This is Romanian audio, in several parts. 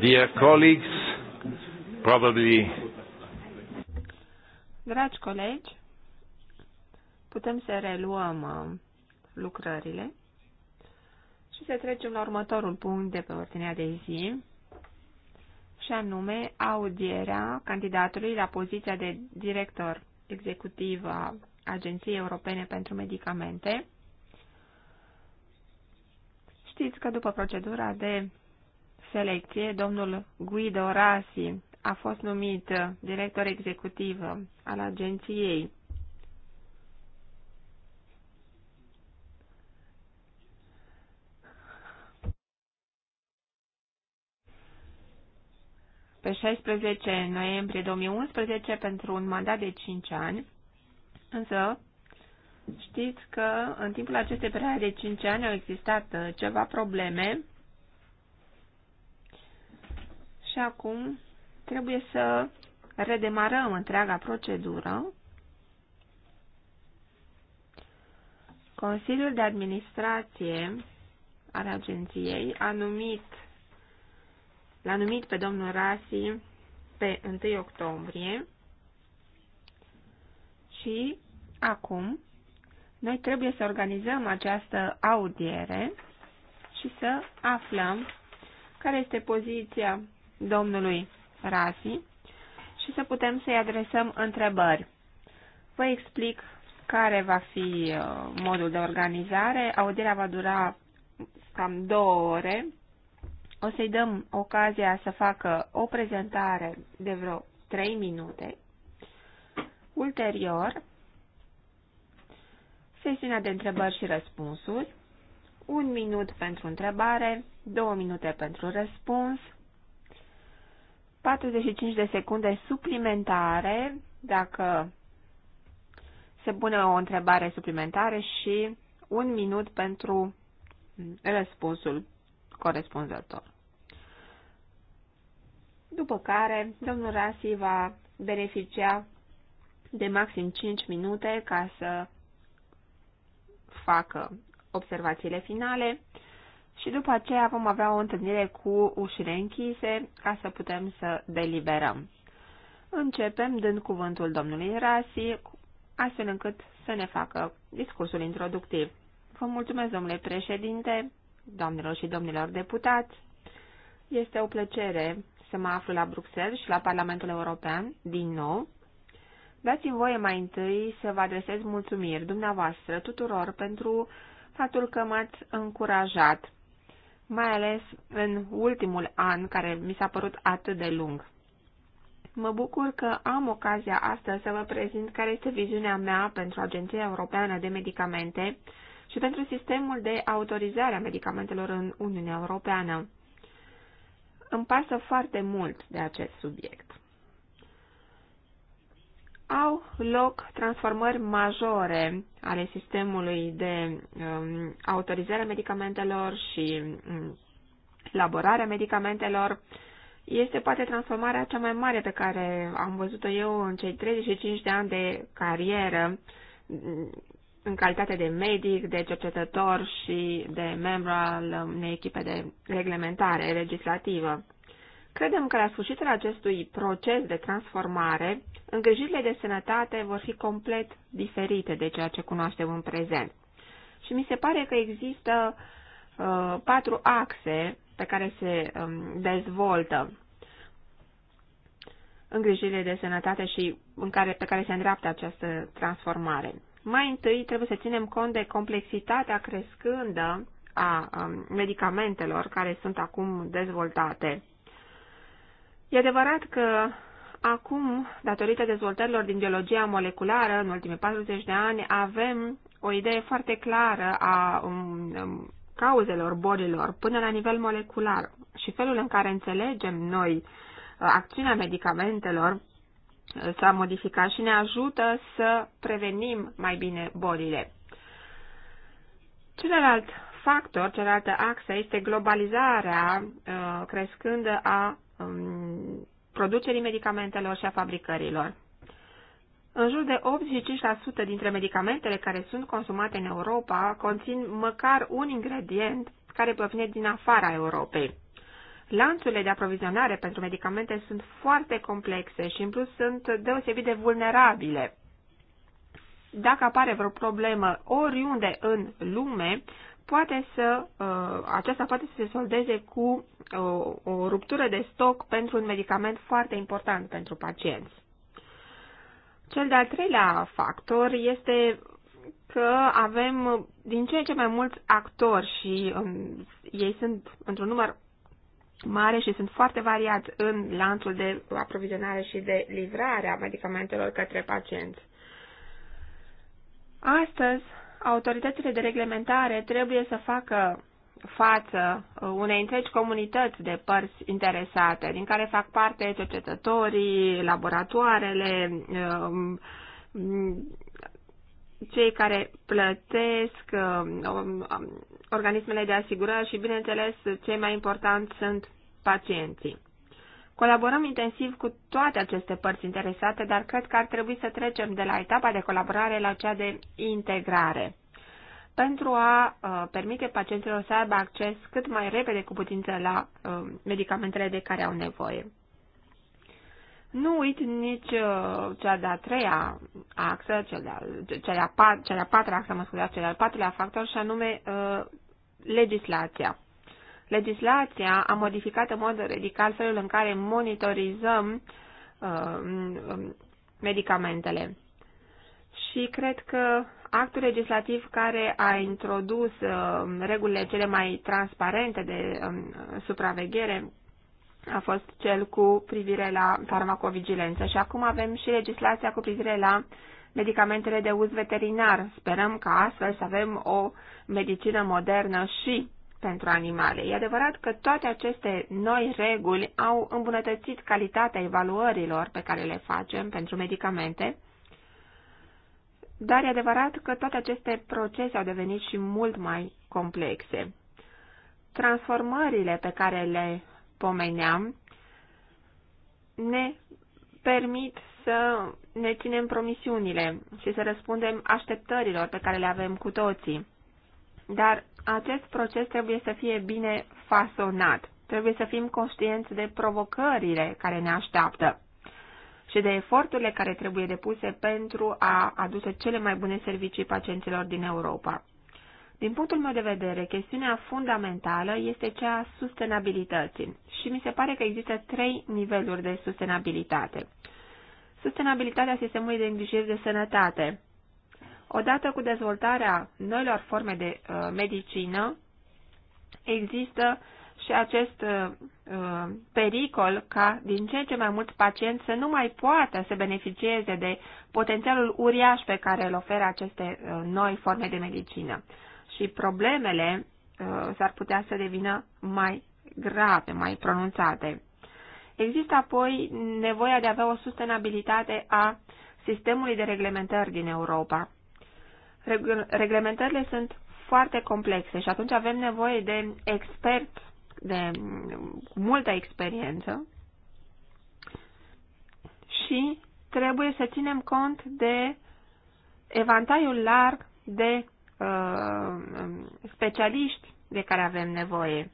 Dear colleagues, probably. Dragi colegi, putem să reluăm uh, lucrările și să trecem la următorul punct de pe ordinea de zi, și anume audierea candidatului la poziția de director executiv a Agenției Europene pentru Medicamente, Știți că după procedura de selecție, domnul Guido Rasi a fost numit director executiv al agenției. Pe 16 noiembrie 2011 pentru un mandat de 5 ani, însă Știți că în timpul acestei perioade de 5 ani au existat uh, ceva probleme și acum trebuie să redemarăm întreaga procedură. Consiliul de administrație al agenției a numit, l-a numit pe domnul Rasi pe 1 octombrie și acum noi trebuie să organizăm această audiere și să aflăm care este poziția domnului Rasi și să putem să-i adresăm întrebări. Vă explic care va fi uh, modul de organizare. Audierea va dura cam două ore. O să-i dăm ocazia să facă o prezentare de vreo trei minute. Ulterior, sesiunea de întrebări și răspunsuri, un minut pentru întrebare, două minute pentru răspuns, 45 de secunde suplimentare dacă se pune o întrebare suplimentară și un minut pentru răspunsul corespunzător. După care, domnul Rasi va beneficia de maxim 5 minute ca să facă observațiile finale și după aceea vom avea o întâlnire cu ușile închise ca să putem să deliberăm. Începem dând cuvântul domnului Rasi, astfel încât să ne facă discursul introductiv. Vă mulțumesc, domnule președinte, doamnelor și domnilor deputați. Este o plăcere să mă aflu la Bruxelles și la Parlamentul European din nou Dați-mi voie mai întâi să vă adresez mulțumiri dumneavoastră tuturor pentru faptul că m-ați încurajat, mai ales în ultimul an care mi s-a părut atât de lung. Mă bucur că am ocazia astăzi să vă prezint care este viziunea mea pentru Agenția Europeană de Medicamente și pentru sistemul de autorizare a medicamentelor în Uniunea Europeană. Îmi pasă foarte mult de acest subiect au loc transformări majore ale sistemului de um, autorizare a medicamentelor și um, elaborarea medicamentelor. Este poate transformarea cea mai mare pe care am văzut-o eu în cei 35 de ani de carieră mm, în calitate de medic, de cercetător și de membru al unei echipe de reglementare legislativă. Credem că la sfârșitul acestui proces de transformare, îngrijirile de sănătate vor fi complet diferite de ceea ce cunoaștem în prezent. Și mi se pare că există uh, patru axe pe care se um, dezvoltă îngrijirile de sănătate și în care, pe care se îndreaptă această transformare. Mai întâi trebuie să ținem cont de complexitatea crescândă a um, medicamentelor care sunt acum dezvoltate. E adevărat că acum, datorită dezvoltărilor din biologia moleculară în ultimii 40 de ani, avem o idee foarte clară a um, um, cauzelor bolilor până la nivel molecular și felul în care înțelegem noi uh, acțiunea medicamentelor uh, s-a modificat și ne ajută să prevenim mai bine bolile. Celălalt factor, cealaltă axă, este globalizarea uh, crescândă a Um, producerii medicamentelor și a fabricărilor. În jur de 85% dintre medicamentele care sunt consumate în Europa conțin măcar un ingredient care provine din afara Europei. Lanțurile de aprovizionare pentru medicamente sunt foarte complexe și în plus sunt deosebit de vulnerabile. Dacă apare vreo problemă oriunde în lume, poate să, uh, aceasta poate să se soldeze cu o, uh, o ruptură de stoc pentru un medicament foarte important pentru pacienți. Cel de-al treilea factor este că avem din ce în ce mai mulți actori și um, ei sunt într-un număr mare și sunt foarte variați în lanțul de aprovizionare și de livrare a medicamentelor către pacienți. Astăzi, autoritățile de reglementare trebuie să facă față uh, unei întregi comunități de părți interesate, din care fac parte cercetătorii, laboratoarele, um, cei care plătesc, um, um, organismele de asigurări și, bineînțeles, cei mai importanți sunt pacienții. Colaborăm intensiv cu toate aceste părți interesate, dar cred că ar trebui să trecem de la etapa de colaborare la cea de integrare pentru a uh, permite pacienților să aibă acces cât mai repede cu putință la uh, medicamentele de care au nevoie. Nu uit nici uh, cea de-a treia axă, cea de-a, de patra axă, mă scuzați, cea de-al patrulea factor și anume uh, legislația. Legislația a modificat în mod radical felul în care monitorizăm uh, um, medicamentele. Și cred că actul legislativ care a introdus uh, regulile cele mai transparente de uh, supraveghere a fost cel cu privire la farmacovigilență și acum avem și legislația cu privire la medicamentele de uz veterinar. Sperăm ca astfel să avem o medicină modernă și pentru animale. E adevărat că toate aceste noi reguli au îmbunătățit calitatea evaluărilor pe care le facem pentru medicamente, dar e adevărat că toate aceste procese au devenit și mult mai complexe. Transformările pe care le pomeneam ne permit să ne ținem promisiunile și să răspundem așteptărilor pe care le avem cu toții. Dar acest proces trebuie să fie bine fasonat. Trebuie să fim conștienți de provocările care ne așteaptă și de eforturile care trebuie depuse pentru a aduce cele mai bune servicii pacienților din Europa. Din punctul meu de vedere, chestiunea fundamentală este cea a sustenabilității și mi se pare că există trei niveluri de sustenabilitate. Sustenabilitatea sistemului de îngrijiri de sănătate, Odată cu dezvoltarea noilor forme de uh, medicină, există și acest uh, uh pericol ca din ce în ce mai mulți pacienți să nu mai poată să beneficieze de potențialul uriaș pe care îl oferă aceste uh, noi forme de medicină. Și problemele uh, s-ar putea să devină mai grave, mai pronunțate. Există apoi nevoia de a avea o sustenabilitate a sistemului de reglementări din Europa reglementările sunt foarte complexe și atunci avem nevoie de expert de multă experiență și trebuie să ținem cont de evantaiul larg de uh, specialiști de care avem nevoie.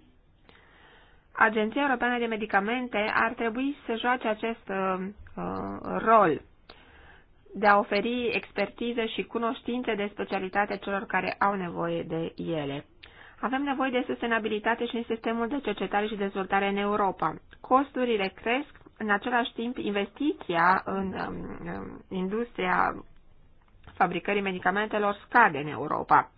Agenția Europeană de Medicamente ar trebui să joace acest uh, uh rol de a oferi expertiză și cunoștințe de specialitate celor care au nevoie de ele. Avem nevoie de sustenabilitate și în sistemul de cercetare și dezvoltare în Europa. Costurile cresc, în același timp investiția în um, um industria fabricării medicamentelor scade în Europa.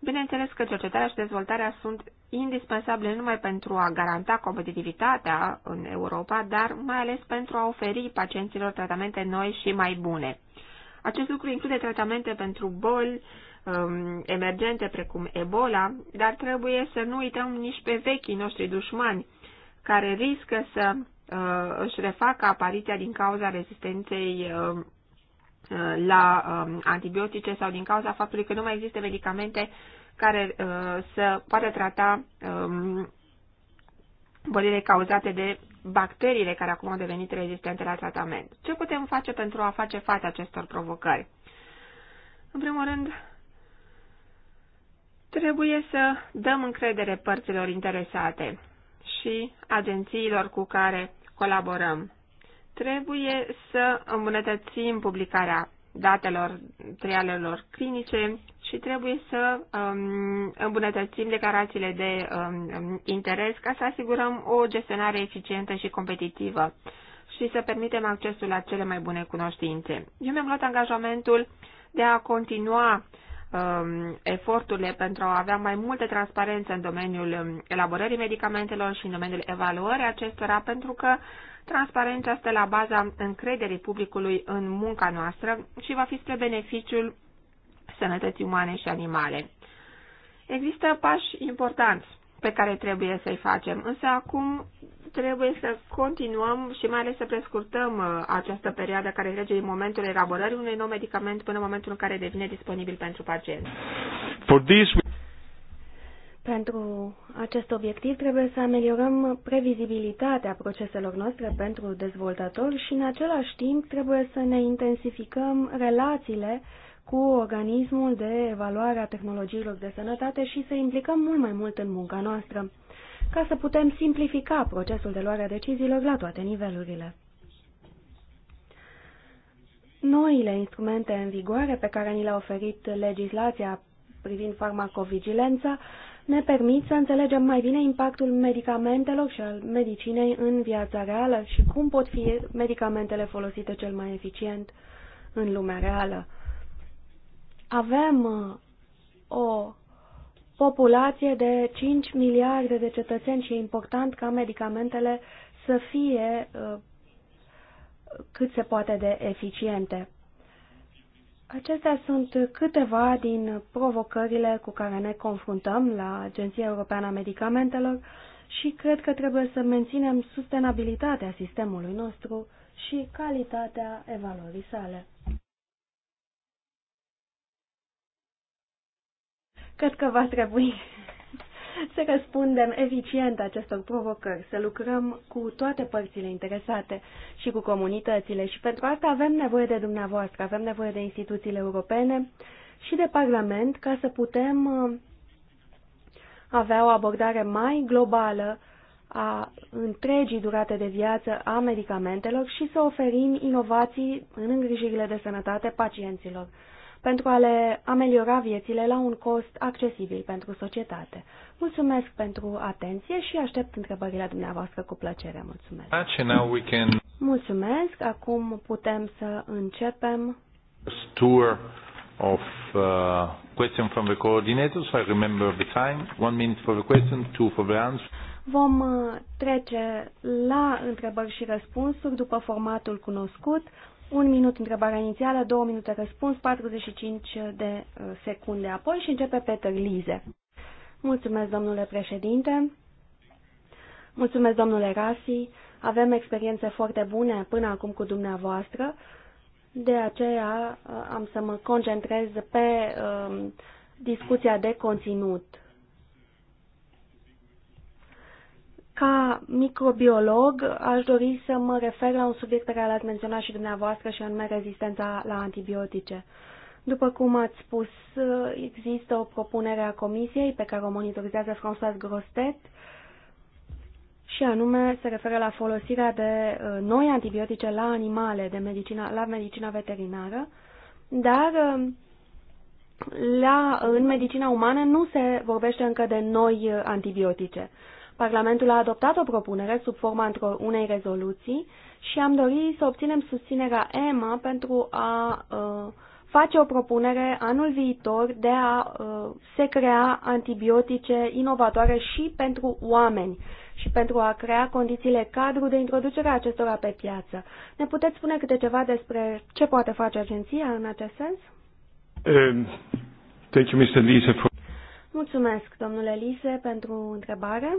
Bineînțeles că cercetarea și dezvoltarea sunt indispensabile nu numai pentru a garanta competitivitatea în Europa, dar mai ales pentru a oferi pacienților tratamente noi și mai bune. Acest lucru include tratamente pentru boli um, emergente precum Ebola, dar trebuie să nu uităm nici pe vechii noștri dușmani, care riscă să uh, își refacă apariția din cauza rezistenței uh, Uh, la um, antibiotice sau din cauza faptului că nu mai există medicamente care uh, să poată trata um, bolile cauzate de bacteriile care acum au devenit rezistente la tratament. Ce putem face pentru a face față acestor provocări? În primul rând, trebuie să dăm încredere părților interesate și agențiilor cu care colaborăm. Trebuie să îmbunătățim publicarea datelor trialelor clinice și trebuie să um, îmbunătățim declarațiile de um, interes ca să asigurăm o gestionare eficientă și competitivă și să permitem accesul la cele mai bune cunoștințe. Eu mi-am luat angajamentul de a continua um, eforturile pentru a avea mai multă transparență în domeniul um, elaborării medicamentelor și în domeniul evaluării acestora, pentru că Transparența stă la baza încrederii publicului în munca noastră și va fi spre beneficiul sănătății umane și animale. Există pași importanți pe care trebuie să-i facem, însă acum trebuie să continuăm și mai ales să prescurtăm uh, această perioadă care trece din momentul elaborării unui nou medicament până în momentul în care devine disponibil pentru pacient. For this... Pentru acest obiectiv trebuie să ameliorăm previzibilitatea proceselor noastre pentru dezvoltatori și în același timp trebuie să ne intensificăm relațiile cu organismul de evaluare a tehnologiilor de sănătate și să implicăm mult mai mult în munca noastră, ca să putem simplifica procesul de luare a deciziilor la toate nivelurile. Noile instrumente în vigoare pe care ni le-a oferit legislația privind farmacovigilența ne permit să înțelegem mai bine impactul medicamentelor și al medicinei în viața reală și cum pot fi medicamentele folosite cel mai eficient în lumea reală. Avem uh, o populație de 5 miliarde de cetățeni și e important ca medicamentele să fie uh, cât se poate de eficiente. Acestea sunt câteva din provocările cu care ne confruntăm la Agenția Europeană a Medicamentelor și cred că trebuie să menținem sustenabilitatea sistemului nostru și calitatea evaluării sale. Cred că va trebui să răspundem eficient acestor provocări, să lucrăm cu toate părțile interesate și cu comunitățile și pentru asta avem nevoie de dumneavoastră, avem nevoie de instituțiile europene și de Parlament ca să putem uh, avea o abordare mai globală a întregii durate de viață a medicamentelor și să oferim inovații în îngrijirile de sănătate pacienților pentru a le ameliora viețile la un cost accesibil pentru societate. Mulțumesc pentru atenție și aștept întrebările dumneavoastră cu plăcere. Mulțumesc. Mulțumesc. Acum putem să începem. Tour of uh, question from the coordinators. I remember the time. One minute for the question, two for the answer. Vom uh, trece la întrebări și răspunsuri după formatul cunoscut. Un minut întrebarea inițială, două minute răspuns, 45 de uh, secunde apoi și începe Peter Lize. Mulțumesc, domnule președinte. Mulțumesc, domnule Rasi. Avem experiențe foarte bune până acum cu dumneavoastră, de aceea uh, am să mă concentrez pe uh, discuția de conținut Ca microbiolog, aș dori să mă refer la un subiect pe care l-ați menționat și dumneavoastră, și anume rezistența la antibiotice. După cum ați spus, există o propunere a Comisiei pe care o monitorizează François Grostet și anume se referă la folosirea de uh, noi antibiotice la animale, de medicina, la medicina veterinară, dar um, la, în medicina umană nu se vorbește încă de noi uh, antibiotice. Parlamentul a adoptat o propunere sub forma unei rezoluții și am dorit să obținem susținerea EMA pentru a uh, face o propunere anul viitor de a uh, se crea antibiotice inovatoare și pentru oameni și pentru a crea condițiile cadru de introducere a acestora pe piață. Ne puteți spune câte ceva despre ce poate face agenția în acest sens? Um, thank you, Mr. Lise, for... Mulțumesc, domnule Lise, pentru întrebare.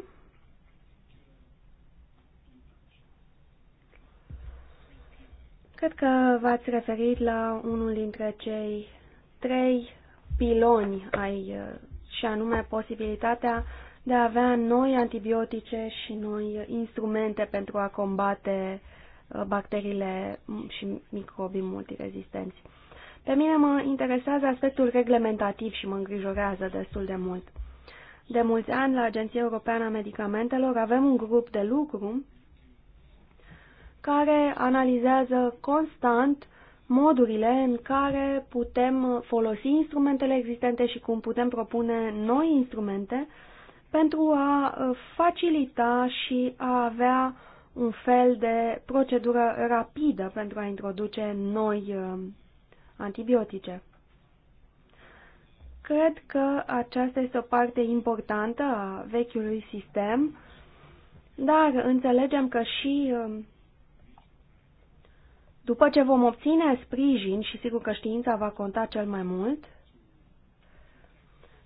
Cred că v-ați referit la unul dintre cei trei piloni ai, uh, și anume posibilitatea de a avea noi antibiotice și noi instrumente pentru a combate uh, bacteriile și microbii multirezistenți. Pe mine mă interesează aspectul reglementativ și mă îngrijorează destul de mult. De mulți ani, la Agenția Europeană a Medicamentelor, avem un grup de lucru care analizează constant modurile în care putem folosi instrumentele existente și cum putem propune noi instrumente pentru a uh, facilita și a avea un fel de procedură rapidă pentru a introduce noi uh, antibiotice. Cred că aceasta este o parte importantă a vechiului sistem, dar înțelegem că și uh, după ce vom obține sprijin și sigur că știința va conta cel mai mult,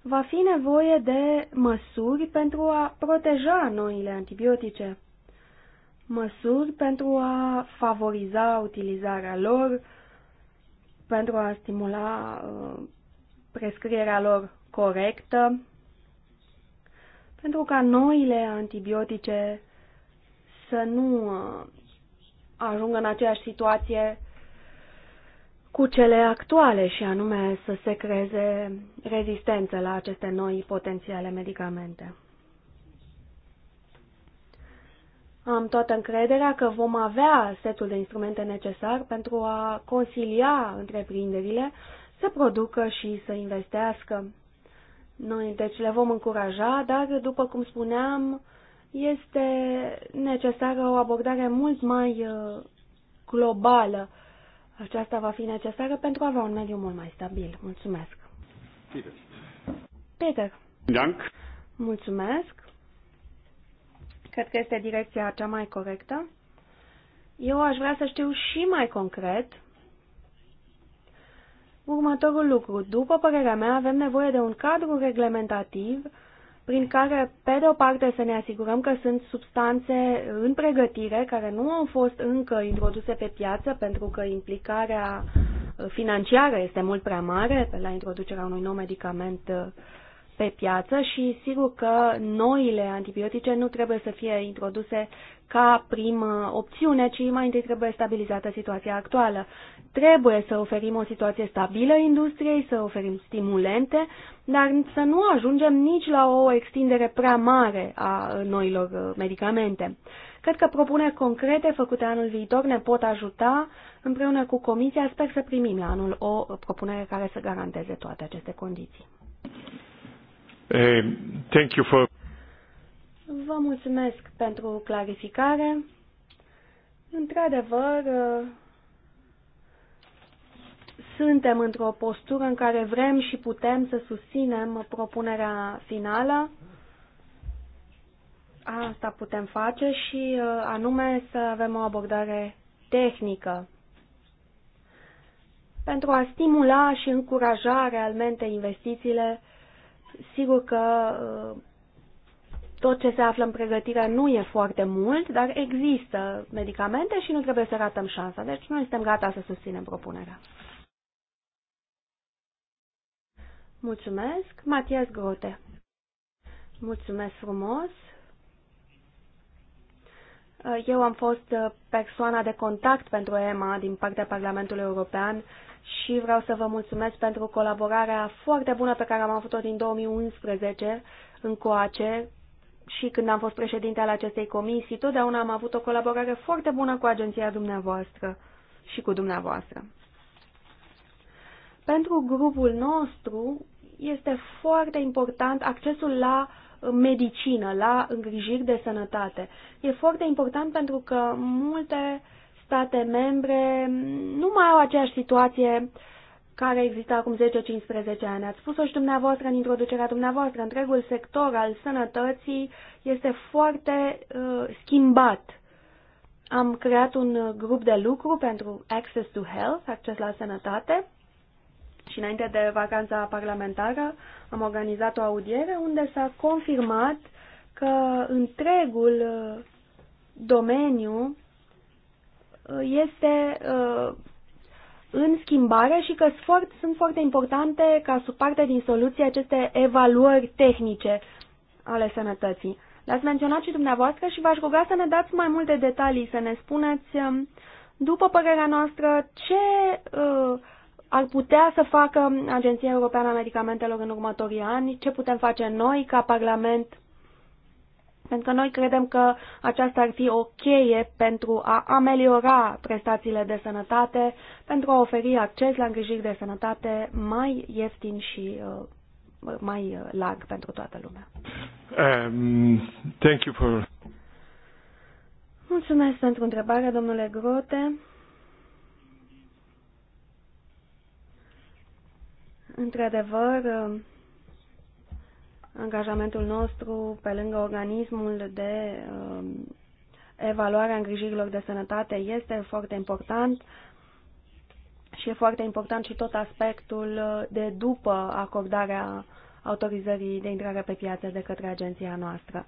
va fi nevoie de măsuri pentru a proteja noile antibiotice, măsuri pentru a favoriza utilizarea lor, pentru a stimula uh, prescrierea lor corectă, pentru ca noile antibiotice să nu uh, ajungă în aceeași situație cu cele actuale și anume să se creeze rezistență la aceste noi potențiale medicamente. Am toată încrederea că vom avea setul de instrumente necesar pentru a consilia întreprinderile să producă și să investească. Noi, deci, le vom încuraja, dar, după cum spuneam, este necesară o abordare mult mai uh, globală. Aceasta va fi necesară pentru a avea un mediu mult mai stabil. Mulțumesc. Peter. Peter. Dank. Mulțumesc. Cred că este direcția cea mai corectă. Eu aș vrea să știu și mai concret următorul lucru. După părerea mea, avem nevoie de un cadru reglementativ prin care, pe de o parte, să ne asigurăm că sunt substanțe în pregătire care nu au fost încă introduse pe piață pentru că implicarea uh, financiară este mult prea mare la introducerea unui nou medicament uh, pe piață și sigur că noile antibiotice nu trebuie să fie introduse ca primă opțiune, ci mai întâi trebuie stabilizată situația actuală. Trebuie să oferim o situație stabilă industriei, să oferim stimulente, dar să nu ajungem nici la o extindere prea mare a noilor uh, medicamente. Cred că propuneri concrete făcute anul viitor ne pot ajuta. Împreună cu Comisia sper să primim la anul o propunere care să garanteze toate aceste condiții. Eh, thank you for... Vă mulțumesc pentru clarificare. Într-adevăr, uh, suntem într-o postură în care vrem și putem să susținem propunerea finală. Asta putem face și uh, anume să avem o abordare tehnică pentru a stimula și încuraja realmente investițiile. Sigur că uh, tot ce se află în pregătire nu e foarte mult, dar există medicamente și nu trebuie să ratăm șansa. Deci noi suntem gata să susținem propunerea. Mulțumesc. Matias Grote. Mulțumesc frumos. Eu am fost persoana de contact pentru EMA din partea Parlamentului European și vreau să vă mulțumesc pentru colaborarea foarte bună pe care am avut-o din 2011 încoace și când am fost președinte al acestei comisii, totdeauna am avut o colaborare foarte bună cu agenția dumneavoastră și cu dumneavoastră. Pentru grupul nostru, este foarte important accesul la uh, medicină, la îngrijiri de sănătate. E foarte important pentru că multe state membre nu mai au aceeași situație care există acum 10-15 ani. Ați spus-o și dumneavoastră în introducerea dumneavoastră. Întregul sector al sănătății este foarte uh, schimbat. Am creat un uh, grup de lucru pentru Access to Health, acces la sănătate, și înainte de vacanța parlamentară am organizat o audiere unde s-a confirmat că întregul uh, domeniu uh, este uh, în schimbare și că sfort, sunt foarte importante ca parte din soluție aceste evaluări tehnice ale sănătății. L-ați menționat și dumneavoastră și v-aș ruga să ne dați mai multe detalii, să ne spuneți, um, după părerea noastră, ce uh, ar putea să facă Agenția Europeană a Medicamentelor în următorii ani? Ce putem face noi ca Parlament? Pentru că noi credem că aceasta ar fi o cheie pentru a ameliora prestațiile de sănătate, pentru a oferi acces la îngrijiri de sănătate mai ieftin și uh, mai uh, larg pentru toată lumea. Um, thank you for... Mulțumesc pentru întrebare, domnule Grote. Într-adevăr, uh, angajamentul nostru, pe lângă organismul de uh, evaluare a îngrijirilor de sănătate, este foarte important și e foarte important și tot aspectul uh, de după acordarea autorizării de intrare pe piață de către agenția noastră.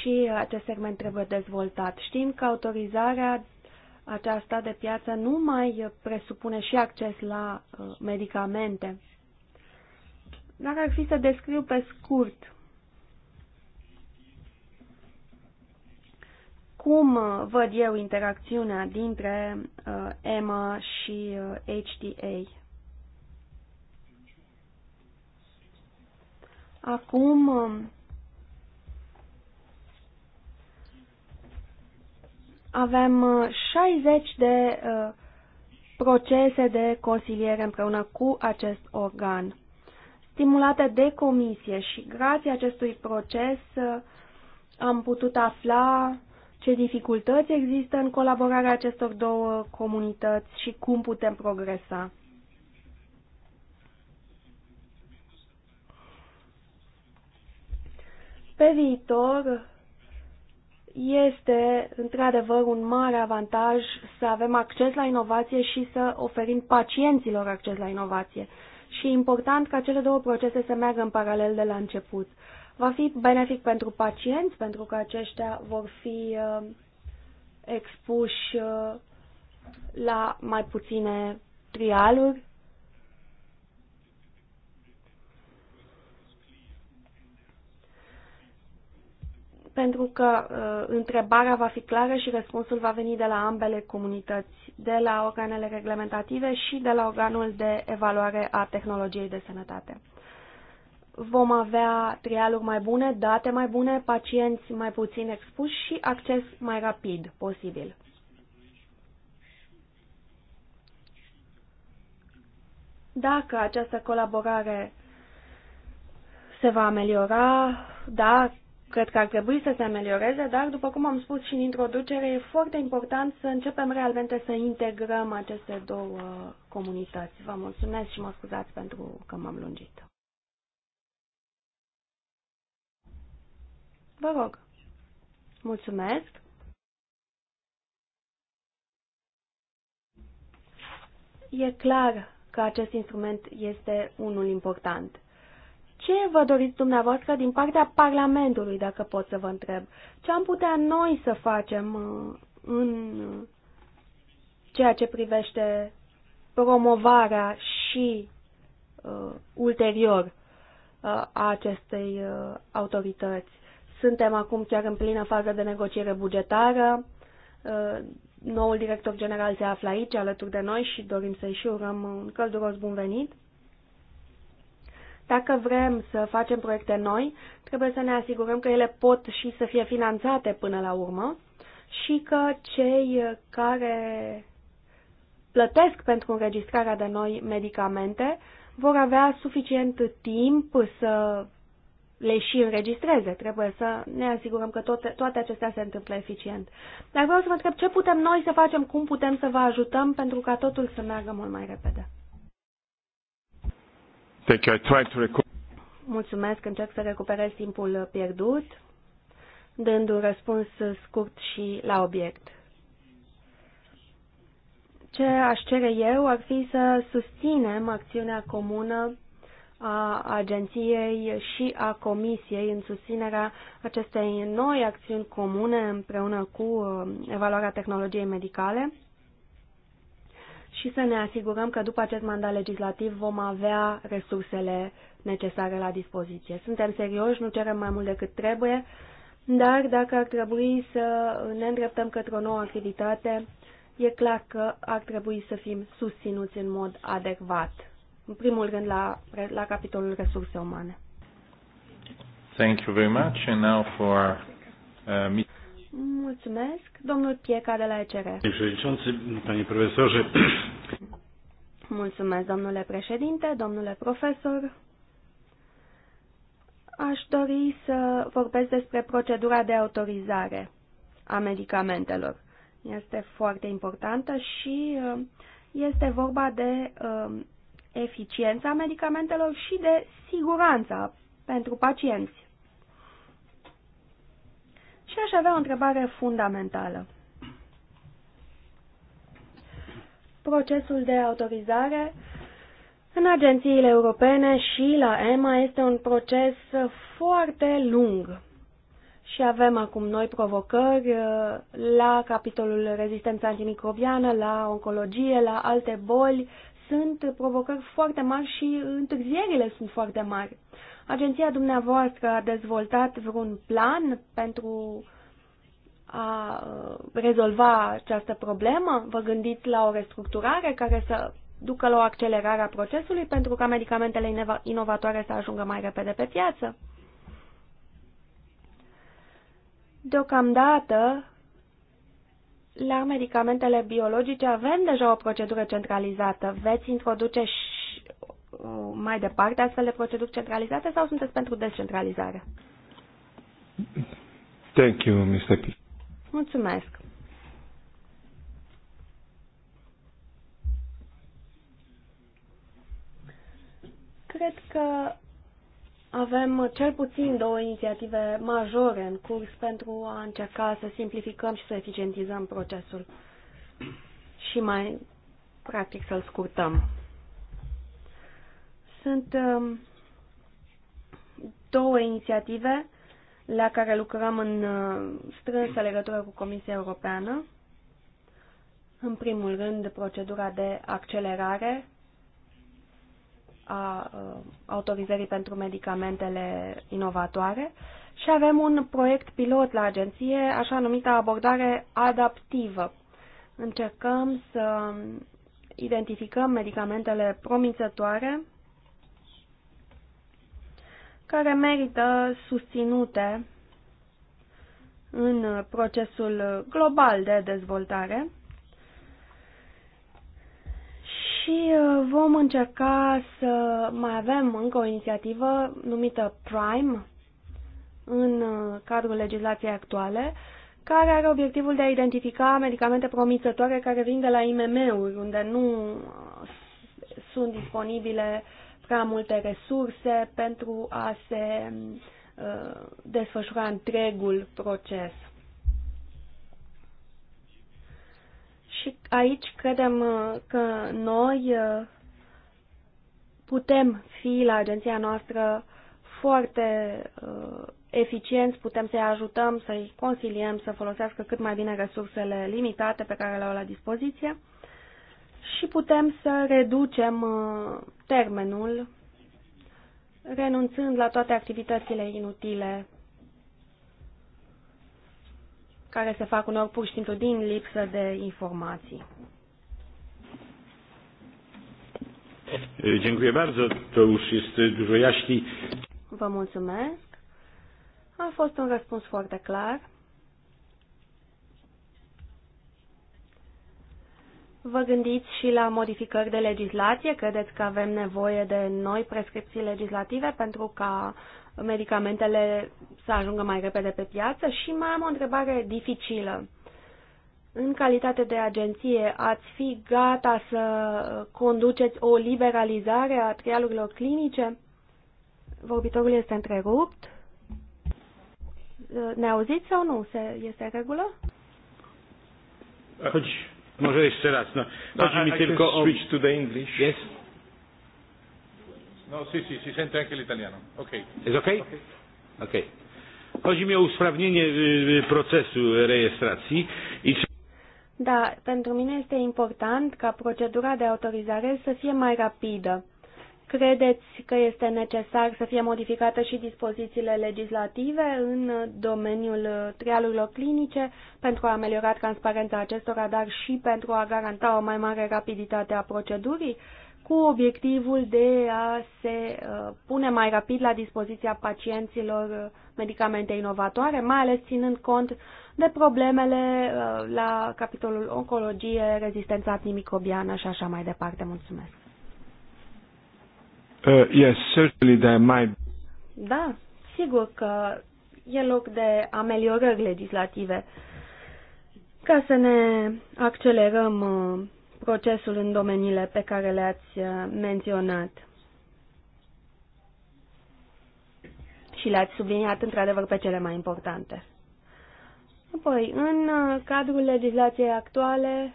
Și acest segment trebuie dezvoltat. Știm că autorizarea aceasta de piață nu mai presupune și acces la uh, medicamente. Dacă ar fi să descriu pe scurt cum văd eu interacțiunea dintre uh, EMA și HDA. Uh, HTA. Acum, um, Avem 60 uh, de uh, procese de consiliere împreună cu acest organ, stimulate de comisie și grație acestui proces uh, am putut afla ce dificultăți există în colaborarea acestor două comunități și cum putem progresa. Pe viitor, este într-adevăr un mare avantaj să avem acces la inovație și să oferim pacienților acces la inovație. Și e important ca cele două procese să meargă în paralel de la început. Va fi benefic pentru pacienți, pentru că aceștia vor fi uh, expuși uh, la mai puține trialuri pentru că uh, întrebarea va fi clară și răspunsul va veni de la ambele comunități, de la organele reglementative și de la organul de evaluare a tehnologiei de sănătate. Vom avea trialuri mai bune, date mai bune, pacienți mai puțin expuși și acces mai rapid posibil. Dacă această colaborare se va ameliora, da, cred că ar trebui să se amelioreze, dar, după cum am spus și în introducere, e foarte important să începem realmente să integrăm aceste două comunități. Vă mulțumesc și mă scuzați pentru că m-am lungit. Vă rog. Mulțumesc. E clar că acest instrument este unul important. Ce vă doriți dumneavoastră din partea Parlamentului, dacă pot să vă întreb? Ce am putea noi să facem uh, în ceea ce privește promovarea și uh, ulterior uh, a acestei uh, autorități? Suntem acum chiar în plină fază de negociere bugetară. Uh, noul director general se află aici, alături de noi și dorim să-i și urăm un călduros bun venit. Dacă vrem să facem proiecte noi, trebuie să ne asigurăm că ele pot și să fie finanțate până la urmă și că cei care plătesc pentru înregistrarea de noi medicamente vor avea suficient timp să le și înregistreze. Trebuie să ne asigurăm că toate, toate acestea se întâmplă eficient. Dar vreau să vă întreb ce putem noi să facem, cum putem să vă ajutăm pentru ca totul să meargă mult mai repede. Thank you. I to Mulțumesc, încerc să recuperez timpul pierdut, dând un răspuns scurt și la obiect. Ce aș cere eu ar fi să susținem acțiunea comună a agenției și a comisiei în susținerea acestei noi acțiuni comune împreună cu uh, evaluarea tehnologiei medicale și să ne asigurăm că după acest mandat legislativ vom avea resursele necesare la dispoziție. Suntem serioși, nu cerem mai mult decât trebuie, dar dacă ar trebui să ne îndreptăm către o nouă activitate, e clar că ar trebui să fim susținuți în mod adecvat. În primul rând la, la capitolul resurse umane. Thank you very much. And now for uh, Mulțumesc. Domnul Pieca de la ECR. Mulțumesc, domnule președinte, domnule profesor. Aș dori să vorbesc despre procedura de autorizare a medicamentelor. Este foarte importantă și uh, este vorba de uh, eficiența medicamentelor și de siguranța pentru pacienți. Și aș avea o întrebare fundamentală. Procesul de autorizare în agențiile europene și la EMA este un proces foarte lung și avem acum noi provocări uh, la capitolul rezistența antimicrobiană, la oncologie, la alte boli. Sunt provocări foarte mari și întârzierile sunt foarte mari. Agenția dumneavoastră a dezvoltat vreun plan pentru a uh, rezolva această problemă? Vă gândiți la o restructurare care să ducă la o accelerare a procesului pentru ca medicamentele inovatoare să ajungă mai repede pe piață? Deocamdată, la medicamentele biologice avem deja o procedură centralizată. Veți introduce și Um, mai departe astfel de proceduri centralizate sau sunteți pentru descentralizare? Thank you, Mr. P. Mulțumesc. Cred că avem cel puțin două inițiative majore în curs pentru a încerca să simplificăm și să eficientizăm procesul și mai practic să-l scurtăm. Sunt um, două inițiative la care lucrăm în uh, strânsă legătură cu Comisia Europeană. În primul rând, procedura de accelerare a uh, autorizării pentru medicamentele inovatoare și avem un proiect pilot la agenție, așa numită abordare adaptivă. Încercăm să um, identificăm medicamentele promițătoare care merită susținute în procesul global de dezvoltare și uh, vom încerca să mai avem încă o inițiativă numită Prime în uh, cadrul legislației actuale, care are obiectivul de a identifica medicamente promițătoare care vin de la IMM-uri, unde nu uh, sunt disponibile uh, prea multe resurse pentru a se uh, desfășura întregul proces. Și aici credem uh, că noi uh, putem fi la agenția noastră foarte eficienți, putem să-i ajutăm, să-i consiliem să folosească cât mai bine resursele limitate pe care le au la dispoziție și putem să reducem uh, termenul renunțând la toate activitățile inutile care se fac uneori pur și simplu din lipsă de informații. Dziękuję bardzo. To już jest dużo jaśniej. Vă mulțumesc. A fost un răspuns foarte clar. Vă gândiți și la modificări de legislație? Credeți că avem nevoie de noi prescripții legislative pentru ca medicamentele să ajungă mai repede pe piață? Și mai am o întrebare dificilă. În calitate de agenție, ați fi gata să conduceți o liberalizare a trialurilor clinice? Vorbitorul este întrerupt. Ne auziți sau nu? Se, este regulă? Aici. Może jeszcze raz. No. Chodzi no, mi I tylko o... switch to the English. Yes? No, si si si sente anche l'italiano. Ok. Jest ok? Ok. okay. Chodzi mi o usprawnienie procesu rejestracji i da, pentru mine este important ca procedura de autorizare să fie mai rapidă. Credeți că este necesar să fie modificată și dispozițiile legislative în domeniul trialurilor clinice pentru a ameliora transparența acestora, dar și pentru a garanta o mai mare rapiditate a procedurii, cu obiectivul de a se uh, pune mai rapid la dispoziția pacienților uh, medicamente inovatoare, mai ales ținând cont de problemele uh, la capitolul oncologie, rezistența antimicrobiană și așa mai departe. Mulțumesc! Uh, yes, certainly there might. Da, sigur că e loc de ameliorări legislative ca să ne accelerăm uh, procesul în domeniile pe care le-ați uh, menționat. Și le-ați subliniat într-adevăr pe cele mai importante. Apoi, în uh, cadrul legislației actuale,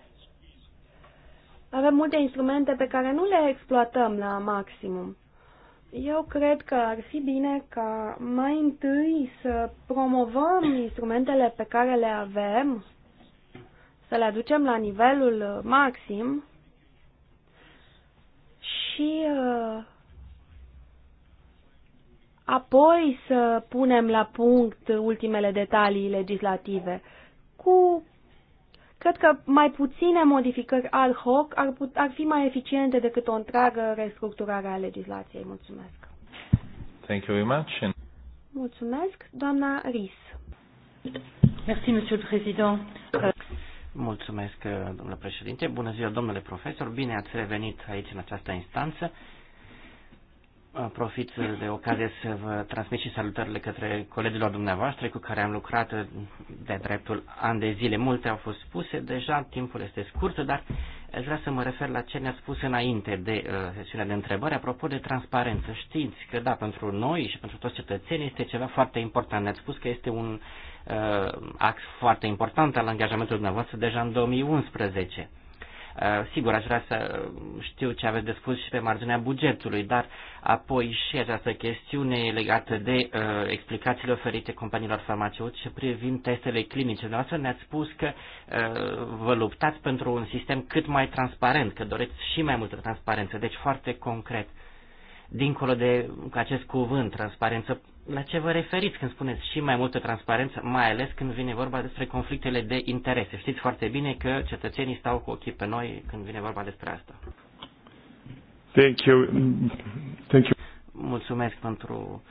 avem multe instrumente pe care nu le exploatăm la maximum. Eu cred că ar fi bine ca mai întâi să promovăm instrumentele pe care le avem, să le aducem la nivelul maxim și uh, apoi să punem la punct ultimele detalii legislative cu Cred că mai puține modificări ad hoc ar, put, ar fi mai eficiente decât o întreagă restructurare a legislației. Mulțumesc. Thank you very much. Mulțumesc, doamna Ris. Merci, monsieur le président. Mulțumesc, domnule președinte. Bună ziua, domnule profesor. Bine ați revenit aici în această instanță profit de ocazie să vă transmit și salutările către colegilor dumneavoastră cu care am lucrat de dreptul an de zile. Multe au fost spuse, deja timpul este scurt, dar aș vrea să mă refer la ce ne-a spus înainte de uh, sesiunea de întrebări. Apropo de transparență, știți că da, pentru noi și pentru toți cetățenii este ceva foarte important. Ne-ați spus că este un uh, act foarte important al angajamentului dumneavoastră deja în 2011 Eh, sigur, aș vrea să știu ce aveți de spus și pe marginea bugetului, dar apoi și această chestiune legată de eh, explicațiile oferite companiilor farmaceutice privind testele clinice. Noastră ne-ați spus că eh, vă luptați pentru un sistem cât mai transparent, că doriți și mai multă transparență, deci foarte concret dincolo de acest cuvânt, transparență, la ce vă referiți când spuneți și mai multă transparență, mai ales când vine vorba despre conflictele de interese? Știți foarte bine că cetățenii stau cu ochii pe noi când vine vorba despre asta. Thank you. Thank you. Mulțumesc pentru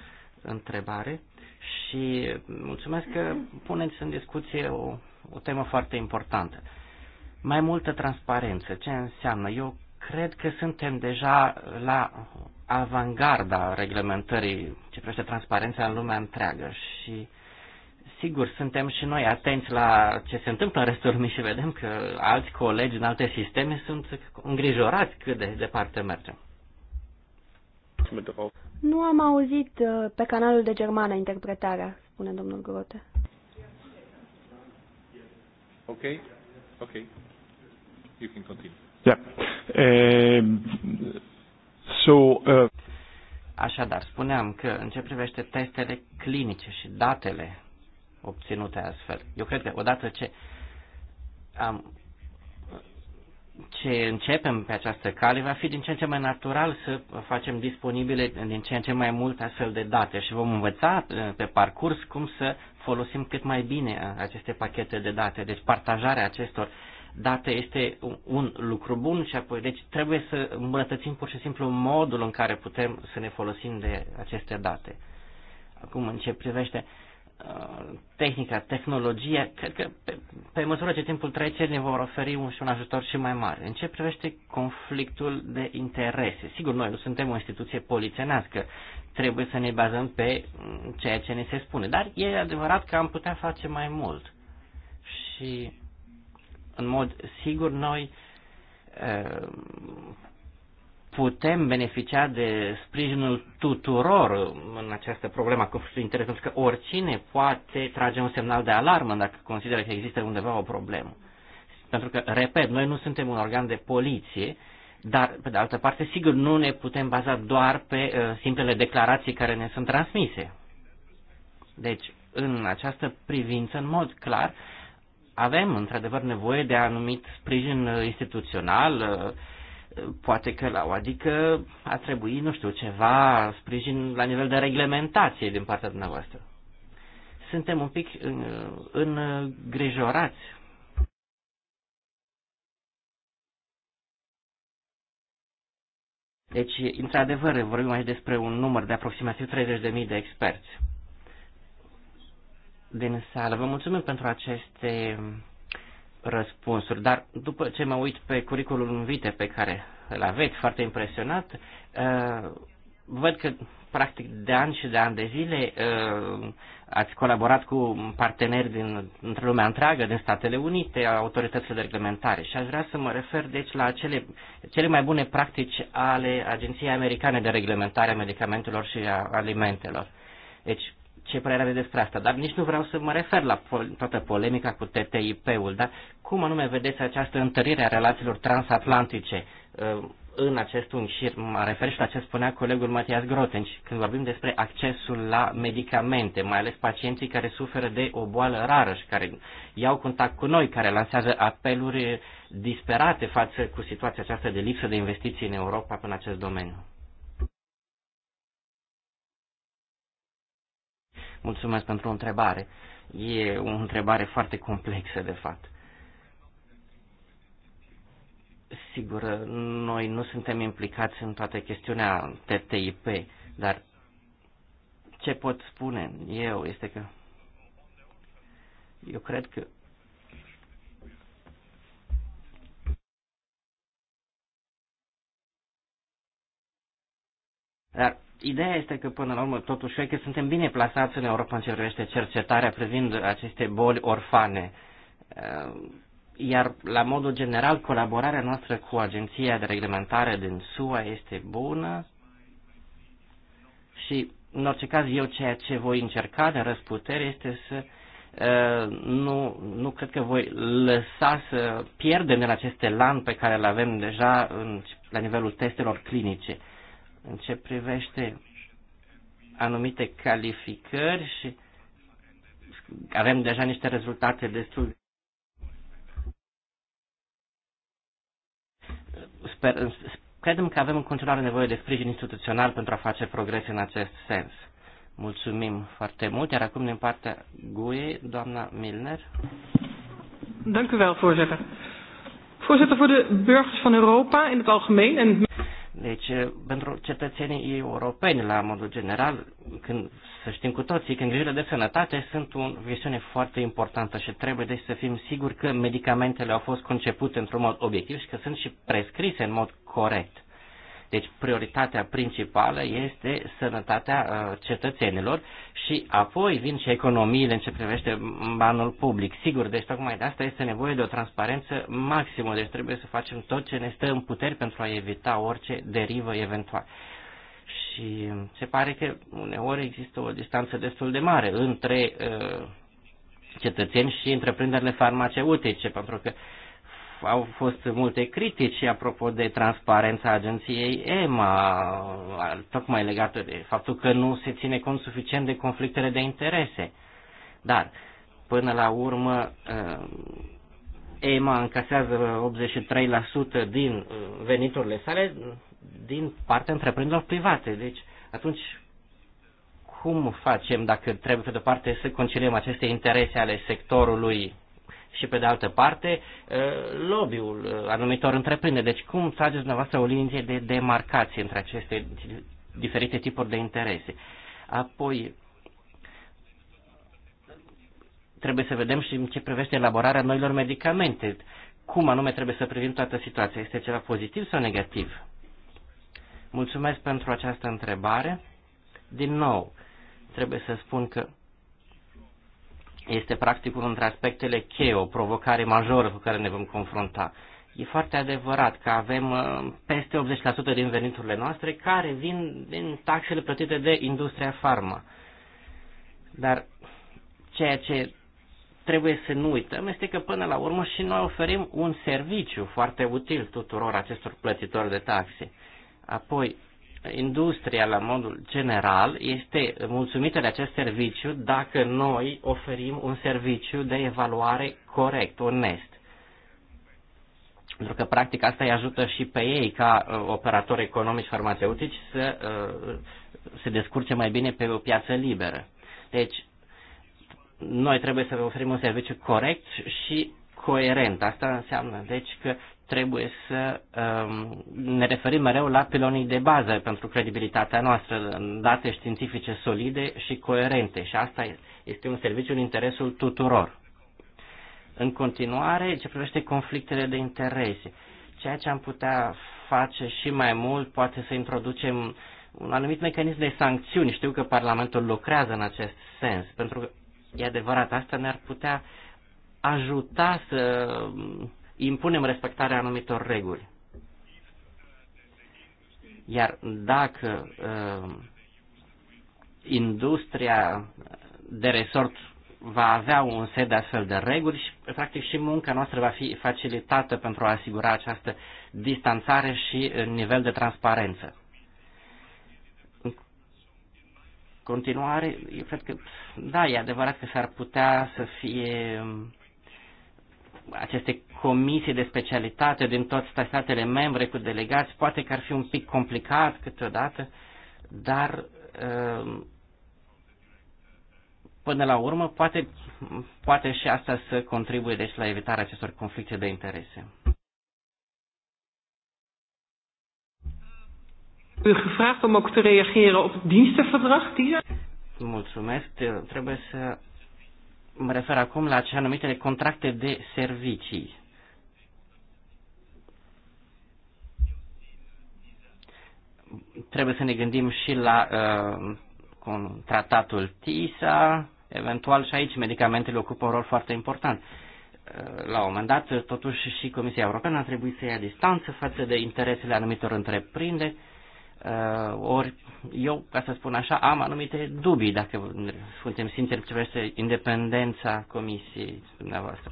întrebare și mulțumesc că puneți în discuție o, o temă foarte importantă. Mai multă transparență, ce înseamnă? Eu Cred că suntem deja la avangarda reglementării ce privește transparența în lumea întreagă și sigur suntem și noi atenți la ce se întâmplă în restul lumii și vedem că alți colegi în alte sisteme sunt îngrijorați cât de departe mergem. Nu am auzit uh, pe canalul de germană interpretarea, spune domnul Grote. Ok, ok. You can continue. Yeah. Uh, so, uh... Așadar, spuneam că în ce privește testele clinice și datele obținute astfel, eu cred că odată ce am ce începem pe această cale, va fi din ce în ce mai natural să facem disponibile din ce în ce mai mult astfel de date și vom învăța uh, pe parcurs cum să folosim cât mai bine uh, aceste pachete de date. Deci partajarea acestor uh, date este un lucru bun și apoi, deci trebuie să îmbunătățim pur și simplu modul în care putem să ne folosim de aceste date. Acum, în ce privește uh, tehnica, tehnologia, cred că pe, pe măsură ce timpul trece ne vor oferi un, și un ajutor și mai mare. În ce privește conflictul de interese? Sigur, noi nu suntem o instituție polițienească, trebuie să ne bazăm pe mm, ceea ce ne se spune, dar e adevărat că am putea face mai mult. Și în mod sigur noi putem beneficia de sprijinul tuturor în această problemă a conflictului de interes, pentru că oricine poate trage un semnal de alarmă dacă consideră că există undeva o problemă. Pentru că, repet, noi nu suntem un organ de poliție, dar, pe de altă parte, sigur, nu ne putem baza doar pe uh, simplele declarații care ne sunt transmise. Deci, în această privință, în mod clar, avem într-adevăr nevoie de anumit sprijin uh, instituțional, uh, poate că la adică a trebui, nu știu, ceva sprijin la nivel de reglementație din partea dumneavoastră. Suntem un pic uh, îngrijorați Deci, într-adevăr, vorbim aici despre un număr de aproximativ 30.000 de experți din sală. Vă mulțumim pentru aceste răspunsuri, dar după ce mă uit pe curiculul vite pe care îl aveți, foarte impresionat, uh, văd că practic de ani și de ani de zile uh, ați colaborat cu parteneri din între lumea întreagă, din Statele Unite, autoritățile de reglementare și aș vrea să mă refer deci la cele, cele mai bune practici ale Agenției Americane de Reglementare a Medicamentelor și a Alimentelor. Deci, ce părere are despre asta, dar nici nu vreau să mă refer la toată polemica cu TTIP-ul, dar cum anume vedeți această întărire a relațiilor transatlantice uh, în acest un mă refer și la ce spunea colegul Matias Grotenci, când vorbim despre accesul la medicamente, mai ales pacienții care suferă de o boală rară și care iau contact cu noi, care lansează apeluri disperate față cu situația aceasta de lipsă de investiții în Europa în acest domeniu. Mulțumesc pentru o întrebare. E o întrebare foarte complexă, de fapt. Sigur, noi nu suntem implicați în toată chestiunea TTIP, dar ce pot spune eu este că eu cred că Dar Ideea este că, până la urmă, totuși, că suntem bine plasați în Europa în ce privește cercetarea privind aceste boli orfane. Ehm, iar, la modul general, colaborarea noastră cu Agenția de Reglementare din SUA este bună și, în orice caz, eu ceea ce voi încerca de răsputere este să ehm, nu, nu cred că voi lăsa să pierdem în aceste lan pe care le avem deja în, la nivelul testelor clinice în ce privește anumite calificări și avem deja niște rezultate destul de Sper, credem că avem în continuare nevoie de sprijin instituțional pentru a face progrese în acest sens. Mulțumim foarte mult, iar acum din partea GUE, doamna Milner. Dank u wel, voorzitter. Voorzitter, voor de burgers van Europa in het algemeen en... Deci, pentru cetățenii europeni, la modul general, când, să știm cu toții că îngrijirile de sănătate sunt o viziune foarte importantă și trebuie deci să fim siguri că medicamentele au fost concepute într-un mod obiectiv și că sunt și prescrise în mod corect. Deci prioritatea principală este sănătatea uh, cetățenilor și apoi vin și economiile în ce privește banul public. Sigur, deci tocmai de asta este nevoie de o transparență maximă, deci trebuie să facem tot ce ne stă în puteri pentru a evita orice derivă eventuală și se pare că uneori există o distanță destul de mare între uh, cetățeni și întreprinderile farmaceutice, pentru că au fost multe critici apropo de transparența agenției EMA, tocmai legată de faptul că nu se ține cont suficient de conflictele de interese. Dar, până la urmă, EMA încasează 83% din uh, veniturile sale din partea întreprinderilor private. Deci, atunci, cum facem dacă trebuie, pe de-o parte, să conciliem aceste interese ale sectorului și pe de altă parte uh, lobby-ul uh, anumitor întreprinderi. Deci cum trageți dumneavoastră o linie de demarcație între aceste diferite tipuri de interese? Apoi, trebuie să vedem și în ce privește elaborarea noilor medicamente. Cum anume trebuie să privim toată situația? Este ceva pozitiv sau negativ? Mulțumesc pentru această întrebare. Din nou, trebuie să spun că este practic unul dintre aspectele cheie, o provocare majoră cu care ne vom confrunta. E foarte adevărat că avem uh, peste 80% din veniturile noastre care vin din taxele plătite de industria farmă. Dar ceea ce trebuie să nu uităm este că până la urmă și noi oferim un serviciu foarte util tuturor acestor plătitori de taxe. Apoi, industria la modul general este mulțumită de acest serviciu dacă noi oferim un serviciu de evaluare corect, onest. Pentru că, practic, asta îi ajută și pe ei, ca uh, operatori economici farmaceutici, să uh, se descurce mai bine pe o piață liberă. Deci, noi trebuie să oferim un serviciu corect și coerent. Asta înseamnă, deci, că trebuie să um, ne referim mereu la pilonii de bază pentru credibilitatea noastră, date științifice solide și coerente și asta este un serviciu în interesul tuturor. În continuare, ce privește conflictele de interese, ceea ce am putea face și mai mult, poate să introducem un anumit mecanism de sancțiuni. Știu că Parlamentul lucrează în acest sens, pentru că, e adevărat, asta ne-ar putea ajuta să impunem respectarea anumitor reguli. Iar dacă uh, industria de resort va avea un set de astfel de reguli și, practic, și munca noastră va fi facilitată pentru a asigura această distanțare și uh, nivel de transparență. În continuare, eu cred că, da, e adevărat că s-ar putea să fie um, aceste comisii de specialitate din toate statele membre cu delegați, poate că ar fi un pic complicat câteodată, dar ehm, până la urmă poate, poate și asta să contribuie deci la evitarea acestor conflicte de interese. U gevraagd om ook te reageren op het dienstenverdrag. Mulțumesc. Trebuie să Mă refer acum la cea numitele contracte de servicii. Trebuie să ne gândim și la uh, tratatul TISA, eventual și aici medicamentele ocupă un rol foarte important. Uh, la un moment dat, totuși, și Comisia Europeană a trebuit să ia distanță față de interesele anumitor întreprinderi Uh, ori eu, ca să spun așa, am anumite dubii dacă suntem sinceri ce privește independența comisiei dumneavoastră.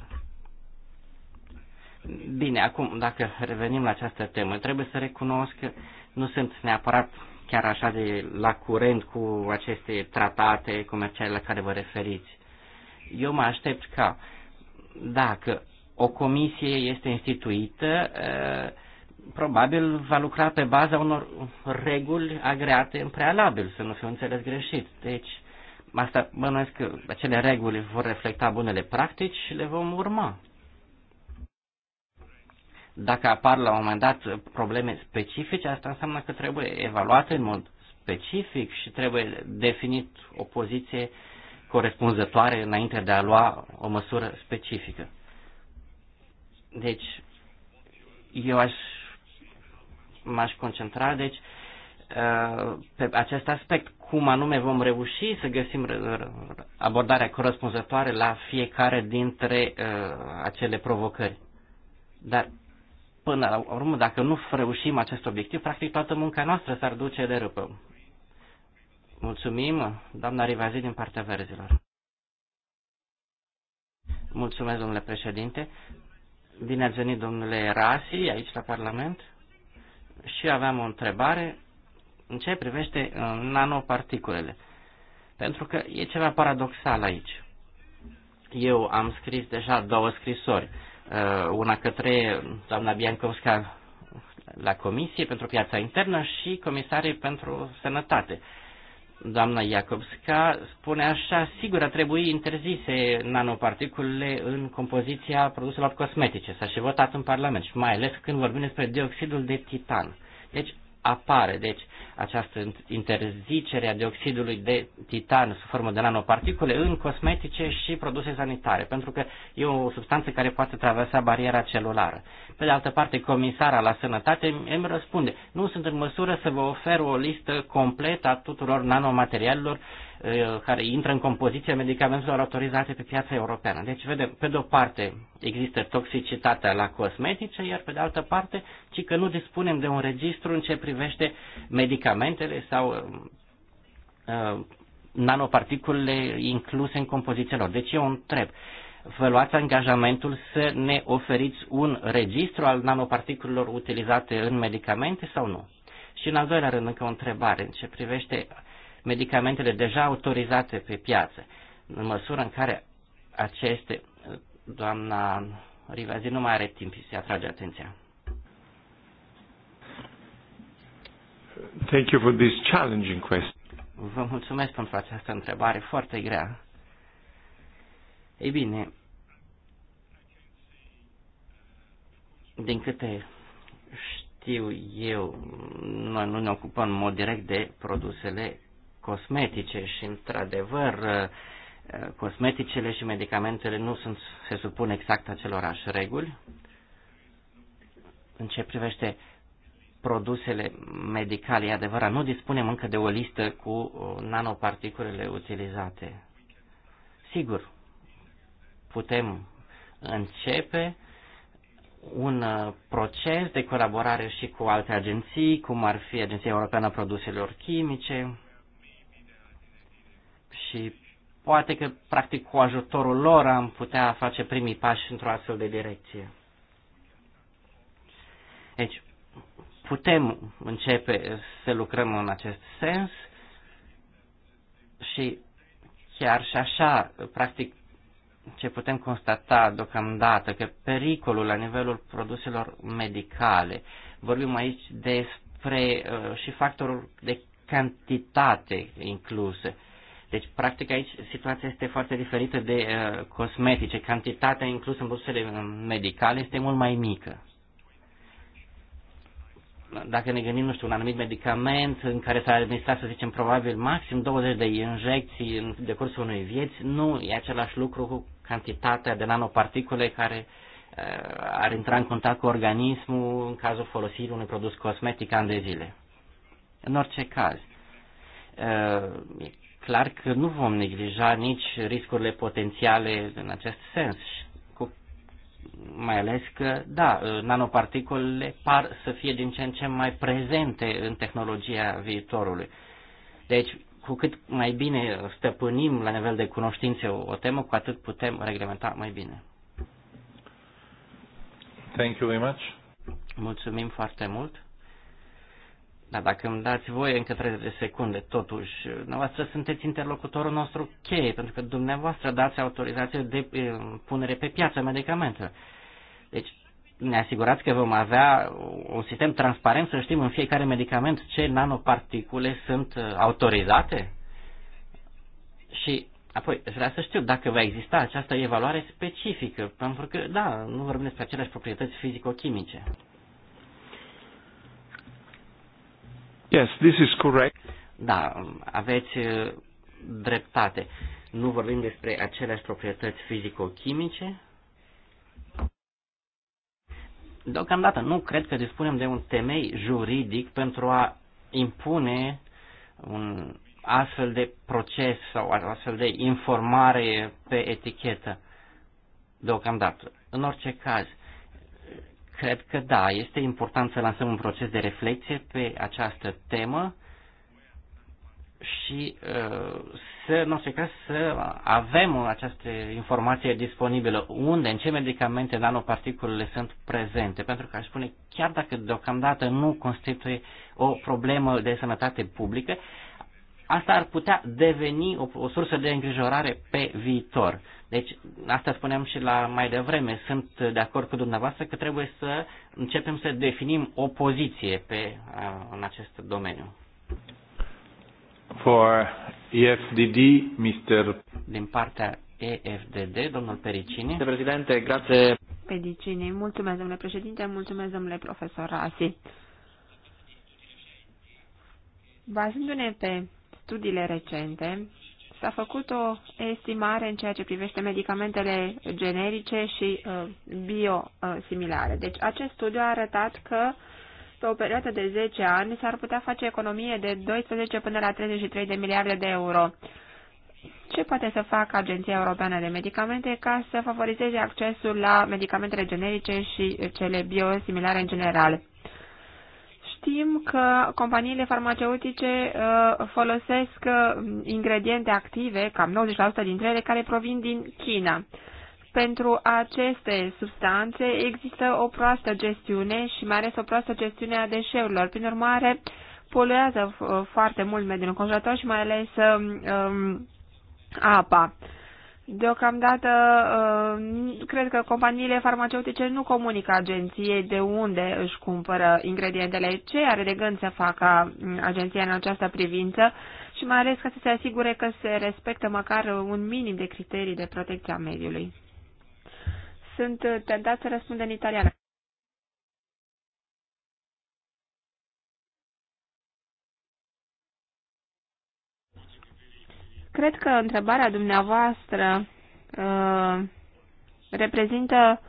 Bine, acum, dacă revenim la această temă, trebuie să recunosc că nu sunt neapărat chiar așa de la curent cu aceste tratate comerciale la care vă referiți. Eu mă aștept ca, dacă o comisie este instituită, uh, probabil va lucra pe baza unor reguli agreate în prealabil, să nu fiu înțeles greșit. Deci, asta bănuiesc că acele reguli vor reflecta bunele practici și le vom urma. Dacă apar la un moment dat probleme specifice, asta înseamnă că trebuie evaluate în mod specific și trebuie definit o poziție corespunzătoare înainte de a lua o măsură specifică. Deci, eu aș m-aș concentra, deci, uh, pe acest aspect, cum anume vom reuși să găsim abordarea corespunzătoare la fiecare dintre uh, acele provocări. Dar, până la urmă, dacă nu reușim acest obiectiv, practic toată munca noastră s-ar duce de râpă. Mulțumim, doamna Rivazi, din partea verzilor. Mulțumesc, domnule președinte. Bine ați venit, domnule Rasi, aici la Parlament și aveam o întrebare în ce privește uh, nanoparticulele. Pentru că e ceva paradoxal aici. Eu am scris deja două scrisori, uh, una către doamna Biancovska la Comisie pentru Piața Internă și Comisarii pentru Sănătate doamna Iacobska spune așa, sigur, ar trebui interzise nanoparticulele în compoziția produselor cosmetice. S-a și votat în Parlament și mai ales când vorbim despre dioxidul de titan. Deci apare. Deci această interzicere a dioxidului de titan sub formă de nanoparticule în cosmetice și produse sanitare, pentru că e o substanță care poate traversa bariera celulară. Pe de altă parte, comisara la sănătate îmi răspunde, nu sunt în măsură să vă ofer o listă completă a tuturor nanomaterialelor Eh, care intră în compoziția medicamentelor autorizate pe piața europeană. Deci, vedem, pe de o parte există toxicitatea la cosmetice, iar pe de altă parte, ci că nu dispunem de un registru în ce privește medicamentele sau uh, nanoparticulele incluse în compoziția lor. Deci eu întreb, vă luați angajamentul să ne oferiți un registru al nanoparticulelor utilizate în medicamente sau nu? Și în al doilea rând, încă o întrebare în ce privește medicamentele deja autorizate pe piață. În măsură în care aceste, doamna Rivazi nu mai are timp să se atrage atenția. Thank you for this challenging question. Vă mulțumesc pentru această întrebare foarte grea. Ei bine, din câte știu eu, noi nu ne ocupăm în mod direct de produsele cosmetice și, într-adevăr, uh, cosmeticele și medicamentele nu sunt, se supun exact acelorași reguli. În ce privește produsele medicale, e adevărat, nu dispunem încă de o listă cu uh, nanoparticulele utilizate. Sigur, putem începe un uh, proces de colaborare și cu alte agenții, cum ar fi Agenția Europeană a Produselor Chimice, și poate că, practic, cu ajutorul lor am putea face primii pași într-o astfel de direcție. Deci, putem începe să lucrăm în acest sens și chiar și așa, practic, ce putem constata deocamdată, că pericolul la nivelul produselor medicale, vorbim aici despre uh, și factorul de cantitate incluse, uh, deci, practic, aici situația este foarte diferită de uh, cosmetice. Cantitatea inclusă în produsele uh, medicale este mult mai mică. Dacă ne gândim, nu știu, un anumit medicament în care s-a administrat, să zicem, probabil maxim 20 de injecții în decursul unei vieți, nu e același lucru cu cantitatea de nanoparticule care uh, ar intra în contact cu organismul în cazul folosirii unui produs cosmetic an de zile. În orice caz, uh, clar că nu vom neglija nici riscurile potențiale în acest sens. Cu, mai ales că, da, nanoparticolele par să fie din ce în ce mai prezente în tehnologia viitorului. Deci, cu cât mai bine stăpânim la nivel de cunoștințe o, o temă, cu atât putem reglementa mai bine. Thank you very much. Mulțumim foarte mult. Dar dacă îmi dați voie încă 30 de secunde, totuși, dumneavoastră sunteți interlocutorul nostru cheie, pentru că dumneavoastră dați autorizație de eh, punere pe piață medicamentelor. Deci, ne asigurați că vom avea un sistem transparent să știm în fiecare medicament ce nanoparticule sunt eh, autorizate? Și apoi, aș vrea să știu dacă va exista această evaluare specifică, pentru că, da, nu vorbim despre aceleași proprietăți fizico-chimice. Yes, this is correct. Da, aveți uh, dreptate. Nu vorbim despre aceleași proprietăți fizico-chimice. Deocamdată nu cred că dispunem de un temei juridic pentru a impune un astfel de proces sau astfel de informare pe etichetă deocamdată. În orice caz, Cred că da, este important să lansăm un proces de reflexie pe această temă și uh, să, în orice caz, să avem această informație disponibilă, unde, în ce medicamente nanoparticulele sunt prezente, pentru că aș spune, chiar dacă deocamdată nu constituie o problemă de sănătate publică, asta ar putea deveni o, o sursă de îngrijorare pe viitor. Deci, asta spuneam și la mai devreme, sunt de acord cu dumneavoastră că trebuie să începem să definim o poziție pe, în acest domeniu. For EFDD, Mr. Din partea EFDD, domnul Pericini. Președinte, grație. Pericini, mulțumesc, domnule președinte, mulțumesc, domnule profesor Asi. Bazându-ne pe studiile recente, S-a făcut o estimare în ceea ce privește medicamentele generice și uh, biosimilare. Deci acest studiu a arătat că pe o perioadă de 10 ani s-ar putea face economie de 12 până la 33 de miliarde de euro. Ce poate să facă Agenția Europeană de Medicamente ca să favorizeze accesul la medicamentele generice și cele biosimilare în general? Știm că companiile farmaceutice uh, folosesc uh, ingrediente active, cam 90% dintre ele, care provin din China. Pentru aceste substanțe există o proastă gestiune și mai ales o proastă gestiune a deșeurilor. Prin urmare, poluează uh, foarte mult mediul înconjurător și mai ales um, um apa. Deocamdată, uh, cred că companiile farmaceutice nu comunică agenției de unde își cumpără ingredientele, ce are de gând să facă mm, agenția în această privință și mai ales ca să se asigure că se respectă măcar un minim de criterii de protecție a mediului. Sunt uh, tentat să răspund în italiană. Cred că întrebarea dumneavoastră uh, reprezintă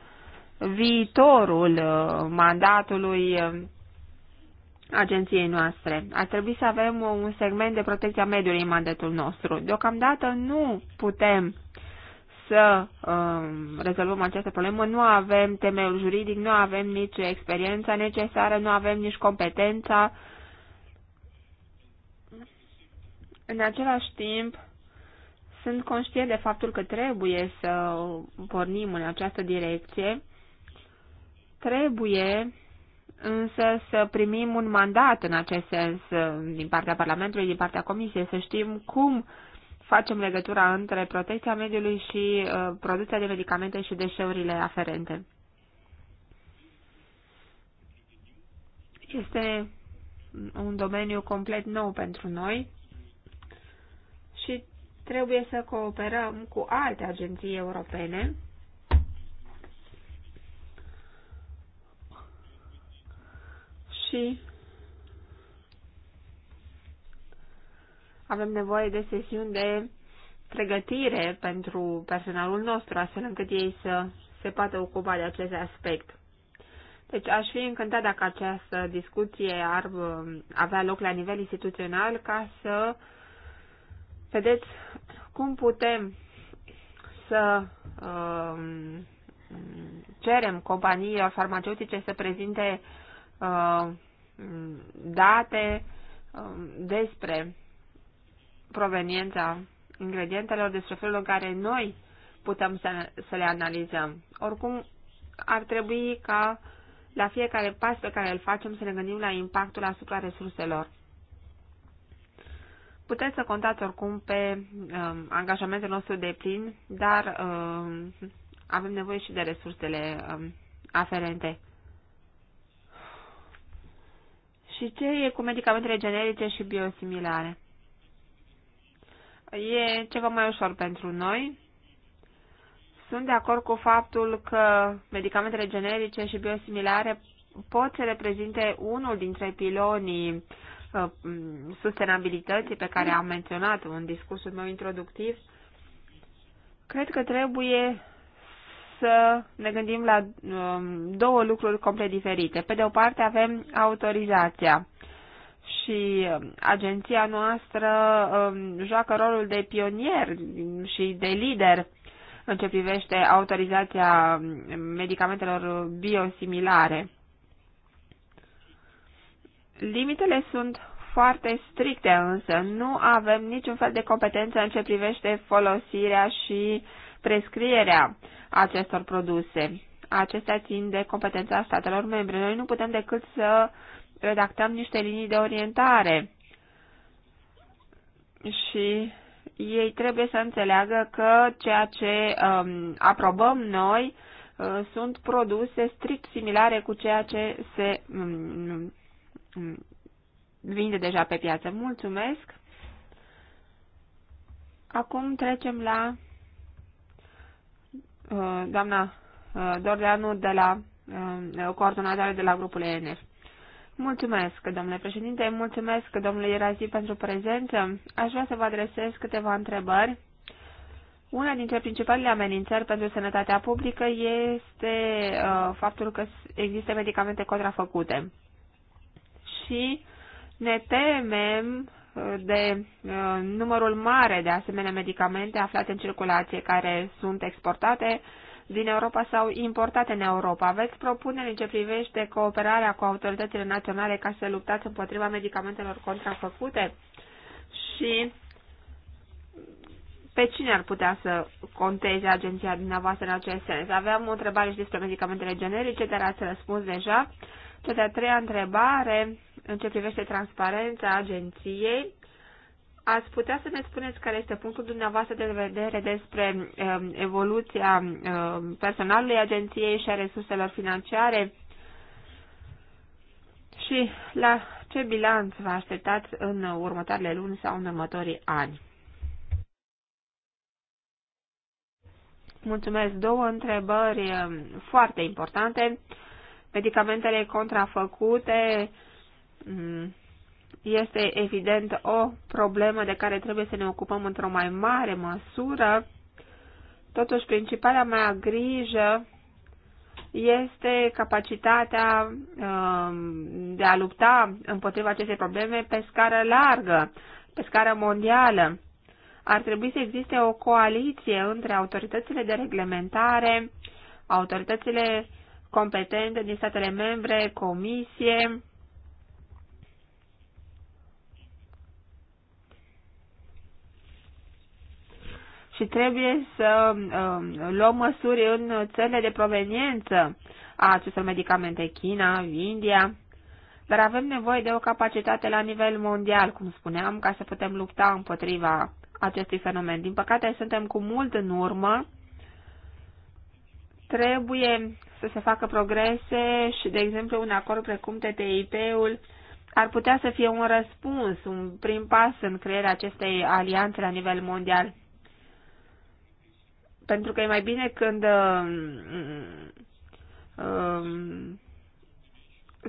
viitorul uh, mandatului uh, agenției noastre. Ar trebui să avem un segment de protecție a mediului în mandatul nostru. Deocamdată nu putem să uh, rezolvăm această problemă, nu avem temeiul juridic, nu avem nici experiența necesară, nu avem nici competența. În același timp, sunt conștient de faptul că trebuie să pornim în această direcție. Trebuie însă să primim un mandat în acest sens uh, din partea Parlamentului, din partea Comisiei, să știm cum facem legătura între protecția mediului și uh, producția de medicamente și deșeurile aferente. Este un domeniu complet nou pentru noi Trebuie să cooperăm cu alte agenții europene și avem nevoie de sesiuni de pregătire pentru personalul nostru, astfel încât ei să se poată ocupa de acest aspect. Deci aș fi încântat dacă această discuție ar um, avea loc la nivel instituțional ca să vedeți cum putem să uh, cerem companiilor farmaceutice să prezinte uh, date uh, despre proveniența ingredientelor, despre felul în care noi putem să, să le analizăm. Oricum, ar trebui ca la fiecare pas pe care îl facem să ne gândim la impactul asupra resurselor. Puteți să contați oricum pe uh, angajamentul nostru de plin, dar uh, avem nevoie și de resursele uh, aferente. Și ce e cu medicamentele generice și biosimilare? E ceva mai ușor pentru noi. Sunt de acord cu faptul că medicamentele generice și biosimilare pot să reprezinte unul dintre pilonii Uh, mm, sustenabilității pe care am menționat-o în discursul meu introductiv, cred că trebuie să ne gândim la um, două lucruri complet diferite. Pe de o parte avem autorizația și um, agenția noastră um, joacă rolul de pionier și de lider în ce privește autorizația medicamentelor biosimilare. Limitele sunt foarte stricte, însă nu avem niciun fel de competență în ce privește folosirea și prescrierea acestor produse. Acestea țin de competența statelor membre. Noi nu putem decât să redactăm niște linii de orientare și ei trebuie să înțeleagă că ceea ce um, aprobăm noi uh, sunt produse strict similare cu ceea ce se um, vinde deja pe piață. Mulțumesc! Acum trecem la uh, doamna uh, Dordeanu de la uh, coordonatoare de la grupul ENF. Mulțumesc, domnule președinte, mulțumesc, domnule Irazi, pentru prezență. Aș vrea să vă adresez câteva întrebări. Una dintre principalele amenințări pentru sănătatea publică este uh, faptul că există medicamente contrafăcute și ne temem uh, de uh, numărul mare de asemenea medicamente aflate în circulație care sunt exportate din Europa sau importate în Europa. Aveți propuneri în ce privește cooperarea cu autoritățile naționale ca să luptați împotriva medicamentelor contrafăcute? Și pe cine ar putea să conteze agenția dumneavoastră în acest sens? Aveam o întrebare și despre medicamentele generice, dar ați răspuns deja. Cea de-a treia întrebare în ce privește transparența agenției, ați putea să ne spuneți care este punctul dumneavoastră de vedere despre uh, evoluția uh, personalului agenției și a resurselor financiare și la ce bilanț vă așteptați în următoarele luni sau în următorii ani? Mulțumesc. Două întrebări um, foarte importante. Medicamentele contrafăcute, uh, Mm, este evident o problemă de care trebuie să ne ocupăm într-o mai mare măsură. Totuși, principala mea grijă este capacitatea um, de a lupta împotriva acestei probleme pe scară largă, pe scară mondială. Ar trebui să existe o coaliție între autoritățile de reglementare, autoritățile competente din statele membre, comisie, și trebuie să uh, luăm măsuri în țările de proveniență a acestor medicamente, China, India, dar avem nevoie de o capacitate la nivel mondial, cum spuneam, ca să putem lupta împotriva acestui fenomen. Din păcate, suntem cu mult în urmă. Trebuie să se facă progrese și, de exemplu, un acord precum TTIP-ul ar putea să fie un răspuns, un prim pas în crearea acestei alianțe la nivel mondial. Pentru că e mai bine când uh,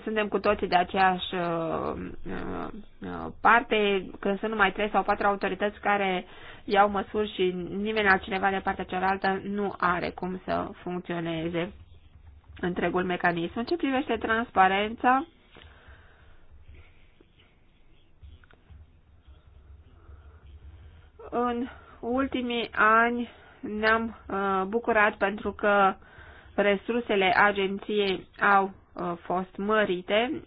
suntem cu toții de aceeași um, uh, uh, parte, când sunt numai trei sau patru autorități care iau măsuri și nimeni altcineva de partea cealaltă nu are cum să funcționeze întregul mecanism. În ce privește transparența, în ultimii ani ne-am uh, bucurat pentru că resursele agenției au uh, fost mărite.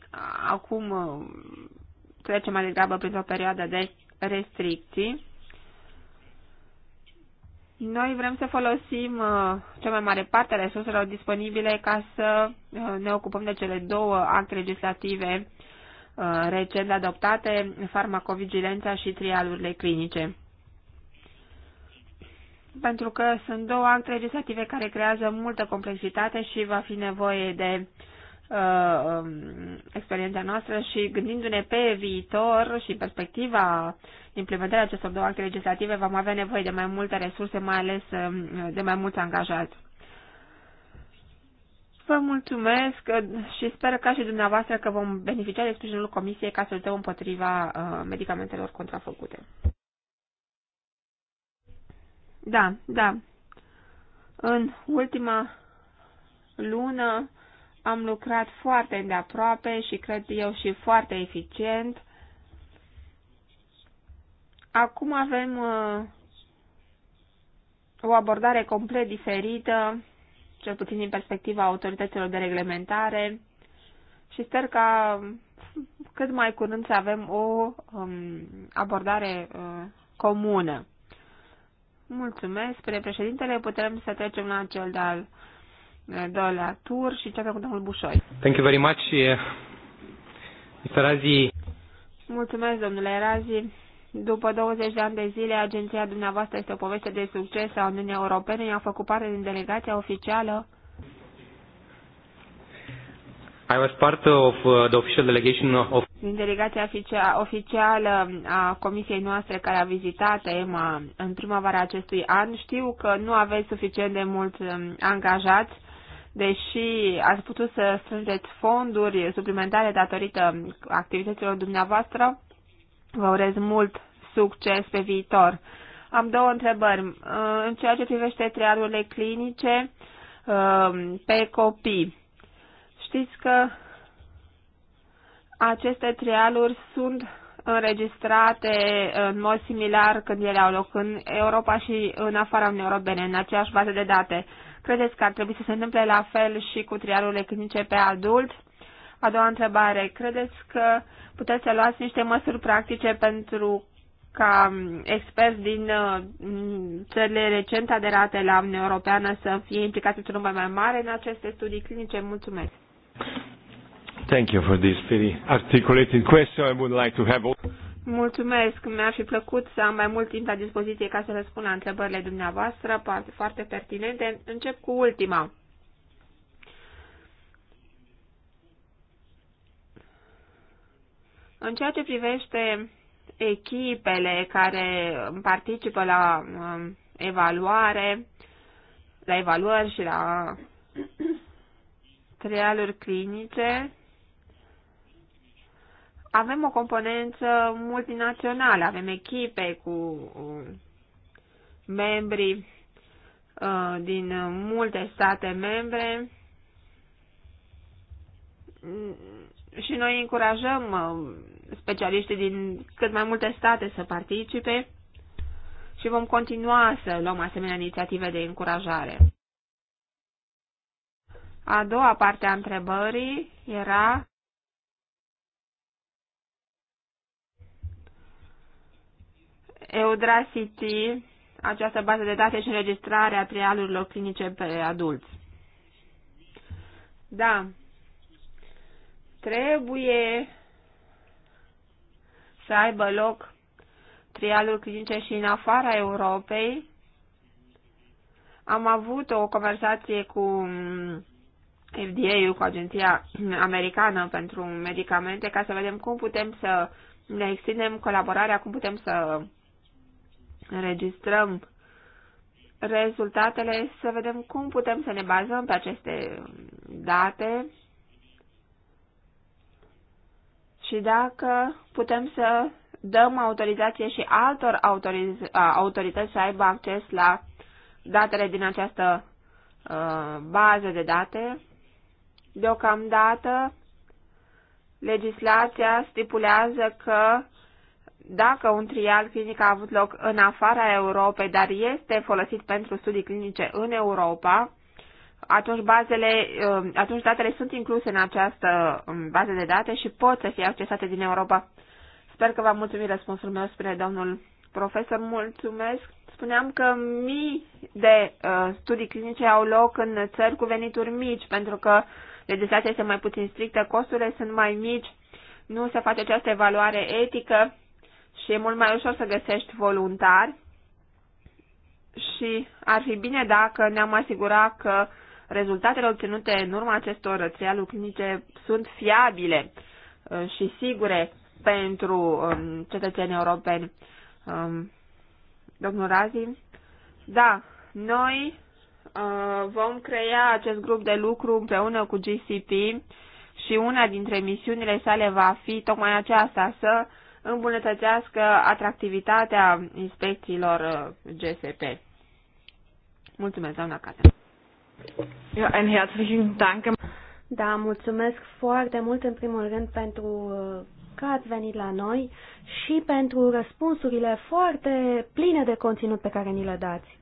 Acum uh, trecem mai degrabă printr-o perioadă de restricții. Noi vrem să folosim cea mai mare parte a resurselor disponibile ca să ne ocupăm de cele două acte legislative recent adoptate, farmacovigilența și trialurile clinice pentru că sunt două acte legislative care creează multă complexitate și va fi nevoie de uh, um, experiența noastră și gândindu-ne pe viitor și perspectiva implementării acestor două acte legislative vom avea nevoie de mai multe resurse, mai ales um, de mai mulți angajați. Vă mulțumesc și sper ca și dumneavoastră că vom beneficia de sprijinul Comisiei ca să luptăm împotriva uh, medicamentelor contrafăcute. Da, da. În ultima lună am lucrat foarte îndeaproape și cred eu și foarte eficient. Acum avem uh, o abordare complet diferită, cel puțin din perspectiva autorităților de reglementare și sper ca cât mai curând să avem o um, abordare uh, comună. Mulțumesc, spre președintele, putem să trecem la cel de-al eh, doilea tur și cea cu domnul Bușoi. Thank you very much, eh, Mr. Razi. Mulțumesc, domnule Razi. După 20 de ani de zile, agenția dumneavoastră este o poveste de succes a Uniunii Europene. a făcut parte din delegația oficială I was part of uh, the official delegation of din delegația oficială a comisiei noastre care a vizitat EMA în primăvara acestui an. Știu că nu aveți suficient de mult um, angajați, deși ați putut să strângeți fonduri suplimentare datorită activităților dumneavoastră. Vă urez mult succes pe viitor. Am două întrebări. Uh, în ceea ce privește trialurile clinice uh, pe copii, Știți că aceste trialuri sunt înregistrate în mod similar când ele au loc în Europa și în afara Uniunii Europene, în aceeași bază de date. Credeți că ar trebui să se întâmple la fel și cu trialurile când pe adult? A doua întrebare, credeți că puteți să luați niște măsuri practice pentru ca experți din uh, țările recent aderate la Uniunea Europeană să fie implicați într-un mai mare în aceste studii clinice? Mulțumesc! Thank you for this very articulated question. I would like to have all... Mulțumesc, mi-ar fi plăcut să am mai mult timp la dispoziție ca să răspund la întrebările dumneavoastră, foarte pertinente. Încep cu ultima. În ceea ce privește echipele care participă la um, evaluare, la evaluări și la trialuri clinice, avem o componență multinațională, avem echipe cu uh, membri uh, din multe state membre mm, și noi încurajăm uh, specialiștii din cât mai multe state să participe și vom continua să luăm asemenea inițiative de încurajare. A doua parte a întrebării era Eudracity, această bază de date și a trialurilor clinice pe adulți. Da, trebuie să aibă loc trialuri clinice și în afara Europei. Am avut o conversație cu FDA-ul, cu Agenția Americană pentru Medicamente, ca să vedem cum putem să ne extindem colaborarea, cum putem să înregistrăm rezultatele, să vedem cum putem să ne bazăm pe aceste date și dacă putem să dăm autorizație și altor autoriz- autorități să aibă acces la datele din această uh, bază de date Deocamdată, legislația stipulează că dacă un trial clinic a avut loc în afara Europei, dar este folosit pentru studii clinice în Europa, atunci, bazele, um, atunci datele sunt incluse în această um, bază de date și pot să fie accesate din Europa. Sper că v-am mulțumit răspunsul meu, spune domnul profesor. Mulțumesc. Spuneam că mii de uh, studii clinice au loc în țări cu venituri mici, pentru că uh, legislația este mai puțin strictă, costurile sunt mai mici, nu se face această evaluare etică și e mult mai ușor să găsești voluntari și ar fi bine dacă ne-am asigura că rezultatele obținute în urma acestor trialuri clinice sunt fiabile uh, și sigure pentru um, cetățenii europeni. Um, domnul Razi? Da, noi Uh, vom crea acest grup de lucru împreună cu GCP și una dintre misiunile sale va fi tocmai aceasta, să îmbunătățească atractivitatea inspecțiilor uh, GSP. Mulțumesc, doamna Cate. Da, mulțumesc foarte mult în primul rând pentru uh, că ați venit la noi și pentru răspunsurile foarte pline de conținut pe care ni le dați.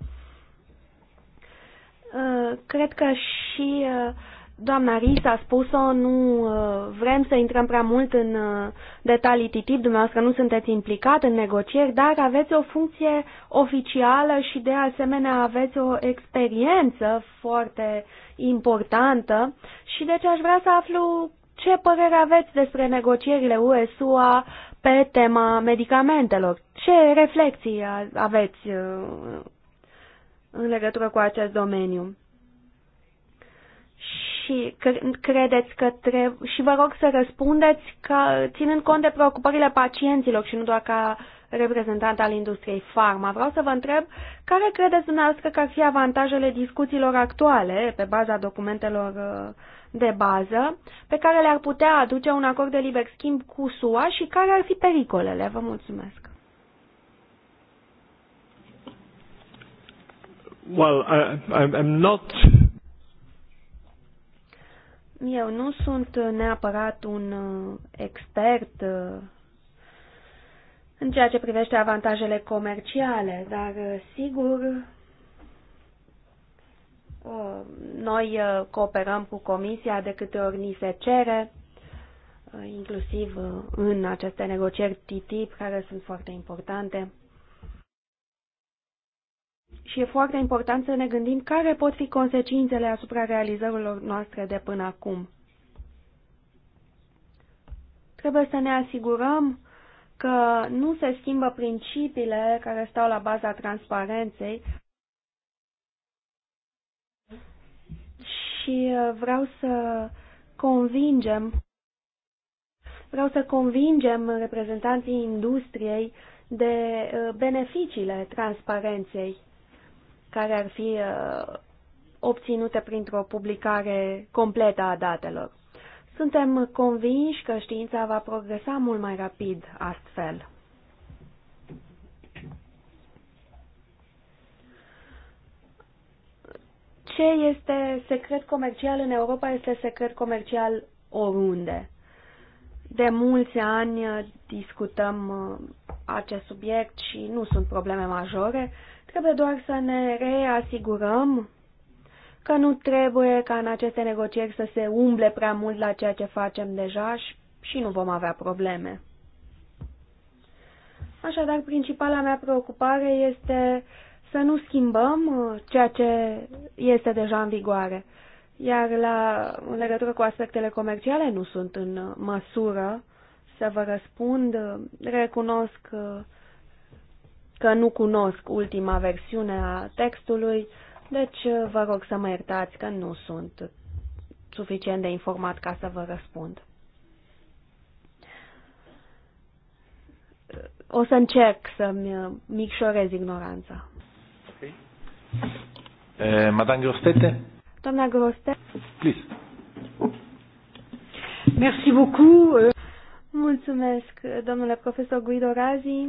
Uh, cred că și uh, doamna Ris a spus-o, nu uh, vrem să intrăm prea mult în detalii TTIP, dumneavoastră nu sunteți implicat în negocieri, dar aveți o funcție oficială și de asemenea aveți o experiență foarte importantă și deci aș vrea să aflu ce părere aveți despre negocierile USUA pe tema medicamentelor. Ce reflexii aveți în legătură cu acest domeniu. Și credeți că trebuie... Și vă rog să răspundeți că, ținând cont de preocupările pacienților și nu doar ca reprezentant al industriei farma, vreau să vă întreb care credeți dumneavoastră că ar fi avantajele discuțiilor actuale pe baza documentelor uh, de bază pe care le-ar putea aduce un acord de liber schimb cu SUA și care ar fi pericolele. Vă mulțumesc. Well, I, I'm not... Eu nu sunt neapărat un uh, expert uh, în ceea ce privește avantajele comerciale, dar uh, sigur noi cooperăm cu Comisia de câte ori ni se cere, inclusiv în aceste negocieri TTIP, care sunt foarte importante și e foarte important să ne gândim care pot fi consecințele asupra realizărilor noastre de până acum. Trebuie să ne asigurăm că nu se schimbă principiile care stau la baza transparenței și uh, vreau să convingem vreau să convingem reprezentanții industriei de uh, beneficiile transparenței care ar fi uh, obținute printr-o publicare completă a datelor. Suntem convinși că știința va progresa mult mai rapid astfel. Ce este secret comercial în Europa este secret comercial oriunde. De mulți ani discutăm uh, acest subiect și nu sunt probleme majore, Trebuie doar să ne reasigurăm că nu trebuie ca în aceste negocieri să se umble prea mult la ceea ce facem deja și, și nu vom avea probleme. Așadar, principala mea preocupare este să nu schimbăm uh, ceea ce este deja în vigoare. Iar la, în legătură cu aspectele comerciale nu sunt în uh, măsură să vă răspund. Uh, recunosc că că nu cunosc ultima versiune a textului, deci uh, vă rog să mă iertați că nu sunt suficient de informat ca să vă răspund. O să încerc să-mi uh, micșorez ignoranța. Okay. Eh, Madame Grostete? Doamna Grostete? Please. Merci beaucoup. Mulțumesc, domnule profesor Guido Razi.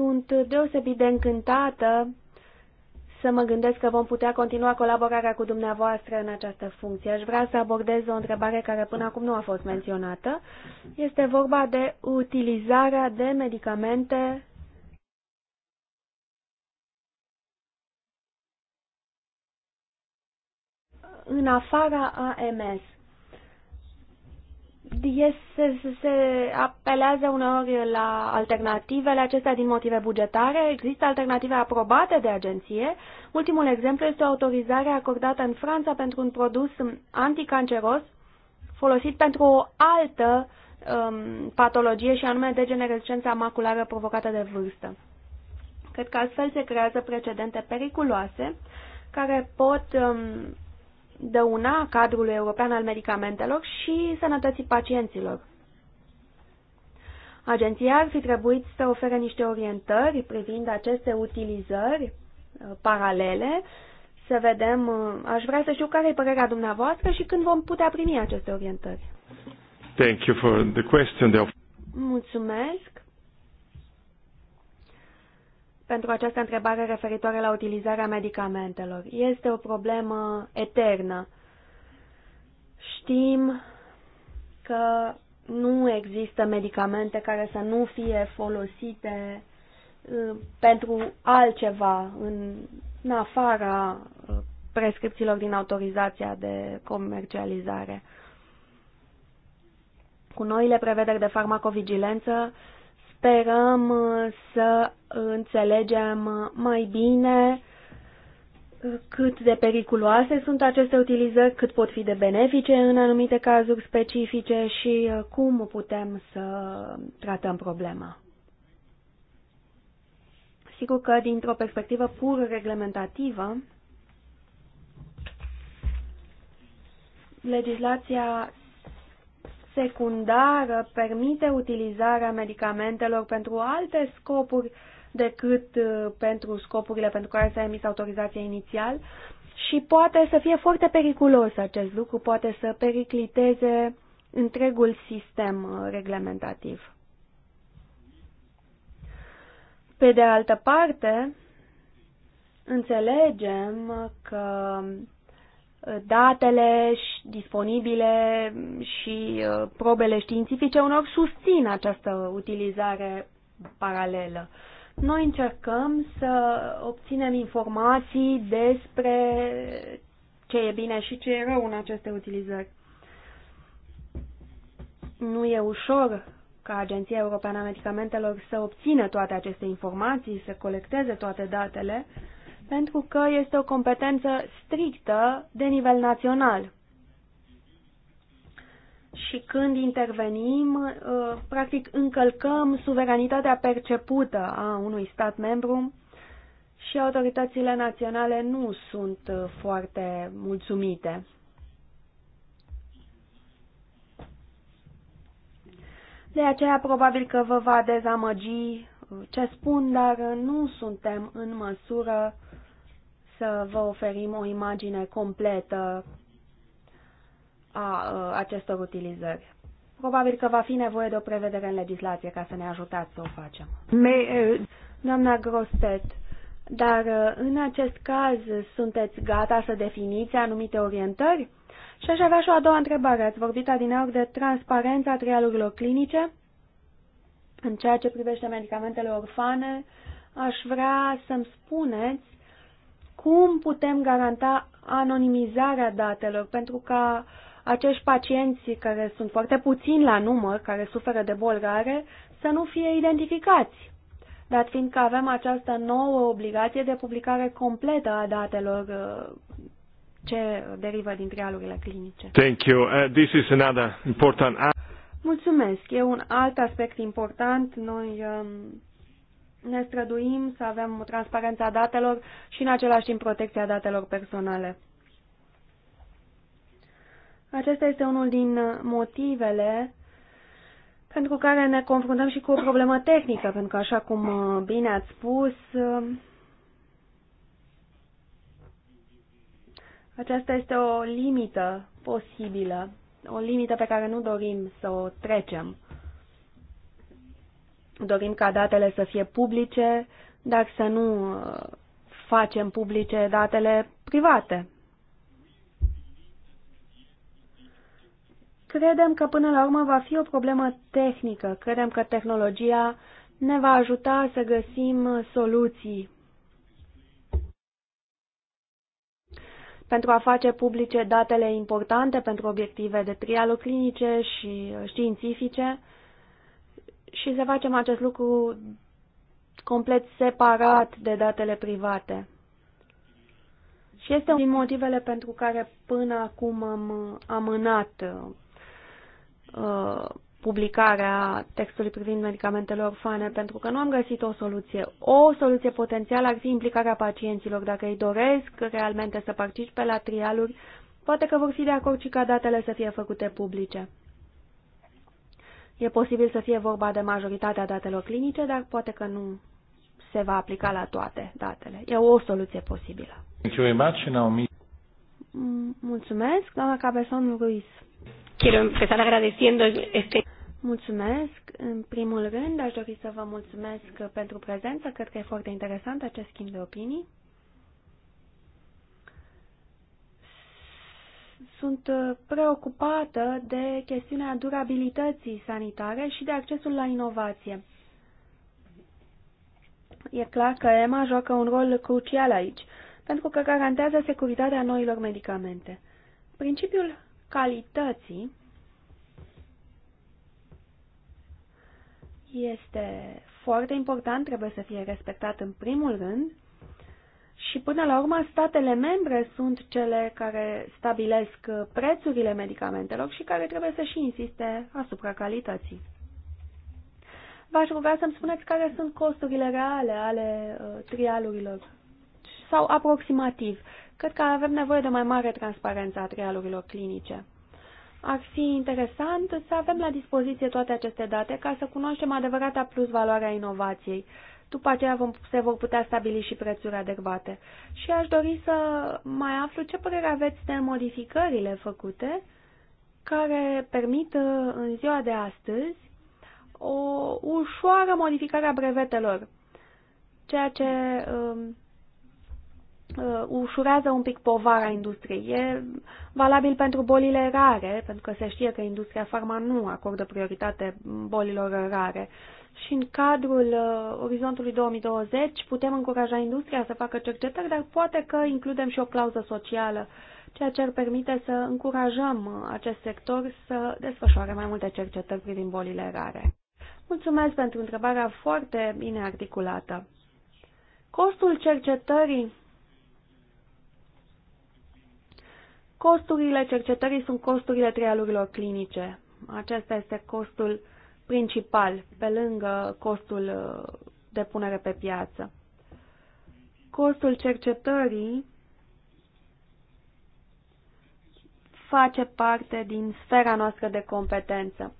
Sunt deosebit de încântată să mă gândesc că vom putea continua colaborarea cu dumneavoastră în această funcție. Aș vrea să abordez o întrebare care până acum nu a fost menționată. Este vorba de utilizarea de medicamente în afara AMS. Este, se apelează uneori la alternativele acestea din motive bugetare. Există alternative aprobate de agenție. Ultimul exemplu este o autorizare acordată în Franța pentru un produs anticanceros folosit pentru o altă um, patologie și anume degenerescența maculară provocată de vârstă. Cred că astfel se creează precedente periculoase care pot um, dăuna cadrului european al medicamentelor și sănătății pacienților. Agenția ar fi trebuit să ofere niște orientări privind aceste utilizări uh, paralele, să vedem, uh, aș vrea să știu care e părerea dumneavoastră și când vom putea primi aceste orientări. Thank you for the question. Mulțumesc pentru această întrebare referitoare la utilizarea medicamentelor. Este o problemă eternă. Știm că nu există medicamente care să nu fie folosite uh, pentru altceva în, în afara uh, prescripțiilor din autorizația de comercializare. Cu noile prevederi de farmacovigilență, Sperăm uh, să înțelegem uh, mai bine uh, cât de periculoase sunt aceste utilizări, cât pot fi de benefice în anumite cazuri specifice și cum putem să tratăm problema. Sigur că dintr-o perspectivă pur reglementativă, legislația secundară permite utilizarea medicamentelor pentru alte scopuri decât uh, pentru scopurile pentru care s-a emis autorizația inițial și poate să fie foarte periculos acest lucru, poate să pericliteze întregul sistem uh, reglementativ. Pe de altă parte, înțelegem că datele disponibile și uh, probele științifice unor susțin această utilizare paralelă. Noi încercăm să obținem informații despre ce e bine și ce e rău în aceste utilizări. Nu e ușor ca Agenția Europeană a Medicamentelor să obțină toate aceste informații, să colecteze toate datele, pentru că este o competență strictă de nivel național. Și când intervenim, uh, practic încălcăm suveranitatea percepută a unui stat membru și autoritățile naționale nu sunt uh, foarte mulțumite. De aceea probabil că vă va dezamăgi uh, ce spun, dar nu suntem în măsură să vă oferim o imagine completă a acestor utilizări. Probabil că va fi nevoie de o prevedere în legislație ca să ne ajutați să o facem. Doamna Grostet, dar în acest caz sunteți gata să definiți anumite orientări? Și aș avea și o a doua întrebare. Ați vorbit adineori de transparența trialurilor clinice în ceea ce privește medicamentele orfane. Aș vrea să-mi spuneți cum putem garanta anonimizarea datelor pentru ca acești pacienți care sunt foarte puțini la număr, care suferă de boli rare, să nu fie identificați. Dat fiind că avem această nouă obligație de publicare completă a datelor uh, ce derivă din trialurile clinice. Thank you. Uh, this is another important... Mulțumesc. E un alt aspect important. Noi um, ne străduim să avem transparența datelor și în același timp protecția datelor personale. Acesta este unul din motivele pentru care ne confruntăm și cu o problemă tehnică, pentru că, așa cum uh, bine ați spus, uh, aceasta este o limită posibilă, o limită pe care nu dorim să o trecem. Dorim ca datele să fie publice, dar să nu uh, facem publice datele private. Credem că până la urmă va fi o problemă tehnică. Credem că tehnologia ne va ajuta să găsim soluții pentru a face publice datele importante pentru obiective de trialoclinice și uh, științifice și să facem acest lucru complet separat de datele private. Și este unul din motivele pentru care până acum am amânat uh, publicarea textului privind medicamentele orfane, pentru că nu am găsit o soluție. O soluție potențială ar fi implicarea pacienților. Dacă ei doresc realmente să participe la trialuri, poate că vor fi de acord și ca datele să fie făcute publice. E posibil să fie vorba de majoritatea datelor clinice, dar poate că nu se va aplica la toate datele. E o soluție posibilă. Mm, mulțumesc, doamna Cabezon Ruiz. este... Mulțumesc. În primul rând, aș dori să vă mulțumesc pentru prezență. Cred că e foarte interesant acest schimb de opinii. sunt uh, preocupată de chestiunea durabilității sanitare și de accesul la inovație. E clar că EMA joacă un rol crucial aici, pentru că garantează securitatea noilor medicamente. Principiul calității este foarte important, trebuie să fie respectat în primul rând și până la urmă, statele membre sunt cele care stabilesc uh, prețurile medicamentelor și care trebuie să și insiste asupra calității. V-aș ruga să-mi spuneți care sunt costurile reale ale uh, trialurilor sau aproximativ. Cred că avem nevoie de mai mare transparență a trialurilor clinice. Ar fi interesant să avem la dispoziție toate aceste date ca să cunoaștem adevărata plus a inovației. Uh, după aceea vom, se vor putea stabili și prețuri adecvate. Și aș dori să mai aflu ce părere aveți de modificările făcute care permit uh, în ziua de astăzi o ușoară modificare a brevetelor, ceea ce uh, uh, ușurează un pic povara industriei. E valabil pentru bolile rare, pentru că se știe că industria farma nu acordă prioritate bolilor rare. Uh, și în cadrul uh, orizontului 2020 putem încuraja industria să facă cercetări, dar poate că includem și o clauză socială, ceea ce ar permite să încurajăm uh, acest sector să desfășoare mai multe cercetări privind bolile rare. Mulțumesc pentru întrebarea foarte bine articulată. Costul cercetării Costurile cercetării sunt costurile trialurilor clinice. Acesta este costul uh, principal, pe lângă costul uh, de punere pe piață. Costul cercetării face parte din sfera noastră de competență.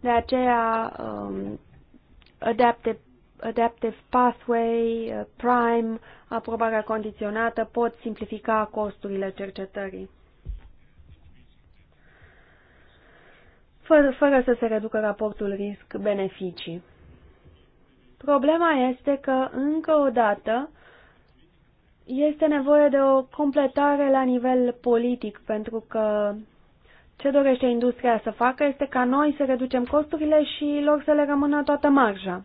De aceea, um, adaptive, adaptive Pathway, uh, Prime, aprobarea condiționată pot simplifica costurile cercetării. fără, fără să se reducă raportul risc-beneficii. Problema este că, încă o dată, este nevoie de o completare la nivel politic, pentru că ce dorește industria să facă este ca noi să reducem costurile și lor să le rămână toată marja.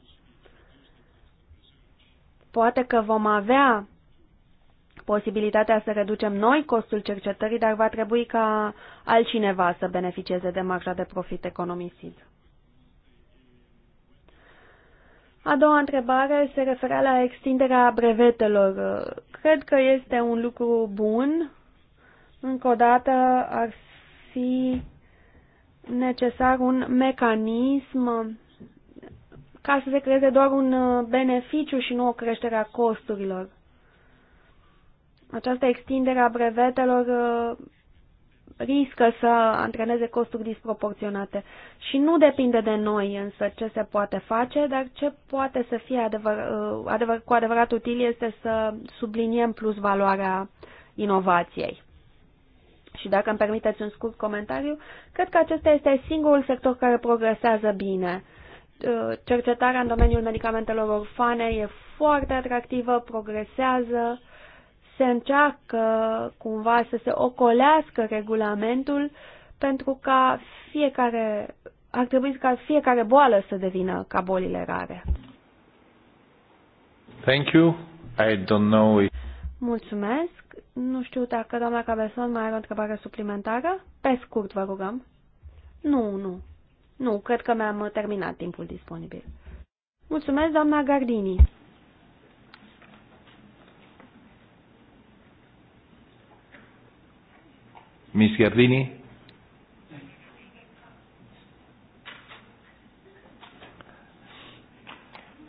Poate că vom avea posibilitatea să reducem noi costul cercetării, dar va trebui ca altcineva să beneficieze de marja de profit economisit. A doua întrebare se referea la extinderea brevetelor. Cred că este un lucru bun. Încă o dată ar fi necesar un mecanism ca să se creeze doar un beneficiu și nu o creștere a costurilor. Această extindere a brevetelor uh, riscă să antreneze costuri disproporționate. Și nu depinde de noi însă ce se poate face, dar ce poate să fie adevăr, uh, adevăr, cu adevărat util este să subliniem plus valoarea inovației. Și dacă îmi permiteți un scurt comentariu, cred că acesta este singurul sector care progresează bine. Uh, cercetarea în domeniul medicamentelor orfane e foarte atractivă, progresează, se încearcă cumva să se ocolească regulamentul pentru ca fiecare, ar trebui ca fiecare boală să devină ca bolile rare. Thank you. I don't know if... Mulțumesc. Nu știu dacă doamna Cabeson mai are o întrebare suplimentară. Pe scurt, vă rugăm. Nu, nu. Nu, cred că mi-am terminat timpul disponibil. Mulțumesc, doamna Gardini. Miss Gerdini.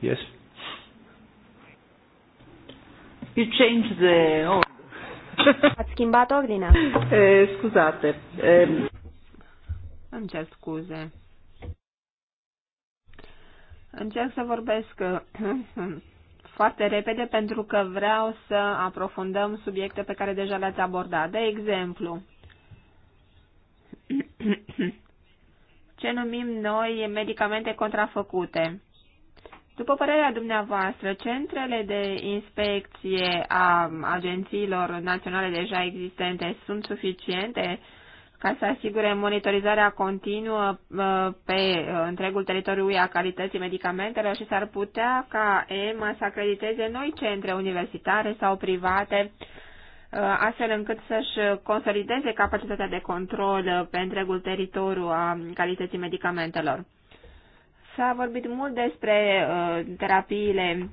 Yes? You changed the order. Ați schimbat ordinea. E, eh, scuzate. E... Îmi cer scuze. Încerc să vorbesc eh, foarte repede pentru că vreau să aprofundăm subiecte pe care deja le-ați abordat. De exemplu, ce numim noi medicamente contrafăcute. După părerea dumneavoastră, centrele de inspecție a agențiilor naționale deja existente sunt suficiente ca să asigure monitorizarea continuă uh, pe uh, întregul teritoriu a calității medicamentelor și s-ar putea ca EMA să acrediteze noi centre universitare sau private Uh, astfel încât să-și consolideze capacitatea de control uh, pe întregul teritoriu a calității medicamentelor. S-a vorbit mult despre uh, terapiile,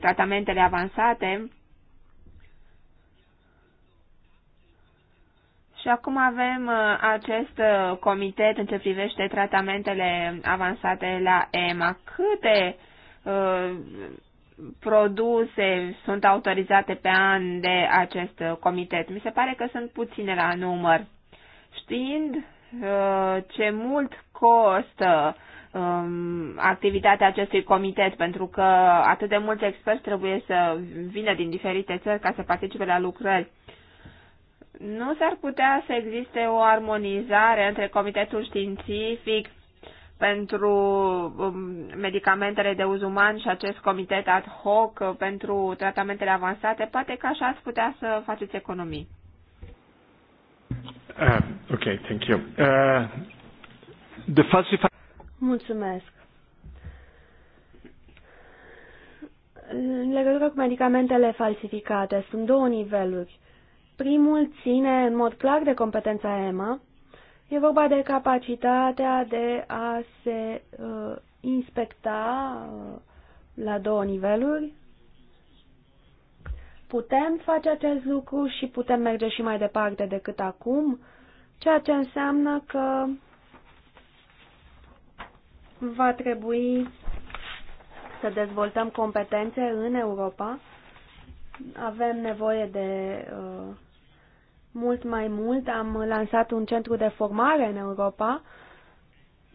tratamentele avansate și acum avem acest comitet în ce privește tratamentele avansate la EMA. Câte produse sunt autorizate pe an de acest comitet. Mi se pare că sunt puține la număr. Știind uh, ce mult costă um, activitatea acestui comitet, pentru că atât de mulți experți trebuie să vină din diferite țări ca să participe la lucrări. Nu s-ar putea să existe o armonizare între comitetul științific pentru um, medicamentele de uz uman și acest comitet ad hoc uh, pentru tratamentele avansate, poate că așa ați putea să faceți economii. Uh, ok, thank you. Uh, the falsify... Mulțumesc. În legătură cu medicamentele falsificate, sunt două niveluri. Primul ține în mod clar de competența EMA, E vorba de capacitatea de a se uh, inspecta uh, la două niveluri. Putem face acest lucru și putem merge și mai departe decât acum, ceea ce înseamnă că va trebui să dezvoltăm competențe în Europa. Avem nevoie de uh, mult mai mult. Am lansat un centru de formare în Europa,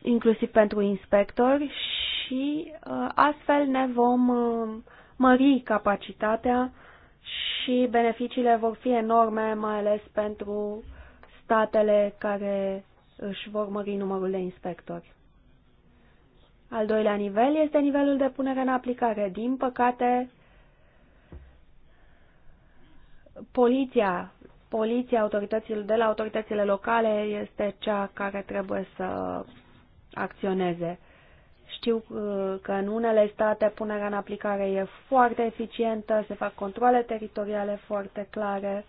inclusiv pentru inspectori și uh, astfel ne vom uh, mări capacitatea și beneficiile vor fi enorme, mai ales pentru statele care își vor mări numărul de inspectori. Al doilea nivel este nivelul de punere în aplicare. Din păcate, poliția poliția autorităților, de la autoritățile locale este cea care trebuie să acționeze. Știu uh, că în unele state punerea în aplicare e foarte eficientă, se fac controle teritoriale foarte clare.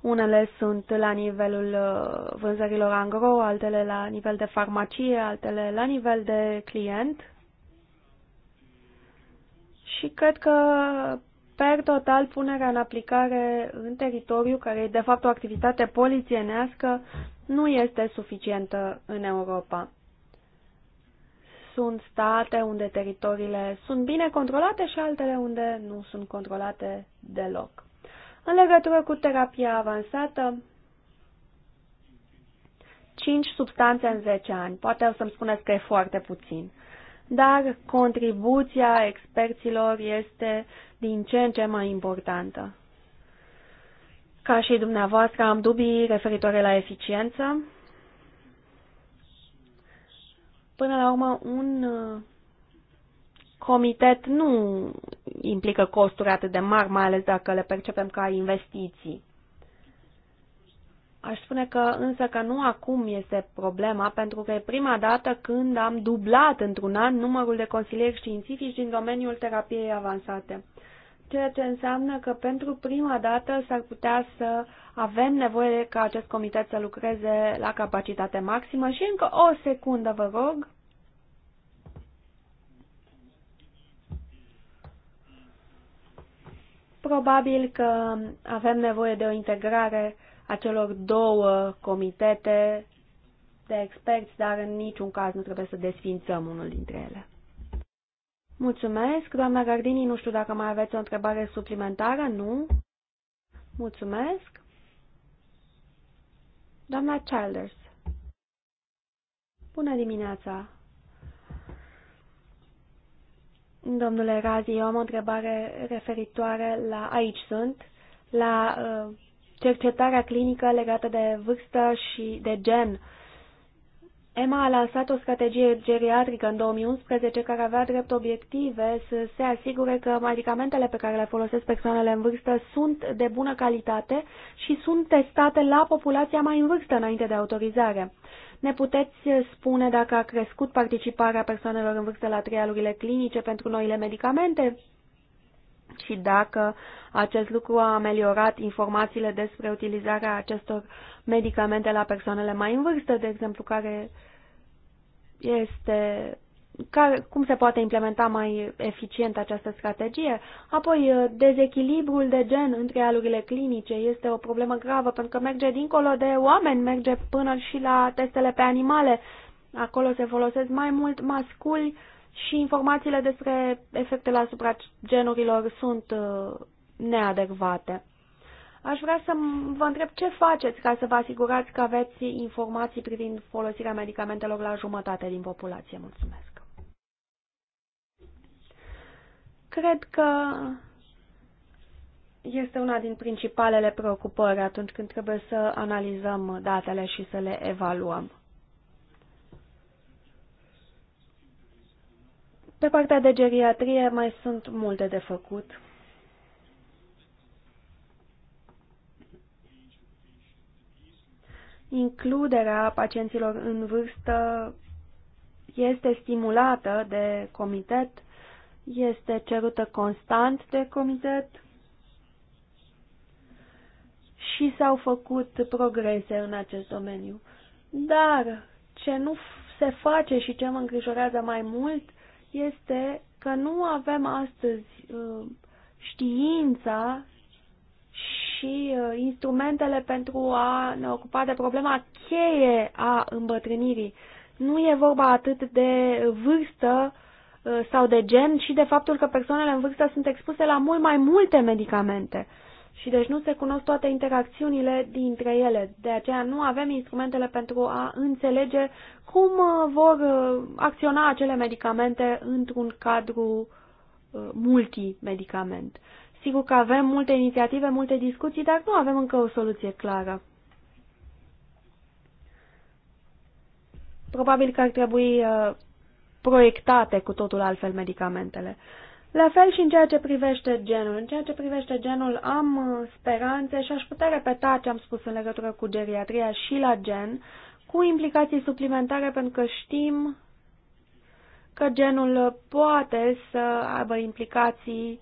Unele sunt la nivelul uh, vânzărilor angro, altele la nivel de farmacie, altele la nivel de client. Și cred că Per total, punerea în aplicare în teritoriu, care e de fapt o activitate polițienească, nu este suficientă în Europa. Sunt state unde teritoriile sunt bine controlate și altele unde nu sunt controlate deloc. În legătură cu terapia avansată, 5 substanțe în 10 ani. Poate o să-mi spuneți că e foarte puțin dar contribuția experților este din ce în ce mai importantă. Ca și dumneavoastră, am dubii referitoare la eficiență. Până la urmă, un uh, comitet nu implică costuri atât de mari, mai ales dacă le percepem ca investiții. Aș spune că însă că nu acum este problema, pentru că e prima dată când am dublat într-un an numărul de consilieri științifici din domeniul terapiei avansate. Ceea ce înseamnă că pentru prima dată s-ar putea să avem nevoie ca acest comitet să lucreze la capacitate maximă și încă o secundă, vă rog. Probabil că avem nevoie de o integrare acelor două comitete de experți, dar în niciun caz nu trebuie să desfințăm unul dintre ele. Mulțumesc, doamna Gardini, nu știu dacă mai aveți o întrebare suplimentară, nu? Mulțumesc. Doamna Childers. Bună dimineața. Domnule Razi, eu am o întrebare referitoare la, aici sunt, la uh, cercetarea clinică legată de vârstă și de gen. EMA a lansat o strategie geriatrică în 2011 care avea drept obiective să se asigure că medicamentele pe care le folosesc persoanele în vârstă sunt de bună calitate și sunt testate la populația mai în vârstă înainte de autorizare. Ne puteți spune dacă a crescut participarea persoanelor în vârstă la trialurile clinice pentru noile medicamente? și dacă acest lucru a ameliorat informațiile despre utilizarea acestor medicamente la persoanele mai în vârstă, de exemplu, care este care, cum se poate implementa mai eficient această strategie. Apoi, dezechilibrul de gen între alurile clinice este o problemă gravă pentru că merge dincolo de oameni, merge până și la testele pe animale. Acolo se folosesc mai mult masculi și informațiile despre efectele asupra genurilor sunt uh, neadecvate. Aș vrea să vă întreb ce faceți ca să vă asigurați că aveți informații privind folosirea medicamentelor la jumătate din populație. Mulțumesc. Cred că este una din principalele preocupări atunci când trebuie să analizăm datele și să le evaluăm. Pe partea de geriatrie mai sunt multe de făcut. Includerea pacienților în vârstă este stimulată de comitet, este cerută constant de comitet și s-au făcut progrese în acest domeniu. Dar ce nu se face și ce mă îngrijorează mai mult este că nu avem astăzi uh, știința și uh, instrumentele pentru a ne ocupa de problema cheie a îmbătrânirii. Nu e vorba atât de vârstă uh, sau de gen, ci de faptul că persoanele în vârstă sunt expuse la mult mai multe medicamente și deci nu se cunosc toate interacțiunile dintre ele. De aceea nu avem instrumentele pentru a înțelege cum uh, vor uh, acționa acele medicamente într-un cadru uh, multimedicament. Sigur că avem multe inițiative, multe discuții, dar nu avem încă o soluție clară. Probabil că ar trebui proiectate cu totul altfel medicamentele. La fel și în ceea ce privește genul. În ceea ce privește genul am uh, speranțe și aș putea repeta ce am spus în legătură cu geriatria și la gen, cu implicații suplimentare pentru că știm că genul poate să aibă implicații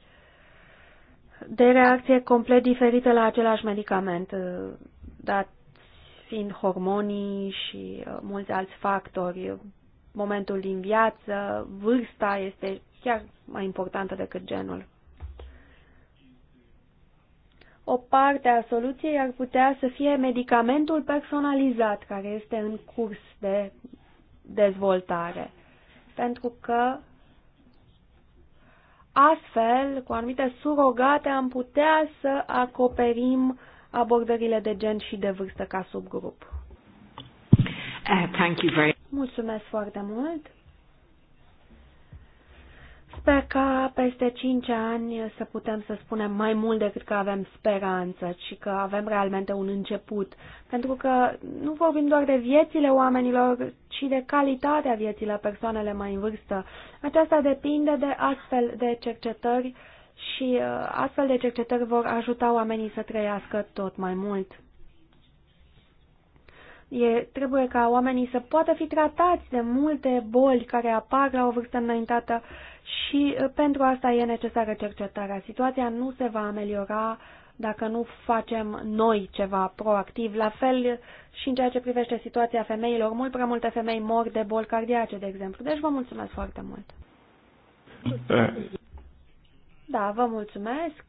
de reacție complet diferite la același medicament, uh, dat fiind hormonii și uh, mulți alți factori, momentul din viață, vârsta este chiar mai importantă decât genul. O parte a soluției ar putea să fie medicamentul personalizat care este în curs de dezvoltare. Pentru că astfel, cu anumite surogate, am putea să acoperim abordările de gen și de vârstă ca subgrup. Uh, thank you very Mulțumesc foarte mult. Sper ca peste 5 ani să putem să spunem mai mult decât că avem speranță și că avem realmente un început. Pentru că nu vorbim doar de viețile oamenilor, ci de calitatea vieții la persoanele mai în vârstă. Aceasta depinde de astfel de cercetări și uh, astfel de cercetări vor ajuta oamenii să trăiască tot mai mult. E, trebuie ca oamenii să poată fi tratați de multe boli care apar la o vârstă înaintată și uh, pentru asta e necesară cercetarea. Situația nu se va ameliora dacă nu facem noi ceva proactiv. La fel și în ceea ce privește situația femeilor, mult prea multe femei mor de boli cardiace, de exemplu. Deci vă mulțumesc foarte mult. Da, vă mulțumesc.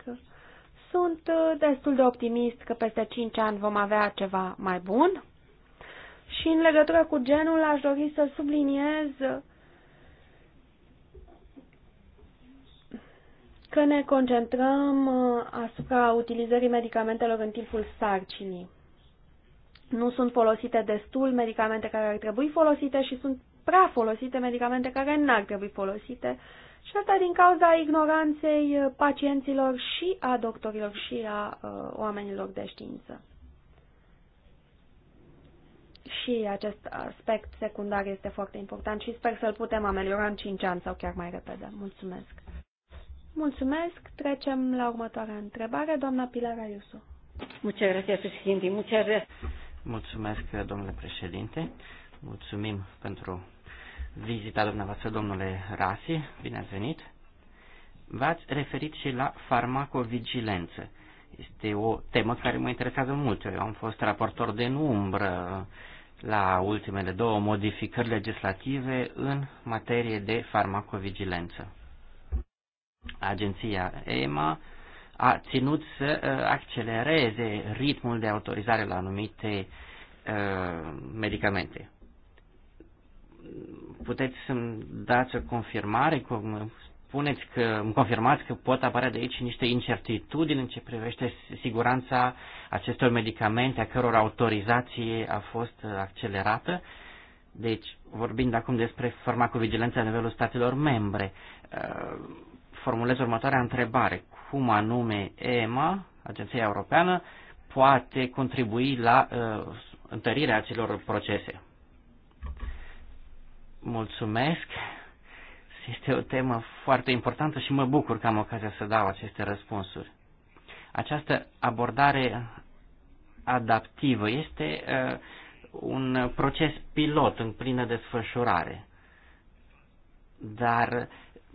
Sunt uh, destul de optimist că peste 5 ani vom avea ceva mai bun. Și în legătură cu genul, aș dori să subliniez că ne concentrăm uh, asupra utilizării medicamentelor în timpul sarcinii. Nu sunt folosite destul medicamente care ar trebui folosite și sunt prea folosite medicamente care n-ar trebui folosite și asta din cauza ignoranței uh, pacienților și a doctorilor și a uh, oamenilor de știință. Și acest aspect secundar este foarte important și sper să-l putem ameliora în 5 ani sau chiar mai repede. Mulțumesc! Mulțumesc. Trecem la următoarea întrebare. Doamna Pilar Ayuso. Mulțumesc, domnule președinte. Mulțumim pentru vizita dumneavoastră, domnule Rasi. Bine ați venit. V-ați referit și la farmacovigilență. Este o temă care mă interesează mult. Eu am fost raportor de umbră la ultimele două modificări legislative în materie de farmacovigilență. Agenția EMA a ținut să uh, accelereze ritmul de autorizare la anumite uh, medicamente. Puteți să-mi dați o confirmare, cum spuneți că, îmi confirmați că pot apărea de aici niște incertitudini în ce privește siguranța acestor medicamente a căror autorizație a fost uh, accelerată. Deci, vorbind acum despre farmacovigilența la nivelul statelor membre, formulez următoarea întrebare. Cum anume EMA, Agenția Europeană, poate contribui la uh, întărirea acelor procese? Mulțumesc. Este o temă foarte importantă și mă bucur că am ocazia să dau aceste răspunsuri. Această abordare adaptivă este uh, un proces pilot în plină desfășurare. Dar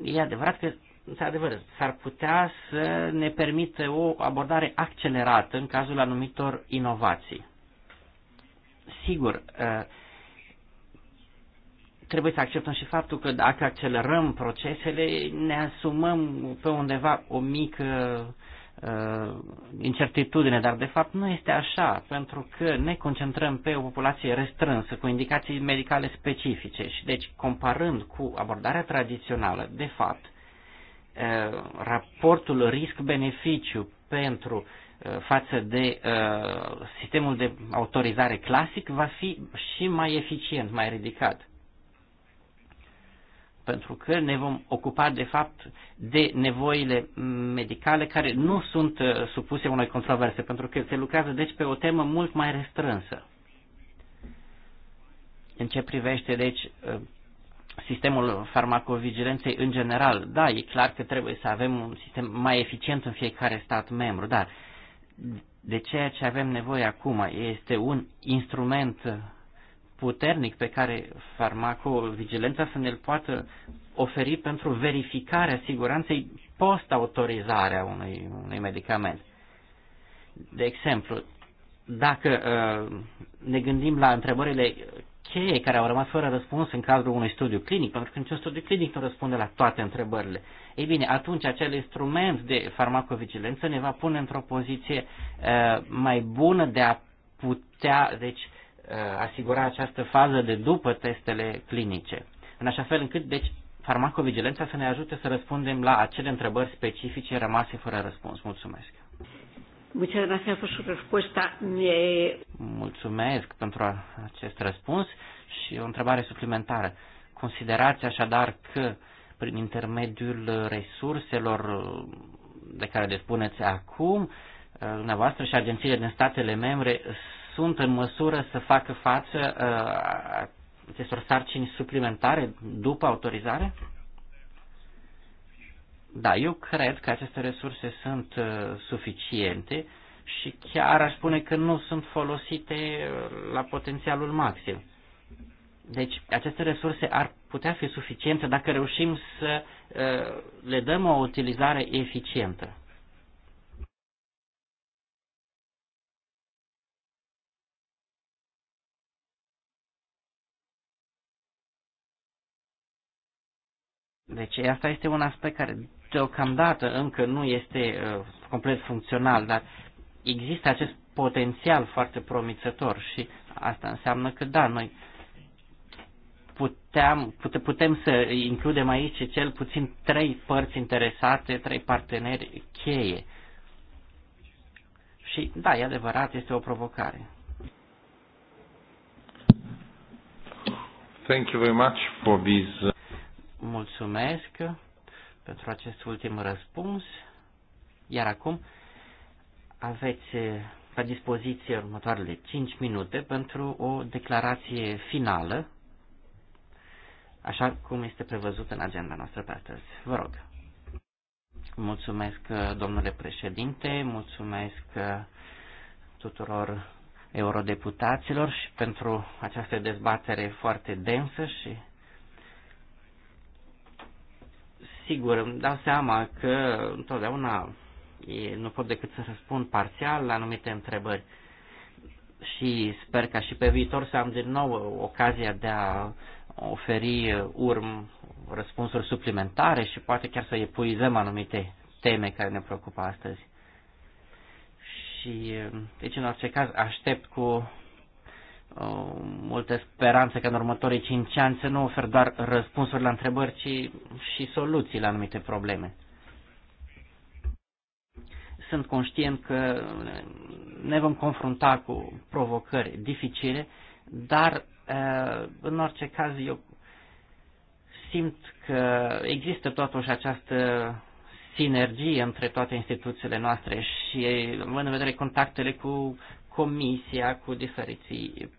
e adevărat că într-adevăr, s-ar putea să ne permită o abordare accelerată în cazul anumitor inovații. Sigur, uh, trebuie să acceptăm și faptul că dacă accelerăm procesele, ne asumăm pe undeva o mică uh, incertitudine, dar de fapt nu este așa, pentru că ne concentrăm pe o populație restrânsă, cu indicații medicale specifice și deci comparând cu abordarea tradițională, de fapt, Eh, raportul risc-beneficiu pentru eh, față de eh, sistemul de autorizare clasic va fi și mai eficient, mai ridicat. Pentru că ne vom ocupa, de fapt, de nevoile medicale care nu sunt supuse unei controverse, pentru că se lucrează, deci, pe o temă mult mai restrânsă. În ce privește, deci, sistemul farmacovigilenței în general. Da, e clar că trebuie să avem un sistem mai eficient în fiecare stat membru, dar de ceea ce avem nevoie acum este un instrument puternic pe care farmacovigilența să ne-l poată oferi pentru verificarea siguranței post-autorizarea unui, unui medicament. De exemplu, dacă uh, ne gândim la întrebările cheie care au rămas fără răspuns în cadrul unui studiu clinic, pentru că niciun studiu clinic nu răspunde la toate întrebările. Ei bine, atunci acel instrument de farmacovigilență ne va pune într-o poziție uh, mai bună de a putea, deci, uh, asigura această fază de după testele clinice. În așa fel încât, deci, farmacovigilența să ne ajute să răspundem la acele întrebări specifice rămase fără răspuns. Mulțumesc! Muchas gracias por su respuesta. Mulțumesc pentru acest răspuns și o întrebare suplimentară. Considerați așadar că prin intermediul resurselor uh, de care dispuneți acum, uh, dumneavoastră și agențiile din statele membre sunt în măsură să facă față uh, acestor sarcini suplimentare după autorizare? Da, eu cred că aceste resurse sunt uh, suficiente și chiar aș spune că nu sunt folosite uh, la potențialul maxim. Deci aceste resurse ar putea fi suficiente dacă reușim să uh, le dăm o utilizare eficientă. Deci asta este un aspect care deocamdată încă nu este uh, complet funcțional, dar există acest potențial foarte promițător și asta înseamnă că da, noi puteam, pute, putem să includem aici cel puțin trei părți interesate, trei parteneri cheie. Și da, e adevărat, este o provocare. Thank you very much for this. Uh, Mulțumesc pentru acest ultim răspuns. Iar acum aveți eh, la dispoziție următoarele 5 minute pentru o declarație finală, așa cum este prevăzut în agenda noastră pe astăzi. Vă rog. Mulțumesc, eh, domnule președinte, mulțumesc eh, tuturor eurodeputaților și pentru această dezbatere foarte densă și Sigur, îmi dau seama că întotdeauna nu pot decât să răspund parțial la anumite întrebări și sper ca și pe viitor să am din nou ocazia de a oferi urm răspunsuri suplimentare și poate chiar să epuizăm anumite teme care ne preocupă astăzi. Și, deci, în orice caz, aștept cu multe speranțe că în următorii 5 ani să nu ofer doar răspunsuri la întrebări, ci și soluții la anumite probleme. Sunt conștient că ne vom confrunta cu provocări dificile, dar în orice caz eu simt că există totuși această sinergie între toate instituțiile noastre și în vedere contactele cu Comisia, cu diferiții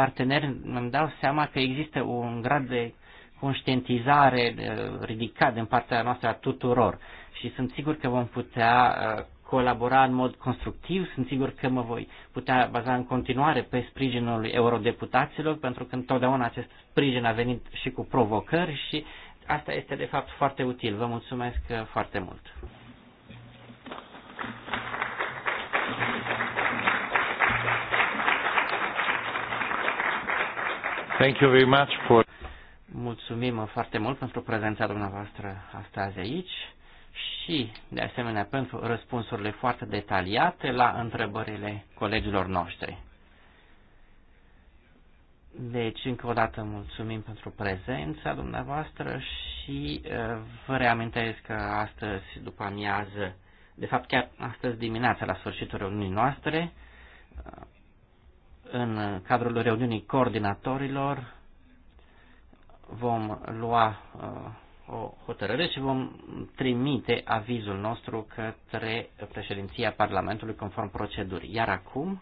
parteneri îmi dau seama că există un grad de conștientizare ridicat din partea noastră a tuturor și sunt sigur că vom putea uh, colabora în mod constructiv, sunt sigur că mă voi putea baza în continuare pe sprijinul eurodeputaților, pentru că întotdeauna acest sprijin a venit și cu provocări și asta este de fapt foarte util. Vă mulțumesc uh, foarte mult! Thank you very much for... Mulțumim foarte mult pentru prezența dumneavoastră astăzi aici și, de asemenea, pentru răspunsurile foarte detaliate la întrebările colegilor noștri. Deci, încă o dată, mulțumim pentru prezența dumneavoastră și uh, vă reamintesc că astăzi, după amiază, de fapt chiar astăzi dimineața, la sfârșitul reuniunii noastre, uh, în cadrul reuniunii coordinatorilor vom lua uh, o hotărâre și vom trimite avizul nostru către președinția Parlamentului conform procedurii. Iar acum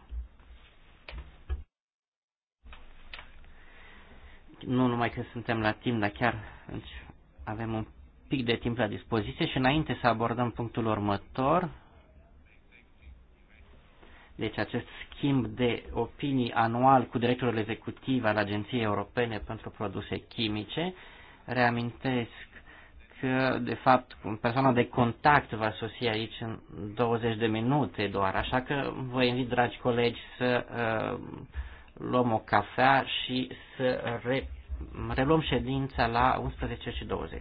nu numai că suntem la timp, dar chiar deci, avem un pic de timp la dispoziție și înainte să abordăm punctul următor, deci acest schimb de opinii anual cu directorul executiv al Agenției Europene pentru Produse Chimice, reamintesc că, de fapt, persoana de contact va sosi aici în 20 de minute doar, așa că vă invit, dragi colegi, să uh, luăm o cafea și să re, reluăm ședința la 11 și 20.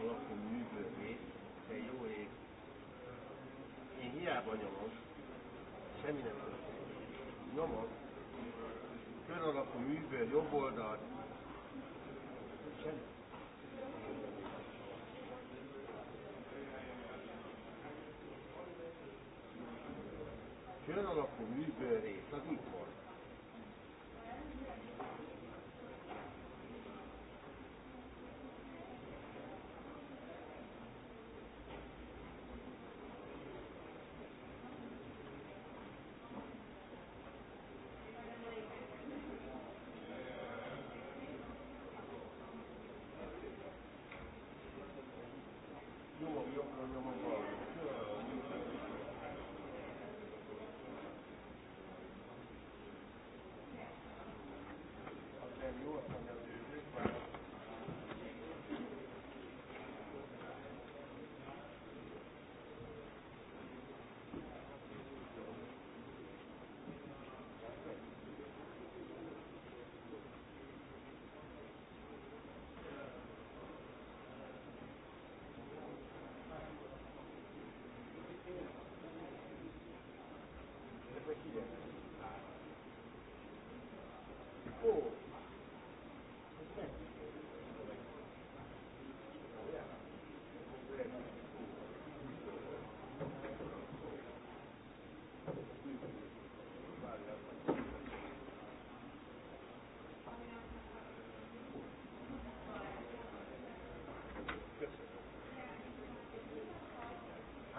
alors qu'on muse fejó ég. Én hiába nyomos, semmi nem történik. Nyomok, kör alakú műből jobb oldalt, Thank you.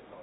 D'accord.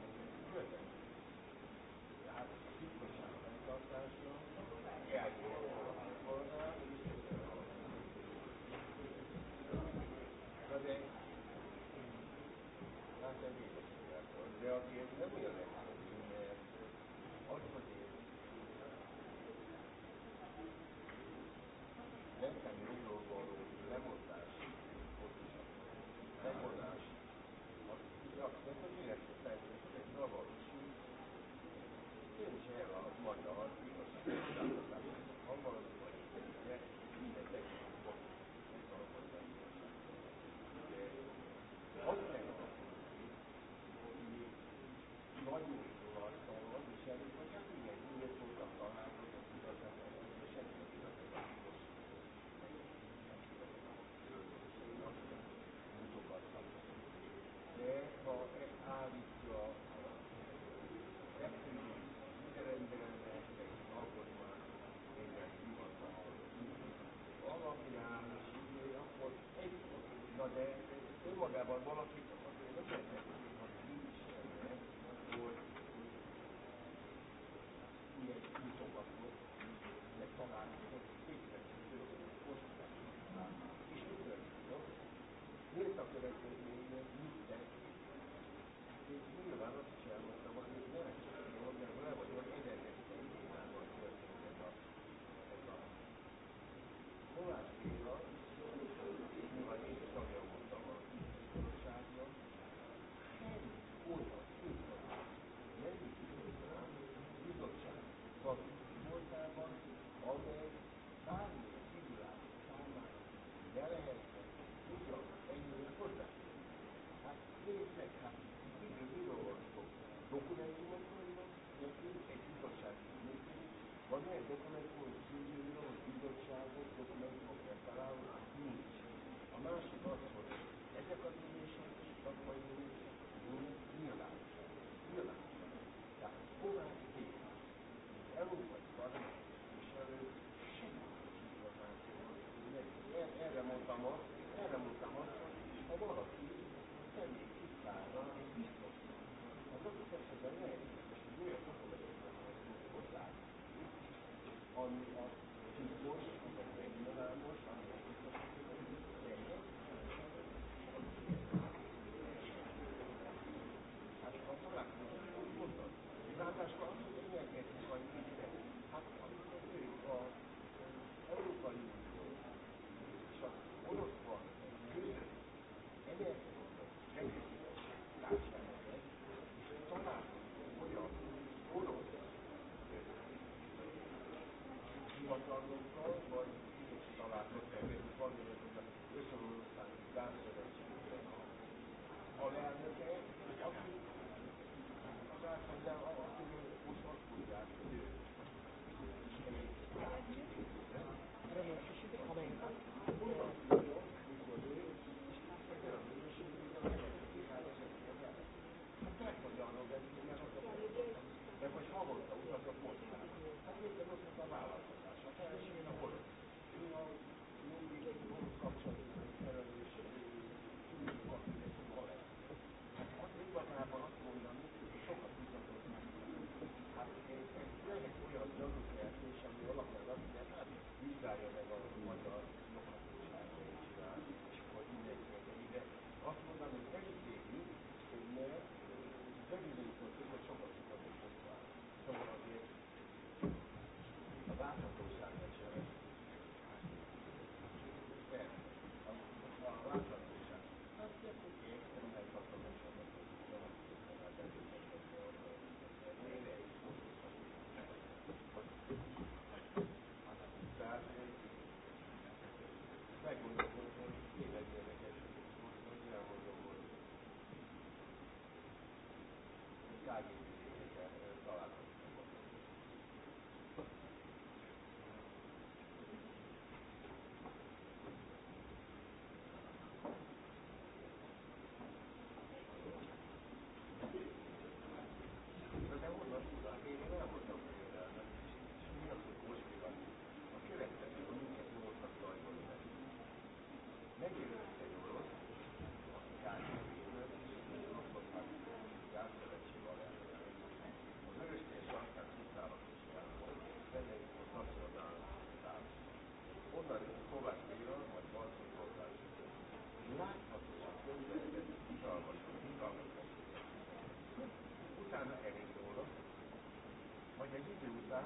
avem documentul 59, divorciază documentul preparat mici. Oamenii nostru, ezek az ülések, szakmai ülések, nyilván, nyilván. Tehát, Maybe do that.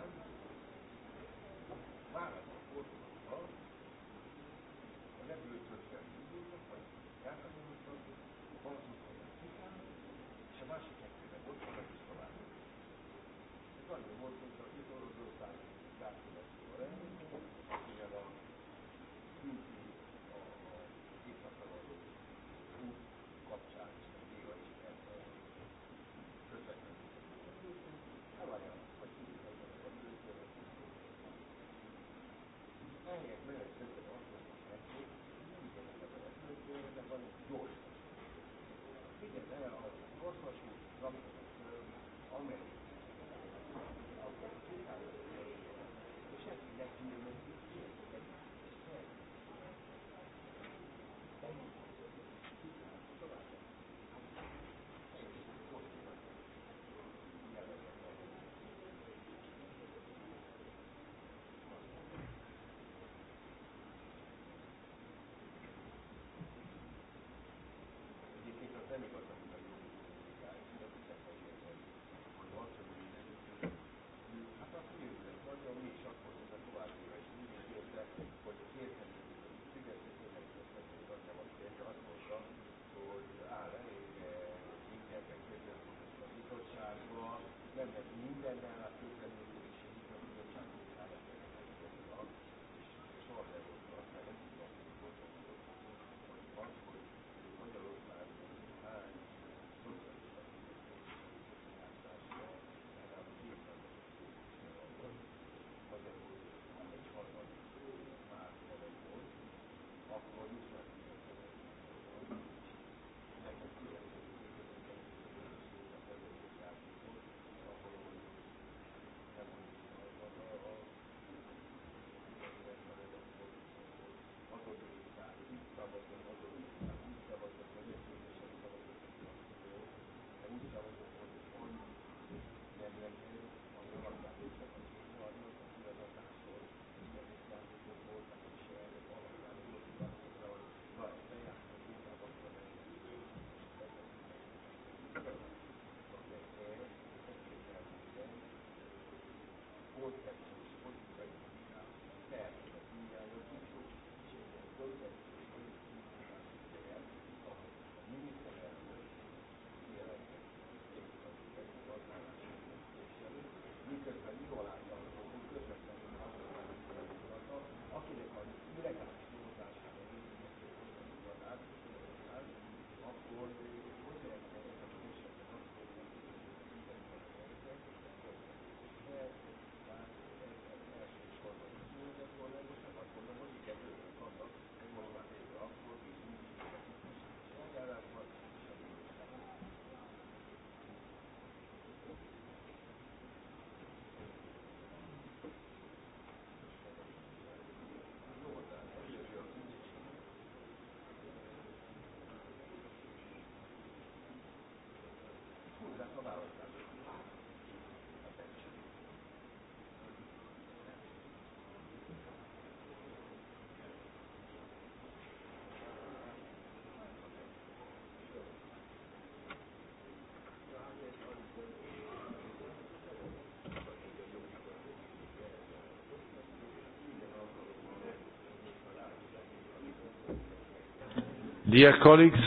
Dear colleagues,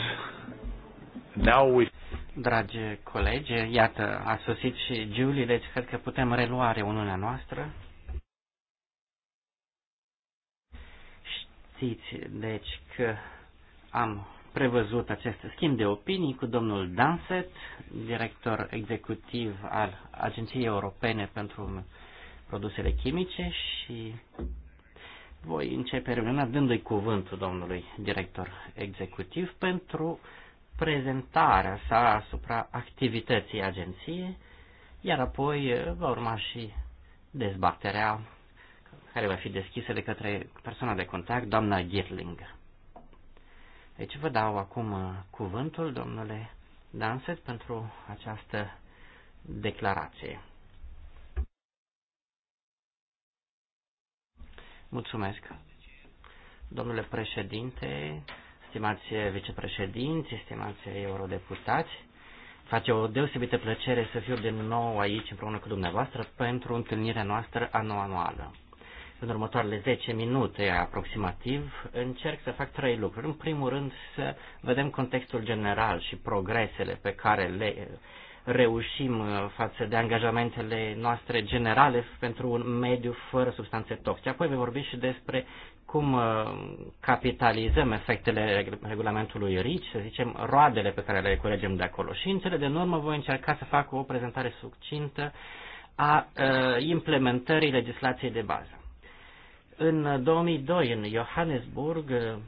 now we... Dragi colegi, iată, a sosit și Julie, deci cred că putem relua reuniunea noastră. Știți, deci, că am prevăzut acest schimb de opinii cu domnul Danset, director executiv al Agenției Europene pentru Produsele Chimice și voi începe reuniunea dându-i cuvântul domnului director executiv pentru prezentarea sa asupra activității agenției, iar apoi uh, va urma și dezbaterea care va fi deschisă de către persoana de contact, doamna Girling. Deci vă dau acum uh, cuvântul, domnule Danset, pentru această declarație. Mulțumesc. Domnule președinte, stimați vicepreședinți, stimați eurodeputați, face o deosebită plăcere să fiu din nou aici împreună cu dumneavoastră pentru întâlnirea noastră anuală. În următoarele 10 minute aproximativ încerc să fac trei lucruri. În primul rând să vedem contextul general și progresele pe care le reușim uh, față de angajamentele noastre generale pentru un mediu fără substanțe toxice. Apoi vei vorbi și despre cum uh, capitalizăm efectele regulamentului RICI, să zicem, roadele pe care le culegem de acolo. Și în cele de urmă voi încerca să fac o prezentare succintă a uh, implementării legislației de bază. În 2002, în Johannesburg,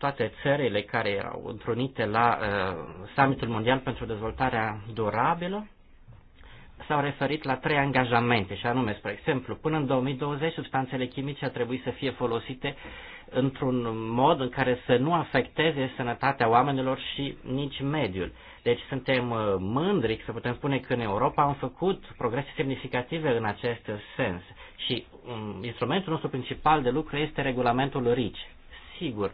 toate țările care erau întrunite la uh, Summitul Mondial pentru Dezvoltarea Durabilă s-au referit la trei angajamente și anume, spre exemplu, până în 2020 substanțele chimice ar trebui să fie folosite într-un mod în care să nu afecteze sănătatea oamenilor și nici mediul. Deci suntem uh, mândri să putem spune că în Europa am făcut progrese semnificative în acest sens și um, instrumentul nostru principal de lucru este regulamentul RICI. Sigur, uh,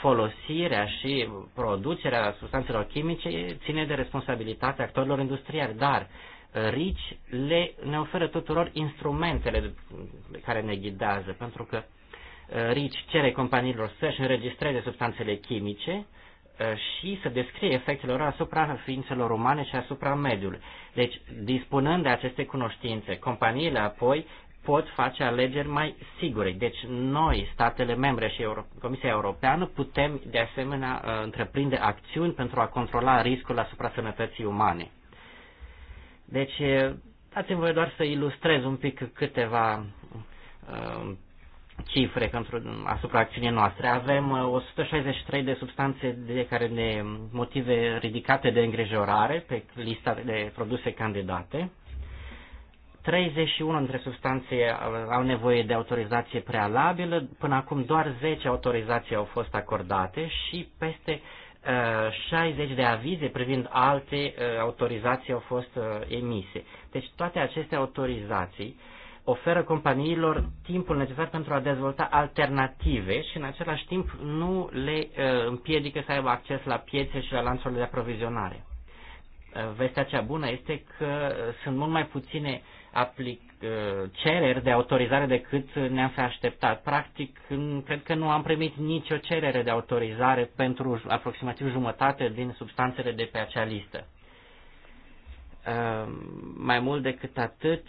folosirea și producerea substanțelor chimice ține de responsabilitatea actorilor industriali, dar uh, RICI le, ne oferă tuturor instrumentele care ne ghidează, pentru că uh, RICI cere companiilor să-și înregistreze substanțele chimice uh, și să descrie efectele lor asupra ființelor umane și asupra mediului. Deci, dispunând de aceste cunoștințe, companiile apoi pot face alegeri mai sigure. Deci noi, statele membre și Euro- Comisia Europeană, putem de asemenea uh, întreprinde acțiuni pentru a controla riscul asupra sănătății umane. Deci, uh, dați-mi voi doar să ilustrez un pic câteva uh, cifre pentru, asupra acțiunii noastre. Avem 163 uh, de substanțe de care ne motive ridicate de îngrijorare pe lista de produse candidate. 31 dintre substanțe au nevoie de autorizație prealabilă, până acum doar 10 autorizații au fost acordate și peste 60 uh, de avize privind alte uh, autorizații au fost uh, emise. Deci toate aceste autorizații oferă companiilor timpul necesar pentru a dezvolta alternative și în același timp nu le împiedică să aibă acces la piețe și la lanțurile de aprovizionare vestea cea bună este că sunt mult mai puține aplic, uh, cereri de autorizare decât ne-am fi așteptat. Practic, cred că nu am primit nicio cerere de autorizare pentru aproximativ jumătate din substanțele de pe acea listă. Uh, mai mult decât atât,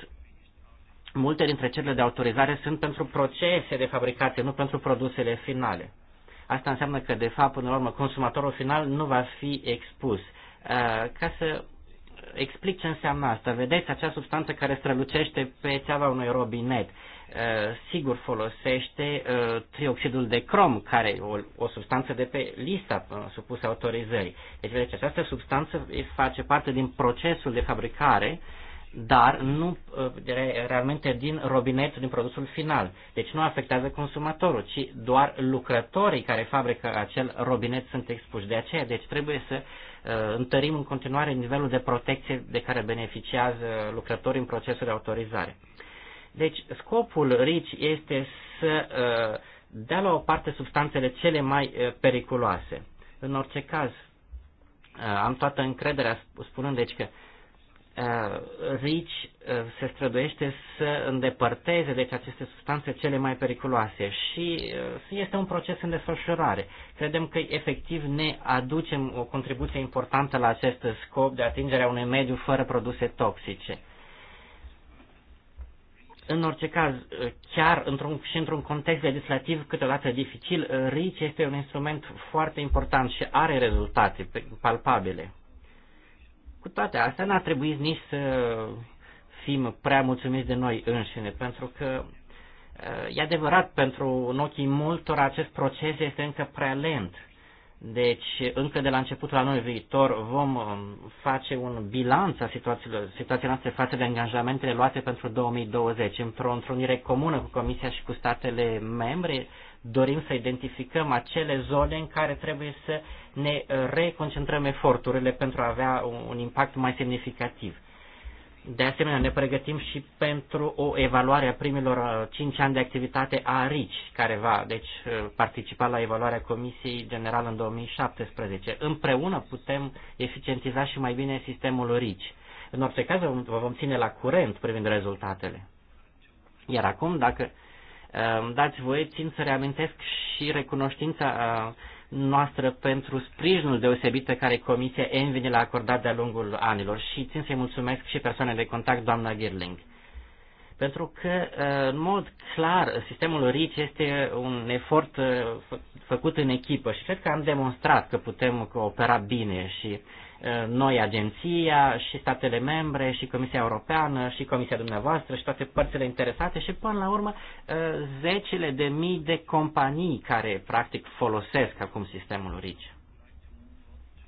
multe dintre cererile de autorizare sunt pentru procese de fabricație, nu pentru produsele finale. Asta înseamnă că, de fapt, până la urmă, consumatorul final nu va fi expus. Uh, ca să explic ce înseamnă asta. Vedeți acea substanță care strălucește pe țeava unui robinet. Uh, sigur folosește uh, trioxidul de crom, care e o, o substanță de pe lista uh, supusă autorizării. Deci, vedeți, această substanță face parte din procesul de fabricare dar nu realmente din robinetul, din produsul final. Deci nu afectează consumatorul, ci doar lucrătorii care fabrică acel robinet sunt expuși. De aceea, deci trebuie să Uh, întărim în continuare nivelul de protecție de care beneficiază lucrătorii în procesul de autorizare. Deci, scopul RICI este să uh, dea la o parte substanțele cele mai uh, periculoase. În orice caz, am toată încrederea spunând deci că Uh, RICI uh, se străduiește să îndepărteze deci aceste substanțe cele mai periculoase și uh, este un proces în desfășurare. Credem că efectiv ne aducem o contribuție importantă la acest scop de atingerea unui mediu fără produse toxice. În orice caz, chiar într-un, și într-un context legislativ câteodată dificil, RICI este un instrument foarte important și are rezultate palpabile. Cu toate astea, n-ar trebui nici să fim prea mulțumiți de noi înșine, pentru că uh, e adevărat, pentru în ochii multor, acest proces este încă prea lent. Deci, încă de la începutul anului viitor vom um, face un bilanț a situației noastre față de angajamentele luate pentru 2020, într-o întrunire comună cu Comisia și cu statele membre, dorim să identificăm acele zone în care trebuie să ne reconcentrăm eforturile pentru a avea un impact mai semnificativ. De asemenea, ne pregătim și pentru o evaluare a primilor 5 uh, ani de activitate a RICI, care va deci, uh, participa la evaluarea Comisiei Generală în 2017. Împreună putem eficientiza și mai bine sistemul RICI. În orice caz, vă vom ține la curent privind rezultatele. Iar acum, dacă Ehm, dați voie, țin să reamintesc și recunoștința ehm, noastră pentru sprijinul deosebit pe care Comisia Envini l-a acordat de-a lungul anilor și țin să-i mulțumesc și persoanele de contact, doamna Girling. Pentru că, ehm, în mod clar, sistemul RIC este un efort făcut în echipă și cred că am demonstrat că putem coopera bine și uh, Eh, noi agenția și statele membre și Comisia Europeană și Comisia dumneavoastră și toate părțile interesate și până la urmă eh, zecile de mii de companii care practic folosesc acum sistemul RICI.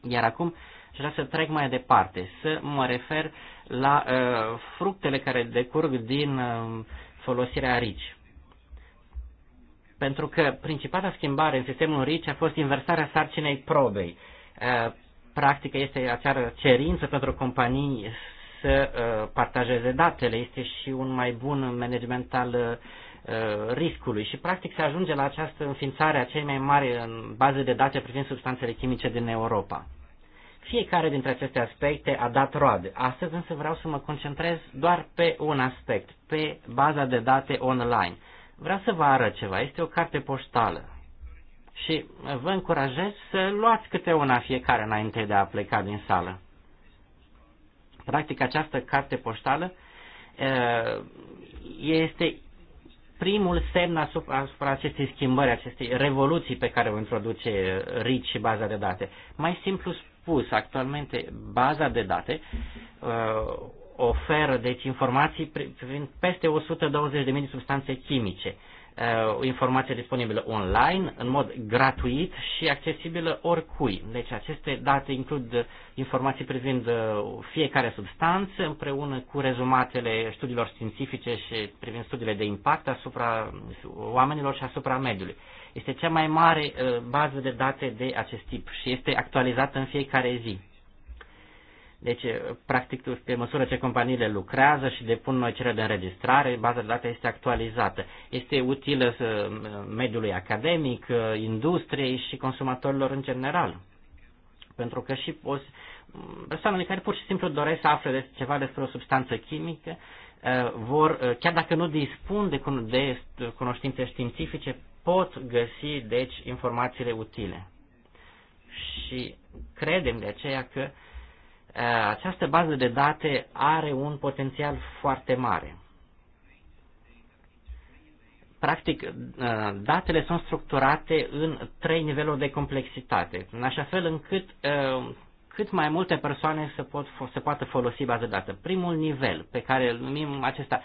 Iar acum aș vrea să trec mai departe, să mă refer la uh, fructele care decurg din uh, folosirea RICI. Pentru că principala schimbare în sistemul RICI a fost inversarea sarcinei probei. Uh, practică este acea cerință pentru companii să uh, partajeze datele, este și un mai bun management al uh, riscului și practic se ajunge la această înființare a cei mai mari în uh, baze de date privind substanțele chimice din Europa. Fiecare dintre aceste aspecte a dat roade. Astăzi însă vreau să mă concentrez doar pe un aspect, pe baza de date online. Vreau să vă arăt ceva. Este o carte poștală și vă încurajez să luați câte una fiecare înainte de a pleca din sală. Practic, această carte poștală este primul semn asupra, asupra acestei schimbări, acestei revoluții pe care o introduce RIC și baza de date. Mai simplu spus, actualmente baza de date uh, oferă deci informații privind peste 120.000 de substanțe chimice. Uh, Uh, informație disponibilă online, în mod gratuit și accesibilă oricui. Deci aceste date includ informații privind uh, fiecare substanță împreună cu rezumatele studiilor științifice și privind studiile de impact asupra oamenilor și asupra mediului. Este cea mai mare uh, bază de date de acest tip și este actualizată în fiecare zi. Deci, eh, practic, pe măsură ce companiile lucrează și depun noi cereri de înregistrare, baza de date este actualizată. Este utilă eh, mediului academic, eh, industriei și consumatorilor în general. Pentru că și persoanele care pur și simplu doresc să afle ceva despre o substanță chimică, vor, chiar dacă nu dispun de, de cunoștințe științifice, pot găsi, deci, informațiile utile. Și credem de aceea că uh, această bază de date are un potențial foarte mare. Practic, datele sunt structurate în trei niveluri de complexitate, în așa fel încât cât mai multe persoane se pot, se poată folosi bază de date. Primul nivel pe care îl numim acesta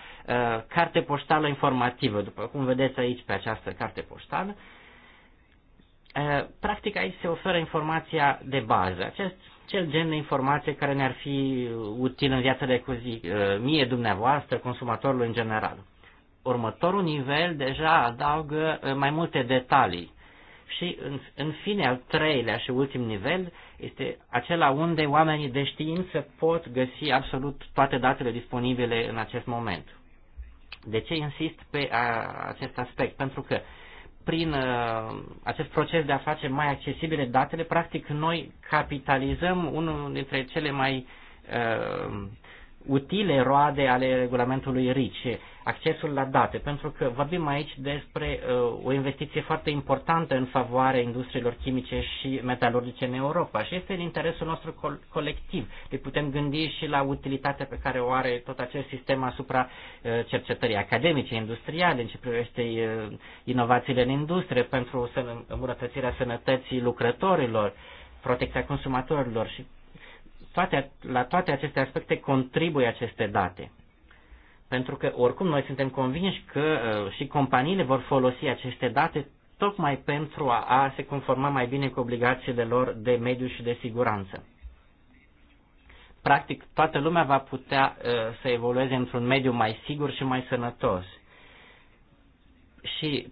carte poștală informativă, după cum vedeți aici pe această carte poștală, practic aici se oferă informația de bază. Acest cel gen de informație care ne-ar fi util în viața de cu zi, uh, mie, dumneavoastră, consumatorului în general. Următorul nivel deja adaugă uh, mai multe detalii. Și, în, în fine, al treilea și ultim nivel este acela unde oamenii de știință pot găsi absolut toate datele disponibile în acest moment. De ce insist pe a, acest aspect? Pentru că uh, prin uh, acest proces de a face mai accesibile datele, practic noi capitalizăm unul dintre cele mai uh, utile roade ale regulamentului RICI, accesul la date, pentru că vorbim aici despre uh, o investiție foarte importantă în favoarea industriilor chimice și metalurgice în Europa și este în interesul nostru col- colectiv. Le putem gândi și la utilitatea pe care o are tot acest sistem asupra uh, cercetării academice, industriale, în ce privește uh, inovațiile în industrie, pentru îmbunătățirea sănătății lucrătorilor, protecția consumatorilor și toate, la toate aceste aspecte contribuie aceste date. Pentru că oricum noi suntem convinși că uh, și companiile vor folosi aceste date tocmai pentru a, a se conforma mai bine cu obligațiile lor de mediu și de siguranță. Practic, toată lumea va putea uh, să evolueze într-un mediu mai sigur și mai sănătos. Și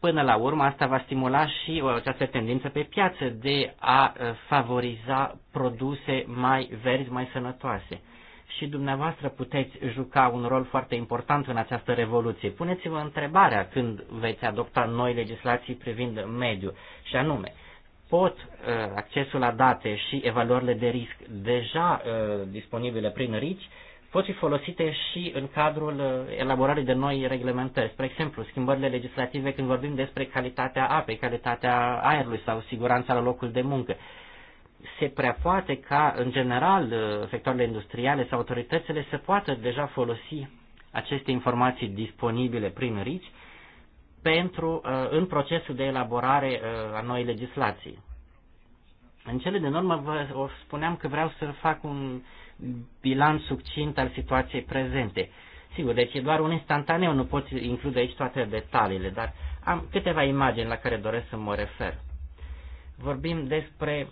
Până la urmă, asta va stimula și o uh, această tendință pe piață de a uh, favoriza produse mai verzi, mai sănătoase. Și dumneavoastră puteți juca un rol foarte important în această revoluție. Puneți-vă întrebarea când veți adopta noi legislații privind mediul, și anume, pot uh, accesul la date și evaluările de risc deja disponibile prin RICI pot fi folosite și în cadrul uh, elaborării de noi reglementări. Spre exemplu, schimbările legislative când vorbim despre calitatea apei, calitatea aerului sau siguranța la locul de muncă. Se prea poate ca, în general, uh, sectoarele industriale sau autoritățile să poată deja folosi aceste informații disponibile prin RICI pentru, uh, în procesul de elaborare a noi legislații. În cele din urmă vă spuneam că vreau să fac un bilanț succint al situației prezente. Sigur, deci e doar un instantaneu, nu pot include aici toate detaliile, dar am câteva imagini la care doresc să mă refer. Vorbim despre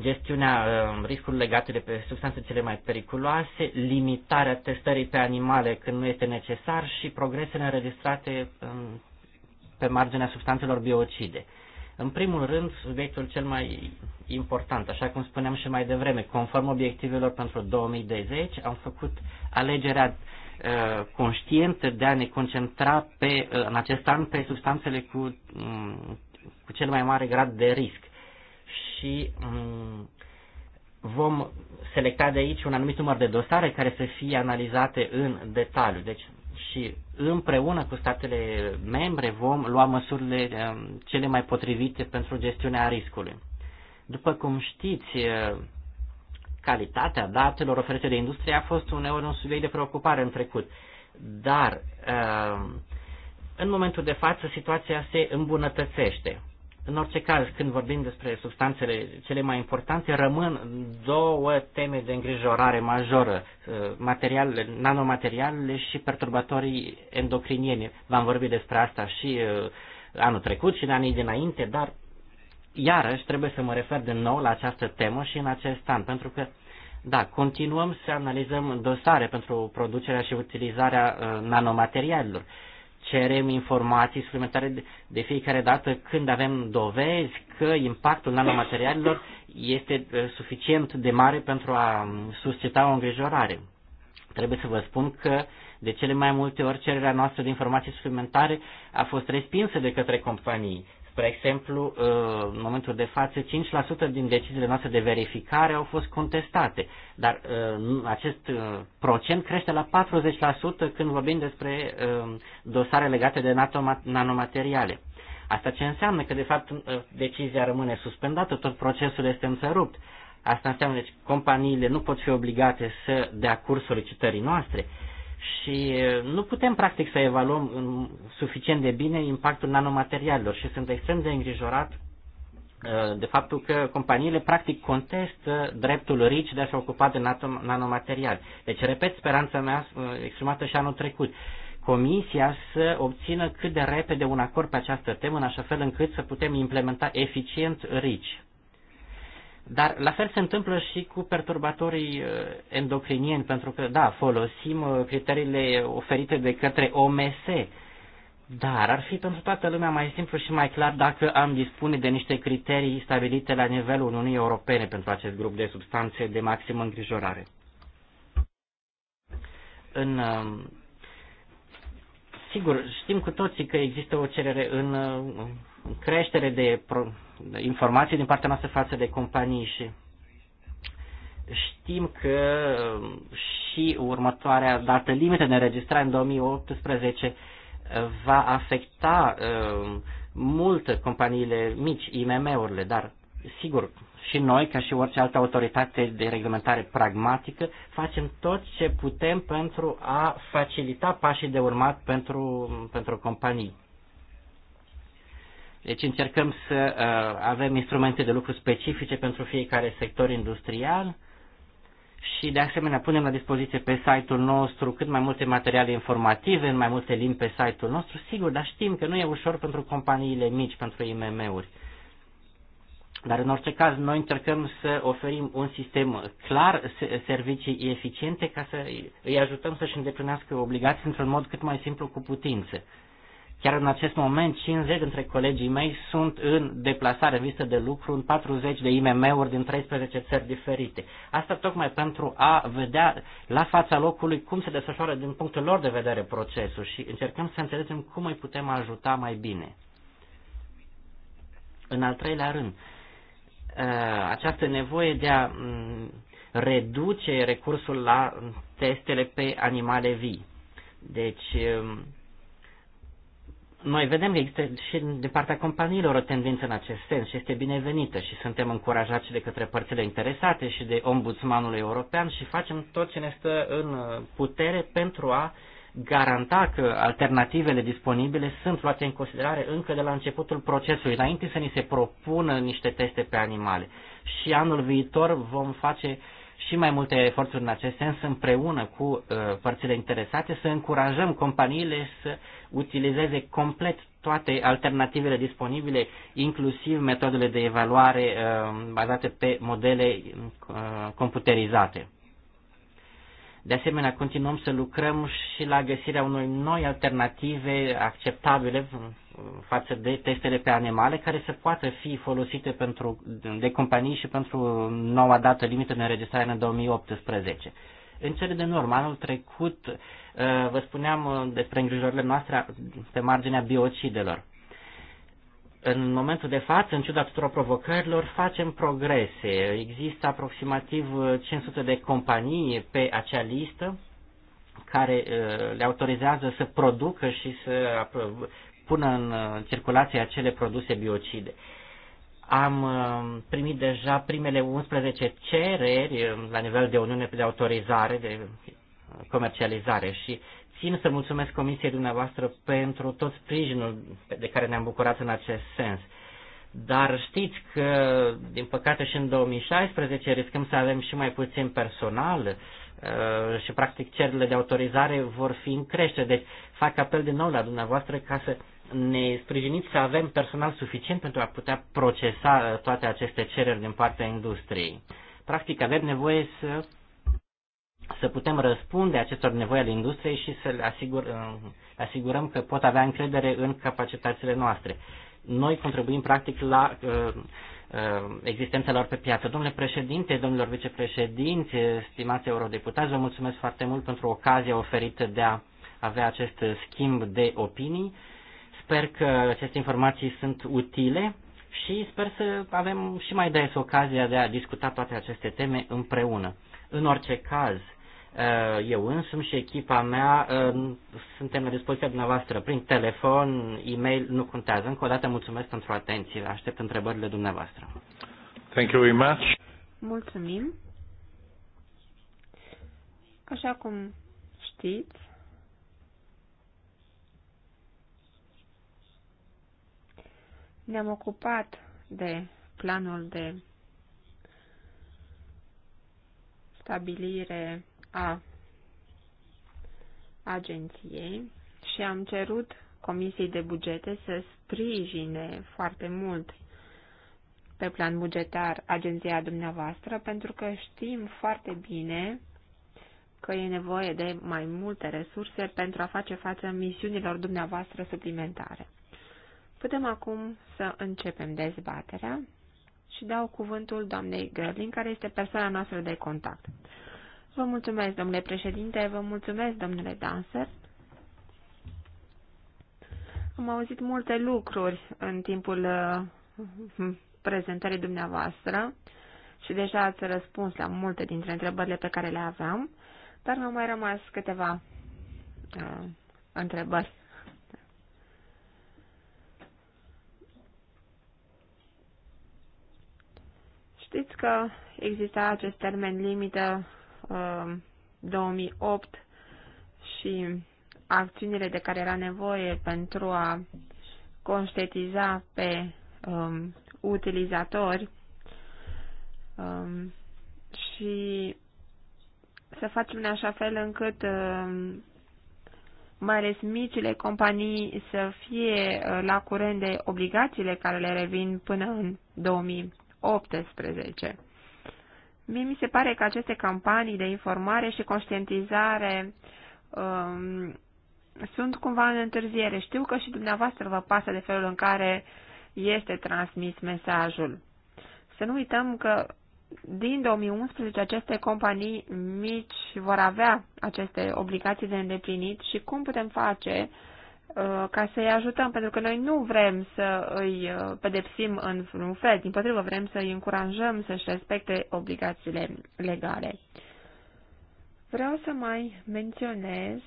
gestiunea uh, legat legate de pe substanțe cele mai periculoase, limitarea testării pe animale când nu este necesar și progresele înregistrate um, pe marginea substanțelor biocide. Uh, în primul rând, subiectul cel mai important, așa cum spuneam și mai devreme, conform obiectivelor pentru 2020, am făcut alegerea uh, conștientă de a ne concentra pe, uh, în acest an pe substanțele cu, mm, cu cel mai mare grad de risc. Și mm, vom selecta de aici un anumit număr de dosare care să fie analizate în detaliu. Deci și împreună cu statele membre vom lua măsurile um, cele mai potrivite pentru gestionarea riscului. După cum știți, uh, calitatea datelor oferite de industrie a fost uneori un subiect de preocupare în trecut, dar uh, în momentul de față situația se îmbunătățește. În orice caz, când vorbim despre substanțele cele mai importante, rămân două teme de îngrijorare majoră, uh, materialele, nanomaterialele și perturbatorii endocrinieni. V-am vorbit despre asta și uh, anul trecut și în anii dinainte, dar iarăși trebuie să mă refer din nou la această temă și în acest an, pentru că da, continuăm să analizăm dosare pentru producerea și utilizarea uh, nanomaterialelor. Uh, cerem informații suplimentare de, de fiecare dată când avem dovezi că impactul nanomaterialelor este uh, suficient de mare pentru a um, suscita o îngrijorare. Trebuie să vă spun că de cele mai multe ori cererea noastră de informații suplimentare a fost respinsă de către companii Spre exemplu, uh, în momentul de față, 5% din deciziile noastre de verificare au fost contestate, dar uh, acest uh, procent crește la 40% când vorbim despre dosare legate de nanomateriale. Asta ce înseamnă că, de fapt, decizia rămâne suspendată, tot procesul este întrerupt. Asta înseamnă că deci, companiile nu pot fi obligate să dea curs solicitării noastre și nu putem practic să evaluăm suficient de bine impactul nanomaterialelor și sunt extrem de îngrijorat de faptul că companiile practic contestă dreptul RICI de a se ocupa de nanomaterial. Deci, repet, speranța mea exprimată și anul trecut. Comisia să obțină cât de repede un acord pe această temă, în așa fel încât să putem implementa eficient RICI. Dar la fel se întâmplă și cu perturbatorii uh, endocrinieni, pentru că, da, folosim uh, criteriile oferite de către OMS, dar ar fi pentru toată lumea mai simplu și mai clar dacă am dispune de niște criterii stabilite la nivelul Uniunii Europene pentru acest grup de substanțe de maximă îngrijorare. În, uh, sigur, știm cu toții că există o cerere în creștere de informații din partea noastră față de companii și știm că um, și următoarea dată limită de înregistrare în 2018 va afecta um, mult companiile mici, IMM-urile, dar sigur, și noi, ca și orice altă autoritate de reglementare pragmatică, facem tot ce putem pentru a facilita pașii de urmat pentru, pentru companii. Deci încercăm să uh, avem instrumente de lucru specifice pentru fiecare sector industrial și de asemenea punem la dispoziție pe site-ul nostru cât mai multe materiale informative, în mai multe limbi pe site-ul nostru, sigur, dar știm că nu e ușor pentru companiile mici, pentru IMM-uri. Dar în orice caz, noi încercăm să oferim un sistem clar, servicii eficiente, ca să îi ajutăm să-și îndeplinească obligații într-un mod cât mai simplu cu putință. Chiar în acest moment, 50 dintre colegii mei sunt în deplasare, în vizită de lucru, în 40 de IMM-uri din 13 țări diferite. Asta tocmai pentru a vedea la fața locului cum se desfășoară din punctul lor de vedere procesul și încercăm să înțelegem cum îi putem ajuta mai bine. În al treilea rând, ă, această nevoie de a reduce recursul la testele pe animale vii. Deci, ă, noi vedem că există și de partea companiilor o tendință în acest sens și este binevenită și suntem încurajați și de către părțile interesate și de ombudsmanul european și facem tot ce ne stă în putere pentru a garanta că alternativele disponibile sunt luate în considerare încă de la începutul procesului, înainte să ni se propună niște teste pe animale. Și anul viitor vom face uh, și mai multe eforturi în acest sens împreună cu uh, părțile interesate să încurajăm companiile să utilizeze complet toate alternativele disponibile, inclusiv metodele de evaluare uh, bazate pe modele uh, computerizate. De asemenea, continuăm să lucrăm și la găsirea unor noi alternative acceptabile față de testele pe animale care să poată fi folosite pentru, de companii și pentru noua dată limită de înregistrare în 2018. În cele din urmă, anul trecut, uh, vă spuneam uh, despre îngrijorările noastre pe marginea biocidelor. În momentul de față, în ciuda tuturor provocărilor, facem progrese. Există aproximativ 500 uh, de companii pe acea listă care le autorizează să producă și să pună uh, în circulație acele produse biocide. Am uh, primit deja primele 11 cereri uh, la nivel de Uniune de autorizare, de comercializare și țin să mulțumesc Comisiei dumneavoastră pentru tot sprijinul de care ne-am bucurat în acest sens. Dar știți că, din păcate, și în 2016 riscăm să avem și mai puțin personal și, practic, cererile de autorizare vor fi în creștere. Deci, fac apel din nou la dumneavoastră ca să ne sprijiniți să avem personal suficient pentru a putea procesa uh, toate aceste cereri din partea industriei. Practic avem nevoie să, să putem răspunde acestor nevoi ale industriei și să le asigur, uh, asigurăm că pot avea încredere în capacitățile noastre. Noi contribuim practic la uh, existența lor pe piață. Domnule președinte, domnilor vicepreședinți, stimați eurodeputați, vă mulțumesc foarte mult pentru ocazia oferită de a avea acest schimb de opinii Sper că aceste informații sunt utile și sper să avem și mai des ocazia de a discuta toate aceste teme împreună. În orice caz, uh, eu însumi și echipa mea uh, suntem la dispoziția dumneavoastră prin telefon, e-mail, nu contează. Încă o dată mulțumesc pentru atenție. Aștept întrebările dumneavoastră. Thank you very much. Mulțumim. Așa cum știți, Ne-am ocupat de planul de stabilire a agenției și am cerut Comisiei de Bugete să sprijine foarte mult pe plan bugetar agenția dumneavoastră, pentru că știm foarte bine că e nevoie de mai multe resurse pentru a face față misiunilor dumneavoastră suplimentare. Putem acum să începem dezbaterea și dau cuvântul doamnei Gărlin, care este persoana noastră de contact. Vă mulțumesc, domnule președinte, vă mulțumesc, domnule Danser. Am auzit multe lucruri în timpul uh, prezentării dumneavoastră și deja ați răspuns la multe dintre întrebările pe care le aveam, dar mi-au mai rămas câteva uh, întrebări. știți că exista acest termen limită 2008 uh, și acțiunile de care era nevoie pentru a conștientiza pe um, utilizatori um, și să facem în așa fel încât um, mai ales micile companii să fie uh, la curent de obligațiile care le revin până în 2000. 2018. Mie mi se pare că aceste campanii de informare și conștientizare um, sunt cumva în întârziere. Știu că și dumneavoastră vă pasă de felul în care este transmis mesajul. Să nu uităm că din 2011 aceste companii mici vor avea aceste obligații de îndeplinit și cum putem face uh, Uh, ca să-i ajutăm, pentru că noi nu vrem să îi uh, pedepsim în vreun fel, din potrivă vrem să îi încurajăm să-și respecte obligațiile legale. Vreau să mai menționez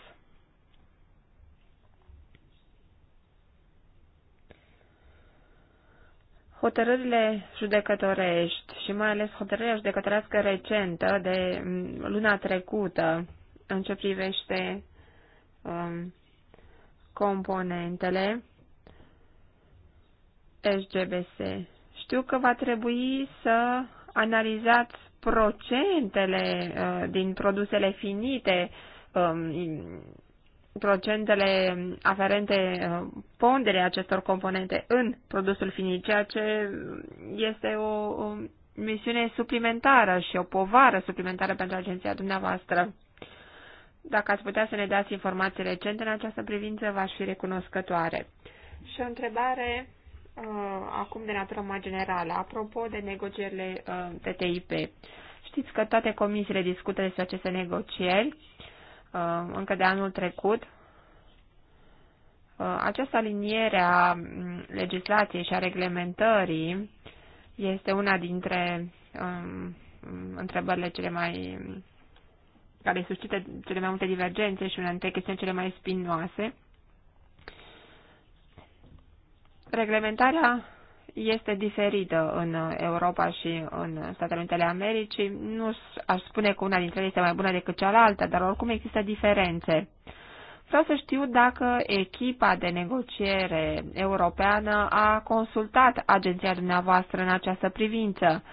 hotărârile judecătorești și mai ales hotărârea judecătorească recentă de mm, luna trecută în ce privește um, componentele SGBS. Știu că va trebui să analizați procentele uh, din produsele finite, um, procentele aferente uh, pondere acestor componente în produsul finit, ceea ce este o, o misiune suplimentară și o povară suplimentară pentru agenția dumneavoastră. Dacă ați putea să ne dați informații recente în această privință, v-aș fi recunoscătoare. Și o întrebare uh, acum de natură mai generală, apropo de negocierile uh, TTIP. Știți că toate comisiile discută despre aceste negocieri uh, încă de anul trecut. Uh, această aliniere a mm, legislației și a reglementării este una dintre um, întrebările cele mai care suscită cele mai multe divergențe și una dintre chestiuni cele mai spinoase. Reglementarea este diferită în Europa și în Statele Unite ale Americii. Nu aș spune că una dintre ele este mai bună decât cealaltă, dar oricum există diferențe. Vreau să știu dacă echipa de negociere europeană a consultat agenția dumneavoastră în această privință,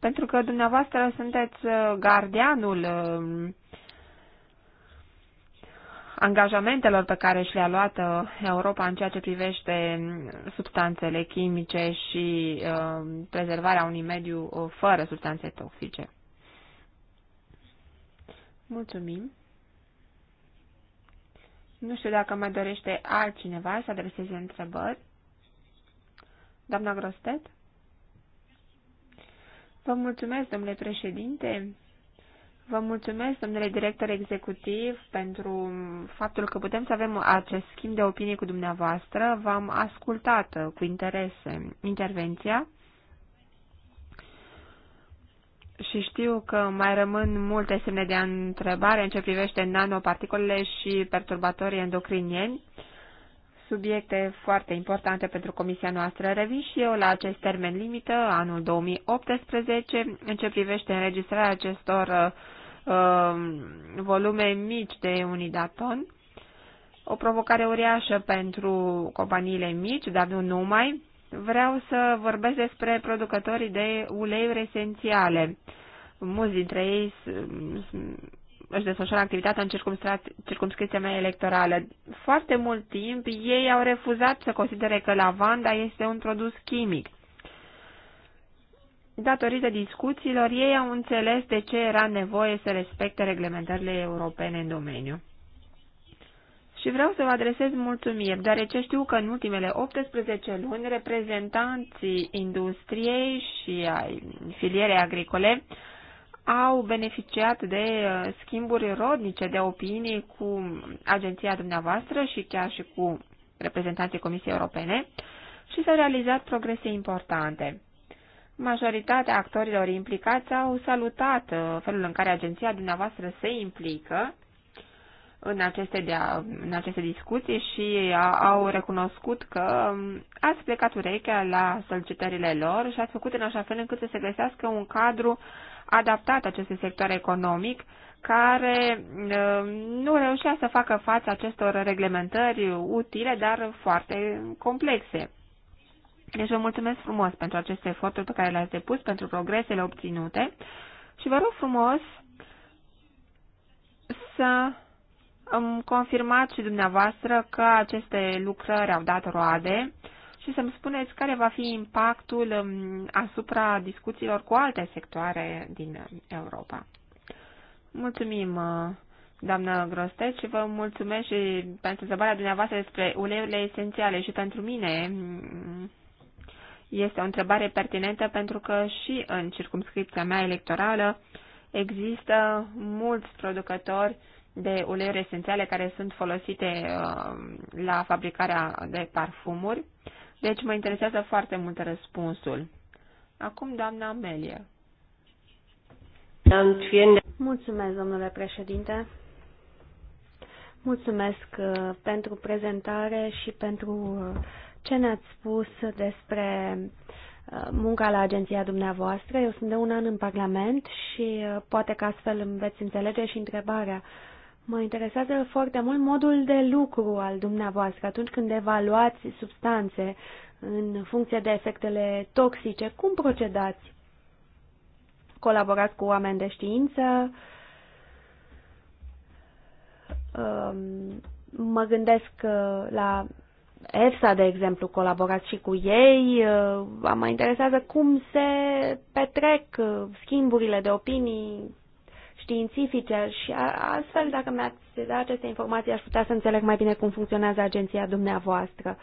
pentru că dumneavoastră sunteți uh, gardianul um, angajamentelor pe care și le-a luat uh, Europa în ceea ce privește mm, substanțele chimice și uh, prezervarea unui mediu uh, fără substanțe toxice. Mulțumim. Nu știu dacă mai dorește altcineva să adreseze întrebări. Doamna Grostet? Vă mulțumesc, domnule președinte. Vă mulțumesc, domnule director executiv, pentru faptul că putem să avem acest schimb de opinie cu dumneavoastră. V-am ascultat cu interes intervenția și știu că mai rămân multe semne de întrebare în ce privește nanoparticolele și perturbatorii endocrinieni subiecte foarte importante pentru comisia noastră. Revin și eu la acest termen limită, anul 2018, în ce privește înregistrarea acestor uh, volume mici de unidaton. O provocare uriașă pentru companiile mici, dar nu numai. Vreau să vorbesc despre producătorii de uleiuri esențiale. Mulți dintre ei își desfășoară activitatea în circumscripția mea electorală. Foarte mult timp ei au refuzat să considere că lavanda este un produs chimic. Datorită discuțiilor, ei au înțeles de ce era nevoie să respecte reglementările europene în domeniu. Și vreau să vă adresez mulțumiri, deoarece știu că în ultimele 18 luni reprezentanții industriei și ai filierei agricole au beneficiat de uh, schimburi rodnice de opinii cu agenția dumneavoastră și chiar și cu reprezentanții Comisiei Europene și s-au realizat progrese importante. Majoritatea actorilor implicați au salutat uh, felul în care agenția dumneavoastră se implică în aceste, de în aceste discuții și au recunoscut că um, ați plecat urechea la solicitările lor și ați făcut în așa fel încât să se găsească un cadru adaptat acestui sector economic care uh, nu reușea să facă față acestor reglementări utile, dar foarte complexe. Deci vă mulțumesc frumos pentru aceste eforturi pe care le-ați depus, pentru progresele obținute și vă rog frumos să îmi confirmați și dumneavoastră că aceste lucrări au dat roade și să-mi spuneți care va fi impactul um, asupra discuțiilor cu alte sectoare din um, Europa. Mulțumim, uh, doamnă Grostec, și vă mulțumesc și pentru întrebarea dumneavoastră despre uleiurile esențiale și pentru mine mm, este o întrebare pertinentă pentru că și în circumscripția mea electorală există mulți producători de uleiuri esențiale care sunt folosite uh, la fabricarea de parfumuri deci mă interesează foarte mult răspunsul. Acum, doamna Amelia. Mulțumesc, domnule președinte. Mulțumesc uh, pentru prezentare și pentru uh, ce ne-ați spus despre uh, munca la agenția dumneavoastră. Eu sunt de un an în Parlament și poate că astfel îmi veți înțelege și întrebarea. Uh, Mă interesează foarte mult modul de lucru al dumneavoastră atunci când evaluați substanțe în funcție de efectele toxice. Cum procedați? Colaborați cu oameni de știință? Um, mă gândesc uh, la EFSA, de exemplu, colaborați și cu ei. Uh, mă interesează cum se petrec uh, schimburile de opinii științifice și astfel, dacă mi-ați da aceste informații, aș putea să înțeleg mai bine cum funcționează agenția dumneavoastră.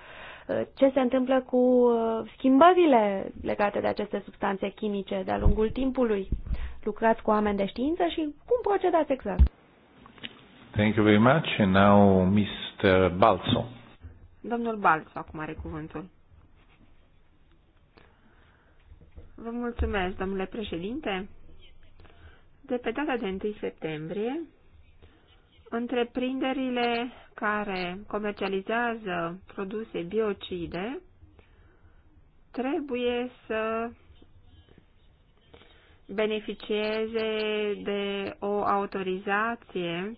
Uh, ce se întâmplă cu uh, schimbările legate de aceste substanțe chimice de-a lungul timpului? Lucrați cu oameni de știință și cum procedați exact? Thank you very much. And now Mr. Balzo. Domnul Balzo, acum are cuvântul. Vă mulțumesc, domnule președinte de pe data de 1 septembrie, întreprinderile care comercializează produse biocide trebuie să beneficieze de o autorizație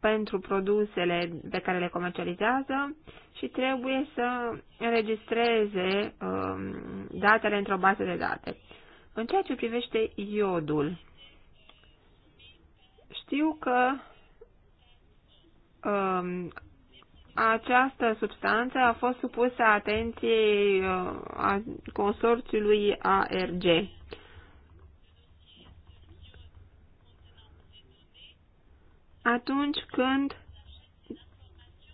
pentru produsele pe care le comercializează și trebuie să înregistreze um, datele într-o bază de date. În ceea ce privește iodul, știu că um, această substanță a fost supusă atenției uh, a consorțiului ARG. Atunci când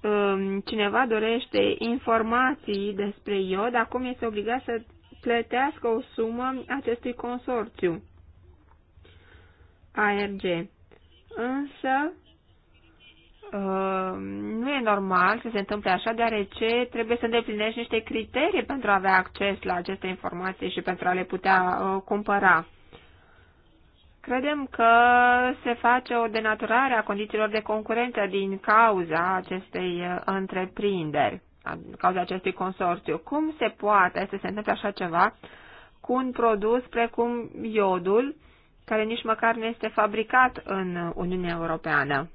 Um, cineva dorește informații despre iod, acum este obligat să plătească o sumă acestui consorțiu ARG. Însă, um, nu e normal să se întâmple așa, deoarece trebuie să îndeplinești niște criterii pentru a avea acces la aceste informații și pentru a le putea uh, cumpăra. Credem că se face o denaturare a condițiilor de concurență din cauza acestei uh, întreprinderi, din cauza acestui consorțiu. Cum se poate să se întâmple așa ceva cu un produs precum iodul, care nici măcar nu este fabricat în Uniunea Europeană?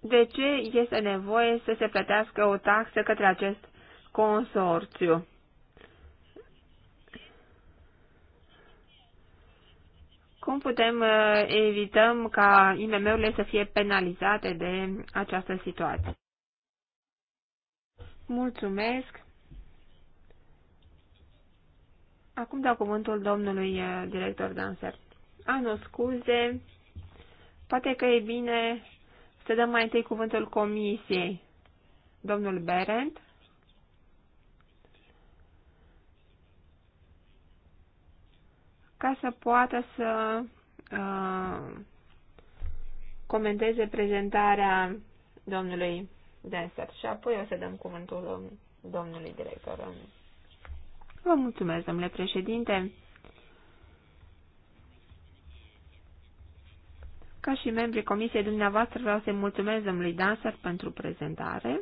De ce este nevoie să se plătească o taxă către acest consorțiu? Cum putem uh, evităm ca IMM-urile să fie penalizate de această situație? Mulțumesc! Acum dau cuvântul domnului uh, director Danser. Anu, nu, scuze. Poate că e bine să dăm mai întâi cuvântul comisiei. Domnul Berend. ca să poată să uh, comenteze prezentarea domnului Denser și apoi o să dăm cuvântul domnului director. Vă mulțumesc, domnule președinte. Ca și membrii comisiei dumneavoastră vreau să-i mulțumesc domnului Dansar pentru prezentare.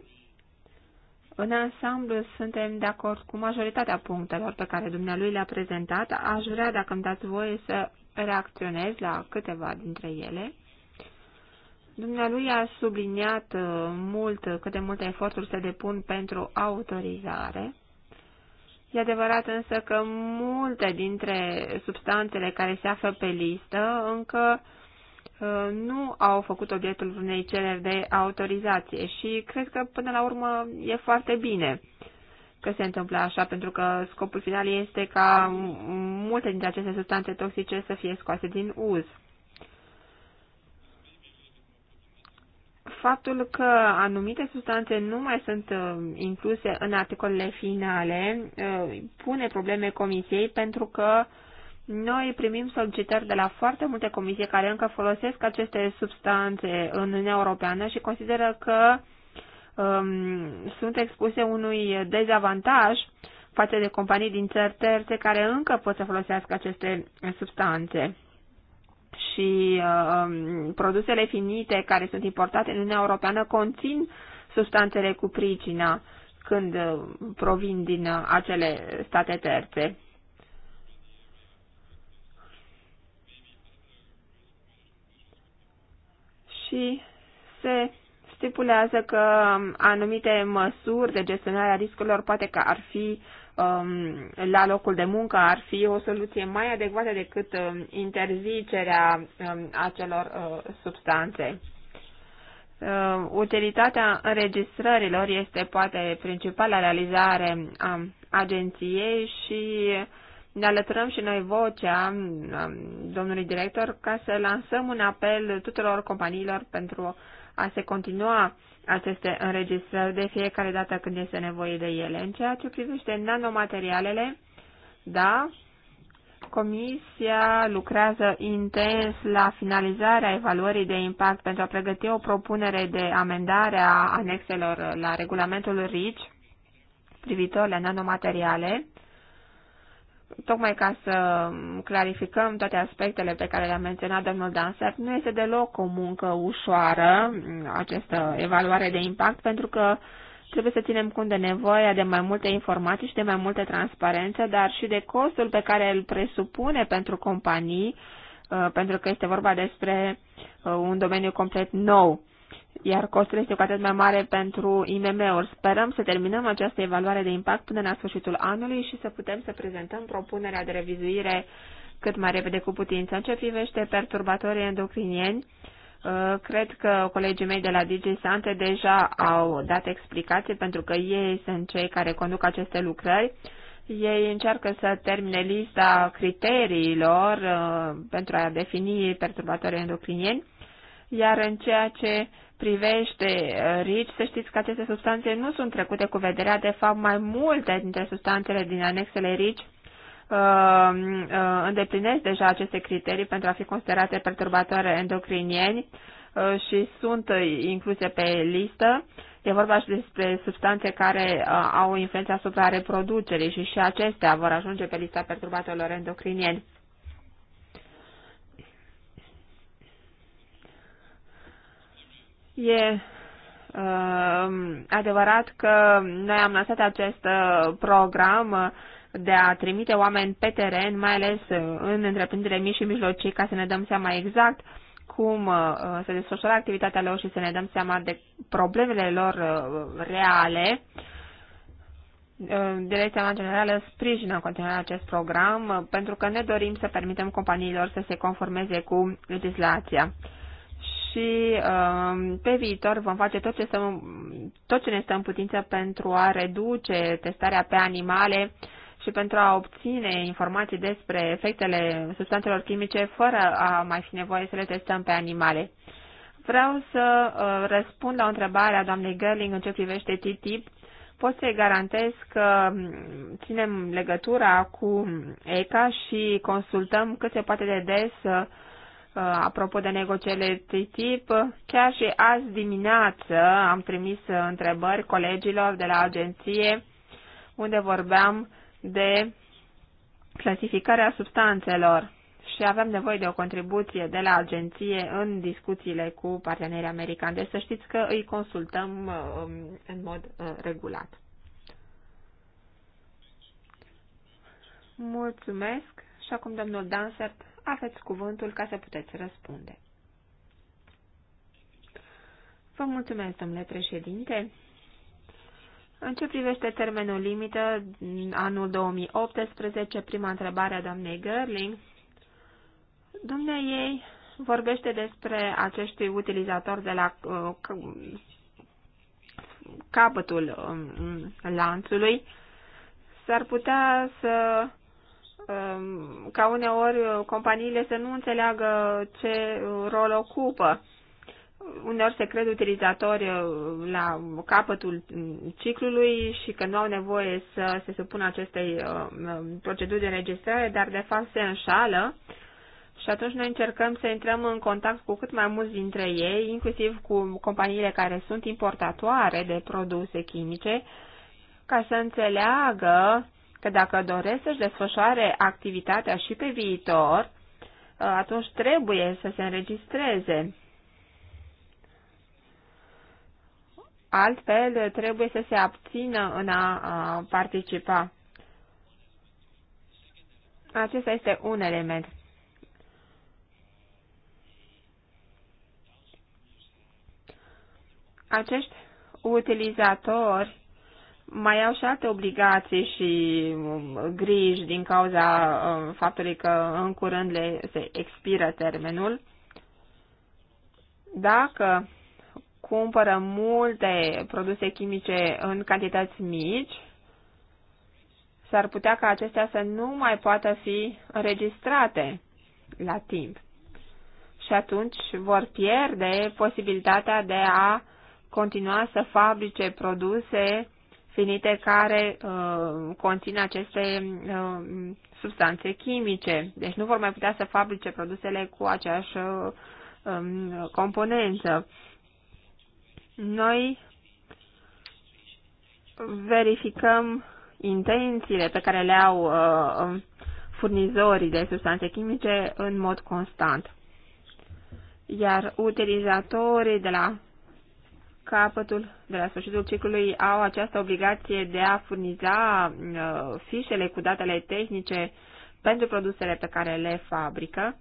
În ansamblu, suntem de acord cu majoritatea punctelor pe care dumnealui le-a prezentat. Aș vrea, dacă îmi dați voie, să reacționez la câteva dintre ele. Dumnealui a subliniat uh, mult cât de multe eforturi se depun pentru autorizare. E adevărat însă că multe dintre substanțele care se află pe listă încă uh, Uh, nu au făcut obiectul unei cereri de autorizație și cred că până la urmă e foarte bine că se întâmplă așa, pentru că scopul final este ca multe dintre aceste substanțe toxice să fie scoase din uz. Faptul că anumite substanțe nu mai sunt uh, incluse în articolele finale uh, pune probleme comisiei pentru că uh, noi primim solicitări de la foarte multe comisii care încă folosesc aceste substanțe în Uniunea Europeană și consideră că um, sunt expuse unui dezavantaj față de companii din țări terțe care încă pot să folosească aceste substanțe. Și um, produsele finite care sunt importate în Uniunea Europeană conțin substanțele cu pricina când uh, provin din uh, acele state terțe. și se stipulează că anumite măsuri de gestionare a riscurilor poate că ar fi um, la locul de muncă ar fi o soluție mai adecvată decât um, interzicerea um, acelor uh, substanțe. Uh, utilitatea înregistrărilor este poate principala realizare a agenției și ne alăturăm și noi vocea um, domnului director ca să lansăm un apel tuturor companiilor pentru a se continua aceste înregistrări de fiecare dată când este nevoie de ele. În ceea ce privește nanomaterialele, da, Comisia lucrează intens la finalizarea evaluării de impact pentru a pregăti o propunere de amendare a anexelor la regulamentul RICI privitor la nanomateriale tocmai ca să clarificăm toate aspectele pe care le-a menționat domnul Danser, nu este deloc o muncă ușoară mm, această evaluare de impact, pentru că trebuie să ținem cont de nevoia de mai multe informații și de mai multă transparență, dar și de costul pe care îl presupune pentru companii, uh, pentru că este vorba despre uh, un domeniu complet nou iar costul este cu atât mai mare pentru IMM-uri. Sperăm să terminăm această evaluare de impact până la sfârșitul anului și să putem să prezentăm propunerea de revizuire cât mai repede cu putință. În ce privește perturbatorii endocrinieni, uh, cred că colegii mei de la DG Sante deja au dat explicații pentru că ei sunt cei care conduc aceste lucrări. Ei încearcă să termine lista criteriilor uh, pentru a defini perturbatorii endocrinieni, iar în ceea ce privește uh, RIC, să știți că aceste substanțe nu sunt trecute cu vederea. De fapt, mai multe dintre substanțele din anexele RIC uh, uh, îndeplinesc deja aceste criterii pentru a fi considerate perturbatoare endocrinieni și sunt incluse pe listă. E vorba și despre substanțe care au influență asupra reproducerii și și acestea vor ajunge pe lista perturbatorilor endocrinieni. E um, adevărat că noi am lansat acest uh, program de a trimite oameni pe teren, mai ales uh, în întreprindere mici și mijlocii, ca să ne dăm seama exact cum uh, se desfășoară activitatea lor și să ne dăm seama de problemele lor reale. Direcția mea generală sprijină în continuare acest program pentru că ne dorim să permitem companiilor să se conformeze cu legislația și um, pe viitor vom face tot ce, stăm, tot ce ne stă în putință pentru a reduce testarea pe animale și pentru a obține informații despre efectele substanțelor chimice fără a mai fi nevoie să le testăm pe animale. Vreau să uh, răspund la o întrebare a doamnei Gerling în ce privește TTIP. Pot să-i garantez că um, ținem legătura cu ECA și consultăm cât se poate de des uh, Uh, apropo de negocierile TTIP, chiar și azi dimineață am trimis întrebări colegilor de la agenție unde vorbeam de clasificarea substanțelor și avem nevoie de o contribuție de la agenție în discuțiile cu partenerii americani. Deci să știți că îi consultăm uh, um, în mod uh, regulat. Mulțumesc și acum domnul Dansert aveți cuvântul ca să puteți răspunde. Vă mulțumesc, domnule președinte. În ce privește termenul limită, anul 2018, prima întrebare a doamnei Gerling, dumnei ei vorbește despre acești utilizatori de la uh, capătul um, lanțului, s-ar putea să Um, ca uneori uh, companiile să nu înțeleagă ce uh, rol ocupă. Uneori se cred utilizatori uh, la capătul ciclului și că nu au nevoie să se supună acestei um, proceduri de înregistrare, dar de fapt se înșală și atunci noi încercăm să intrăm în contact cu cât mai mulți dintre ei, inclusiv cu companiile care sunt importatoare de produse chimice, ca să înțeleagă că dacă doresc să-și desfășoare activitatea și pe viitor, uh, atunci trebuie să se înregistreze. Altfel, trebuie să se abțină în a participa. Acesta este un element. Acești utilizatori mai au și alte obligații și um, griji din cauza um, faptului că în curând le se expiră termenul. Dacă cumpără multe produse chimice în cantități mici, s-ar putea ca acestea să nu mai poată fi înregistrate la timp. Și atunci vor pierde posibilitatea de a continua să fabrice produse finite care uh, conțin aceste uh, substanțe chimice. Deci nu vor mai putea să fabrice produsele cu aceeași uh, um, componență. Noi verificăm intențiile pe care le au uh, um, furnizorii de substanțe chimice în mod constant. Iar utilizatorii de la capătul, de la sfârșitul ciclului, au această obligație de a furniza uh, fișele cu datele tehnice pentru produsele pe care le fabrică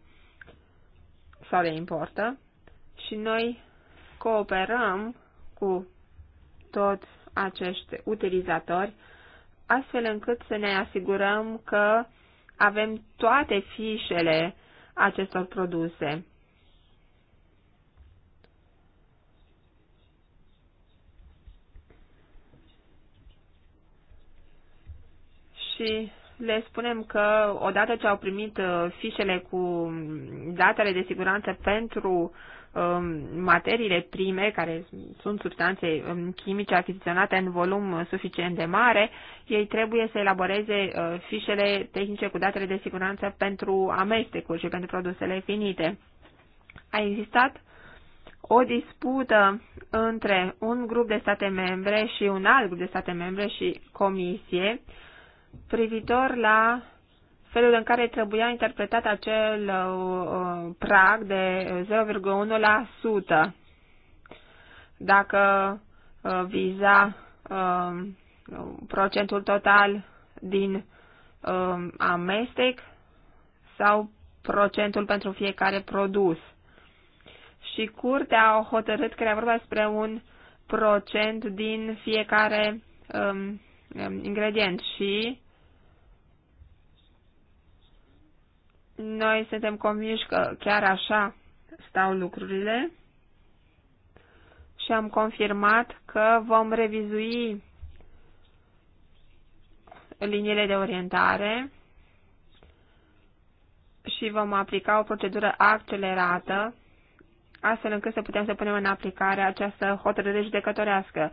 sau le importă și noi cooperăm cu toți acești utilizatori astfel încât să ne asigurăm că avem toate fișele acestor produse și le spunem că odată ce au primit uh, fișele cu datele de siguranță pentru um, materiile prime, care sunt substanțe um, chimice achiziționate în volum suficient de mare, ei trebuie să elaboreze uh, fișele tehnice cu datele de siguranță pentru amestecuri și pentru produsele finite. A existat o dispută între un grup de state membre și un alt grup de state membre și comisie privitor la felul în care trebuia interpretat acel uh, uh, prag de 0,1%. Dacă uh, viza um, procentul total din um, amestec sau procentul pentru fiecare produs. Și curtea a hotărât că era vorba despre un procent din fiecare um, um ingredient și Noi suntem convinși că chiar așa stau lucrurile și am confirmat că vom revizui liniile de orientare și vom aplica o procedură accelerată, astfel încât să putem să punem în aplicare această hotărâre judecătorească.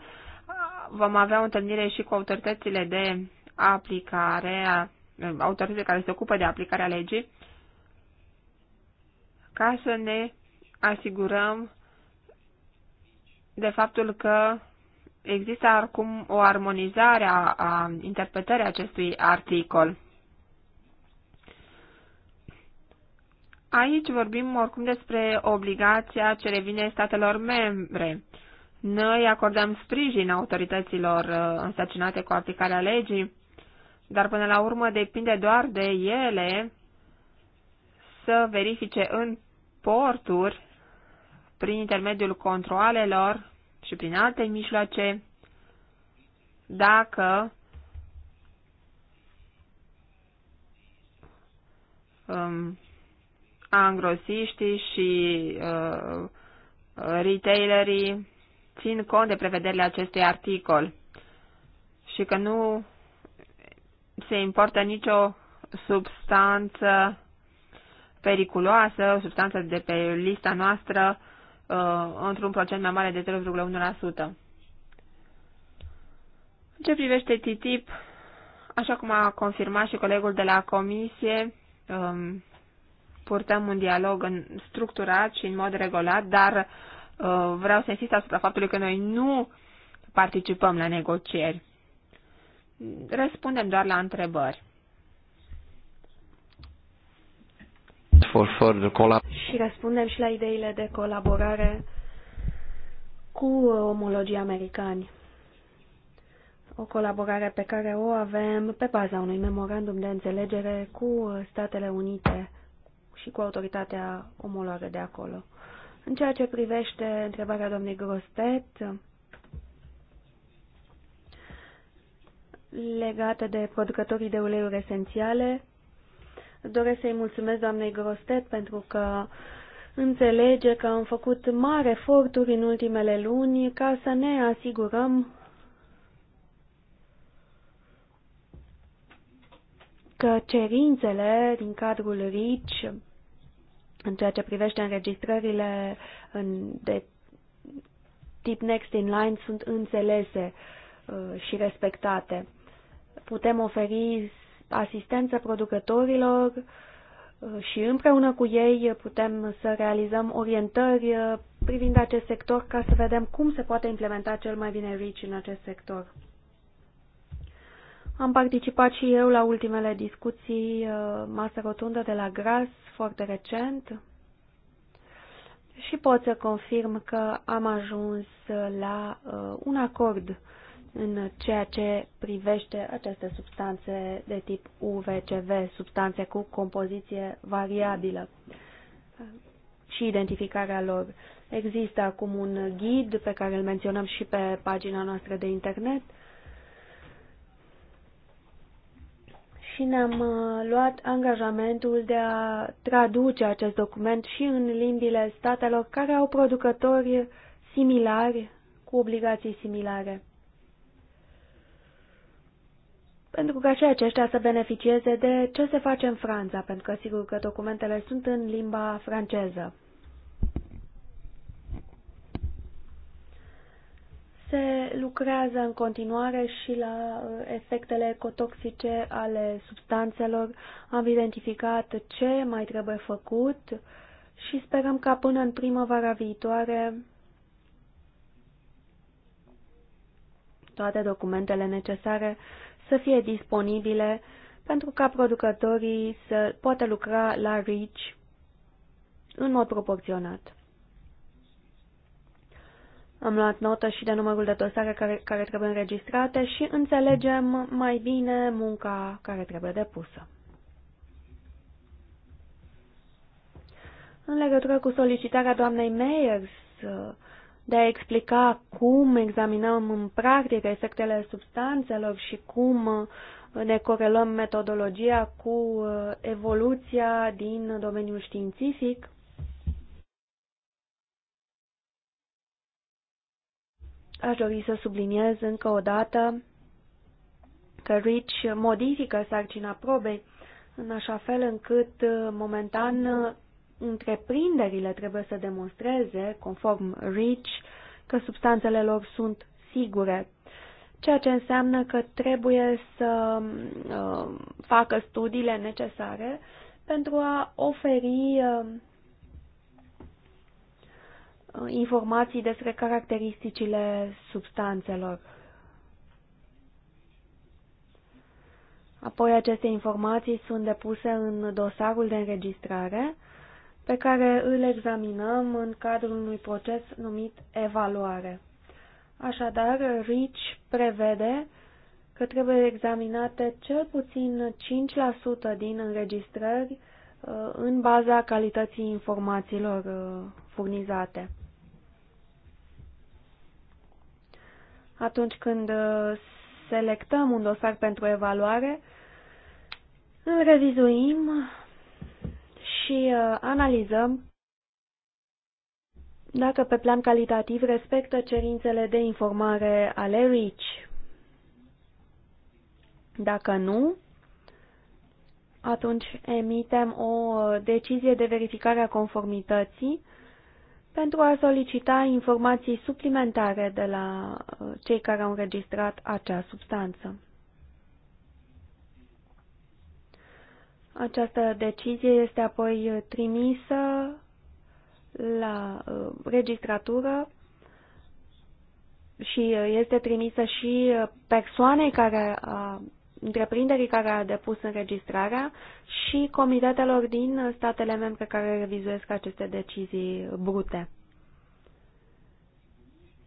Vom avea o întâlnire și cu autoritățile de aplicare, autoritățile care se ocupă de aplicarea legii, ca să ne asigurăm de faptul că există acum o armonizare a, a interpretării acestui articol. Aici vorbim oricum despre obligația ce revine statelor membre. Noi acordăm sprijin autorităților uh, însăcinate cu aplicarea legii, dar până la urmă depinde doar de ele să verifice în porturi, prin intermediul controalelor și prin alte mijloace, dacă um, angrosiștii și uh, retailerii țin cont de prevederile acestui articol și că nu se importă nicio substanță periculoasă, o substanță de pe lista noastră, uh, într-un procent mai mare de 0,1%. În ce privește TTIP, așa cum a confirmat și colegul de la comisie, um, purtăm un dialog în, structurat și în mod regulat, dar uh, vreau să insist asupra faptului că noi nu participăm la negocieri. Răspundem doar la întrebări. for further collaboration. Și răspundem și la ideile de colaborare cu omologii americani. O colaborare pe care o avem pe baza unui memorandum de înțelegere cu Statele Unite și cu autoritatea omologă de acolo. În ceea ce privește întrebarea domnului Grostet, legată de producătorii de uleiuri esențiale, Doresc să-i mulțumesc doamnei Grostet pentru că înțelege că am făcut mari eforturi în ultimele luni ca să ne asigurăm că cerințele din cadrul RICI în ceea ce privește înregistrările în, de tip Next in Line sunt înțelese uh, și respectate. Putem oferi asistență producătorilor uh, și împreună cu ei putem să realizăm orientări uh, privind acest sector ca să vedem cum se poate implementa cel mai bine RICI în acest sector. Am participat și eu la ultimele discuții uh, masă rotundă de la GRAS foarte recent și pot să confirm că am ajuns la un acord în ceea ce privește aceste substanțe de tip UVCV, substanțe cu compoziție variabilă și identificarea lor. Există acum un ghid pe care îl menționăm și pe pagina noastră de internet și ne-am uh, luat angajamentul de a traduce acest document și în limbile statelor care au producători similari cu obligații similare pentru ca și aceștia să beneficieze de ce se face în Franța, pentru că sigur că documentele sunt în limba franceză. se lucrează în continuare și la uh, efectele ecotoxice ale substanțelor. Am identificat ce mai trebuie făcut și sperăm ca până în primăvara viitoare toate documentele necesare să fie disponibile pentru ca producătorii să poată lucra la REACH în mod proporționat. Am luat notă și de numărul de dosare care, care trebuie înregistrate și înțelegem mai bine munca care trebuie depusă. În legătură cu solicitarea doamnei Meyers de a explica cum examinăm în practică efectele substanțelor și cum ne corelăm metodologia cu uh, evoluția din domeniul științific. Aș dori să subliniez încă o dată că RICH modifică sarcina probei în așa fel încât uh, momentan întreprinderile trebuie să demonstreze, conform Rich, că substanțele lor sunt sigure, ceea ce înseamnă că trebuie să uh, facă studiile necesare pentru a oferi uh, uh informații despre caracteristicile substanțelor. Apoi aceste informații sunt depuse în dosarul de înregistrare, pe care îl examinăm în cadrul unui proces numit evaluare. Așadar, Rich prevede că trebuie examinate cel puțin 5% din înregistrări uh, în baza calității informațiilor uh, furnizate. Atunci când uh, selectăm un dosar pentru evaluare, îl revizuim și uh, analizăm dacă pe plan calitativ respectă cerințele de informare ale Reach. Dacă nu, atunci emitem o decizie de verificare a conformității pentru a solicita informații suplimentare de la uh, cei care au înregistrat acea substanță. Această decizie este apoi uh, trimisă la uh, registratură și uh, este trimisă și persoanei care a, întreprinderii care a depus înregistrarea și comitetelor din statele membre care revizuiesc aceste decizii brute.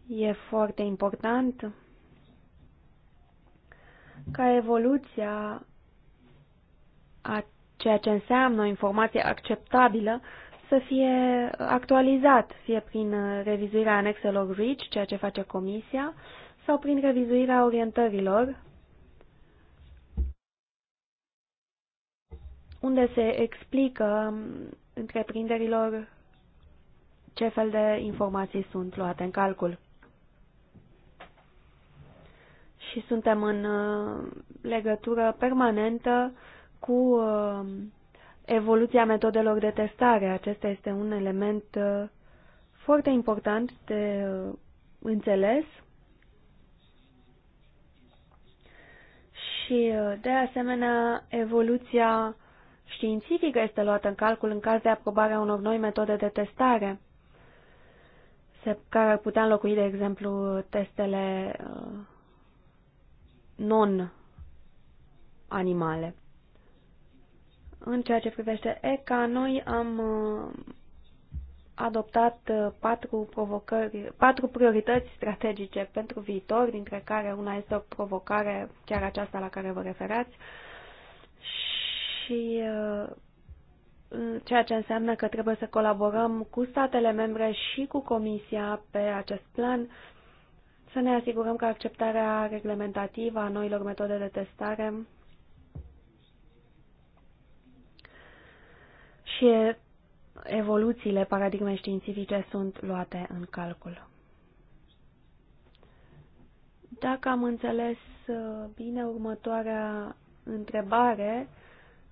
E foarte important ca evoluția a ceea ce înseamnă o informație acceptabilă să fie actualizat, fie prin uh, revizuirea anexelor RICH, ceea ce face Comisia, sau prin revizuirea orientărilor, unde se explică um, întreprinderilor ce fel de informații sunt luate în calcul. Și suntem în uh, legătură permanentă cu um, evoluția metodelor de testare. Acesta este un element uh, foarte important de uh, înțeles și, uh, de asemenea, evoluția științifică este luată în calcul în caz de aprobarea unor noi metode de testare care ar putea înlocui, de exemplu, testele non-animale. În ceea ce privește ECA, noi am uh, adoptat uh, patru, provocări, patru priorități strategice pentru viitor, dintre care una este o provocare, chiar aceasta la care vă referați, și uh, ceea ce înseamnă că trebuie să colaborăm cu statele membre și cu Comisia pe acest plan, să ne asigurăm că acceptarea reglementativă a noilor metode de testare și evoluțiile paradigmei științifice sunt luate în calcul. Dacă am înțeles uh, bine următoarea întrebare,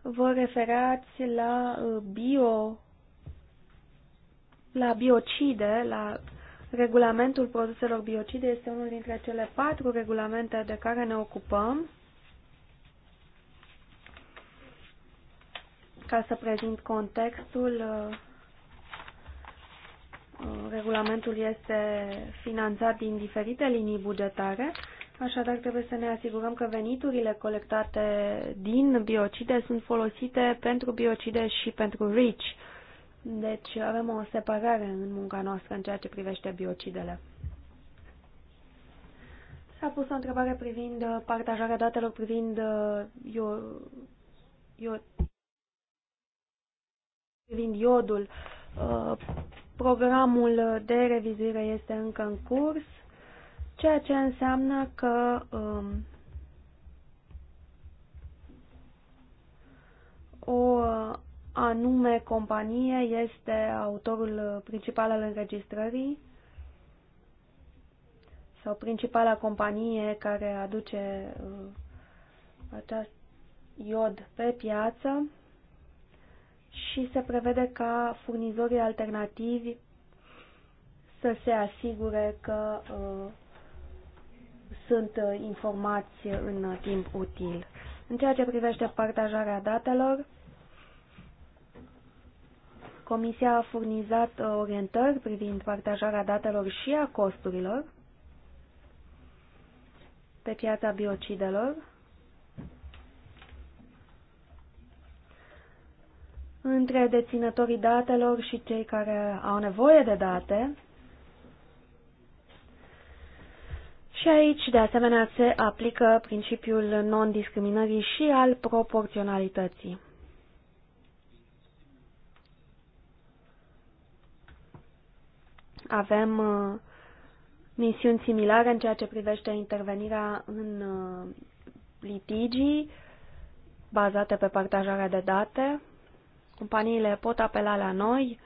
vă referați la uh, bio la biocide, la regulamentul produselor biocide este unul dintre cele patru regulamente de care ne ocupăm ca să prezint contextul, uh, regulamentul este finanțat din diferite linii bugetare, așadar trebuie să ne asigurăm că veniturile colectate din biocide sunt folosite pentru biocide și pentru RICH. Deci avem o separare în munca noastră în ceea ce privește biocidele. S-a pus o întrebare privind uh, partajarea datelor privind eu, uh, eu, privind iodul. Uh, programul de revizuire este încă în curs, ceea ce înseamnă că um, o anume companie este autorul principal al înregistrării sau principala companie care aduce uh, acest iod pe piață și se prevede ca furnizorii alternativi să se asigure că uh, sunt uh, informați în uh, timp util. În ceea ce privește partajarea datelor, Comisia a furnizat uh, orientări privind partajarea datelor și a costurilor pe piața biocidelor între deținătorii datelor și cei care au nevoie de date. Și aici, de asemenea, se aplică principiul non-discriminării și al proporționalității. Avem uh, misiuni similare în ceea ce privește intervenirea în uh, litigii bazate pe partajarea de date, Companiile pot apela la noi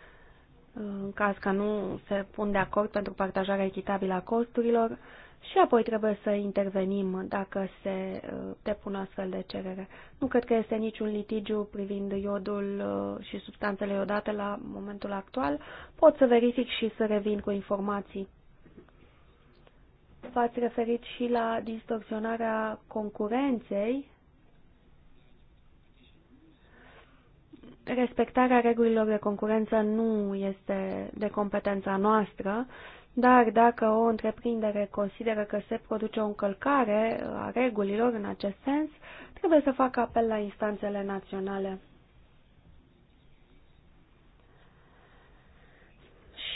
în caz că nu se pun de acord pentru partajarea echitabilă a costurilor și apoi trebuie să intervenim dacă se uh, depun astfel de cerere. Nu cred că este niciun litigiu privind iodul uh, și substanțele iodate la momentul actual. Pot să verific și să revin cu informații. V-ați referit și la distorsionarea concurenței respectarea regulilor de concurență nu este de competența noastră, dar dacă o întreprindere consideră că se produce o încălcare a regulilor în acest sens, trebuie să facă apel la instanțele naționale.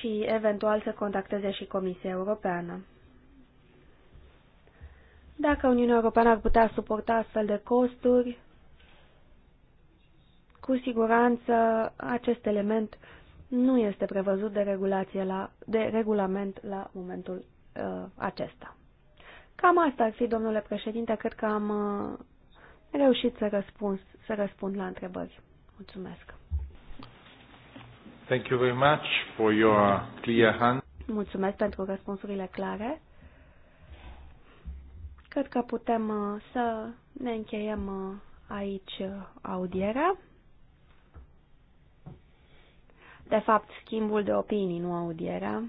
și eventual să contacteze și Comisia Europeană. Dacă Uniunea Europeană ar putea suporta astfel de costuri, cu siguranță acest element nu este prevăzut de, regulație la, de regulament la momentul uh, acesta. Cam asta ar fi, domnule președinte, cred că am uh, reușit să, răspuns, să răspund la întrebări. Mulțumesc. Thank you very much for your clear hand. Mulțumesc pentru răspunsurile clare. Cred că putem uh, să ne încheiem uh, aici uh, audierea de fapt, schimbul de opinii, nu audierea,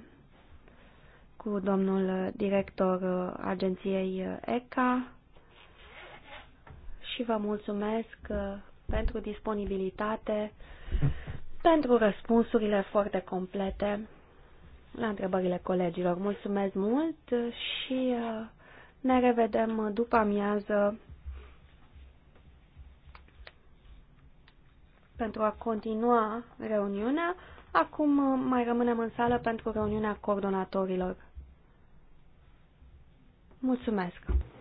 cu domnul director uh, agenției uh, ECA și vă mulțumesc uh, pentru disponibilitate, pentru răspunsurile foarte complete la întrebările colegilor. Mulțumesc mult și ne revedem după amiază pentru a continua reuniunea. Acum uh, mai rămânem în sală pentru reuniunea coordonatorilor. Mulțumesc!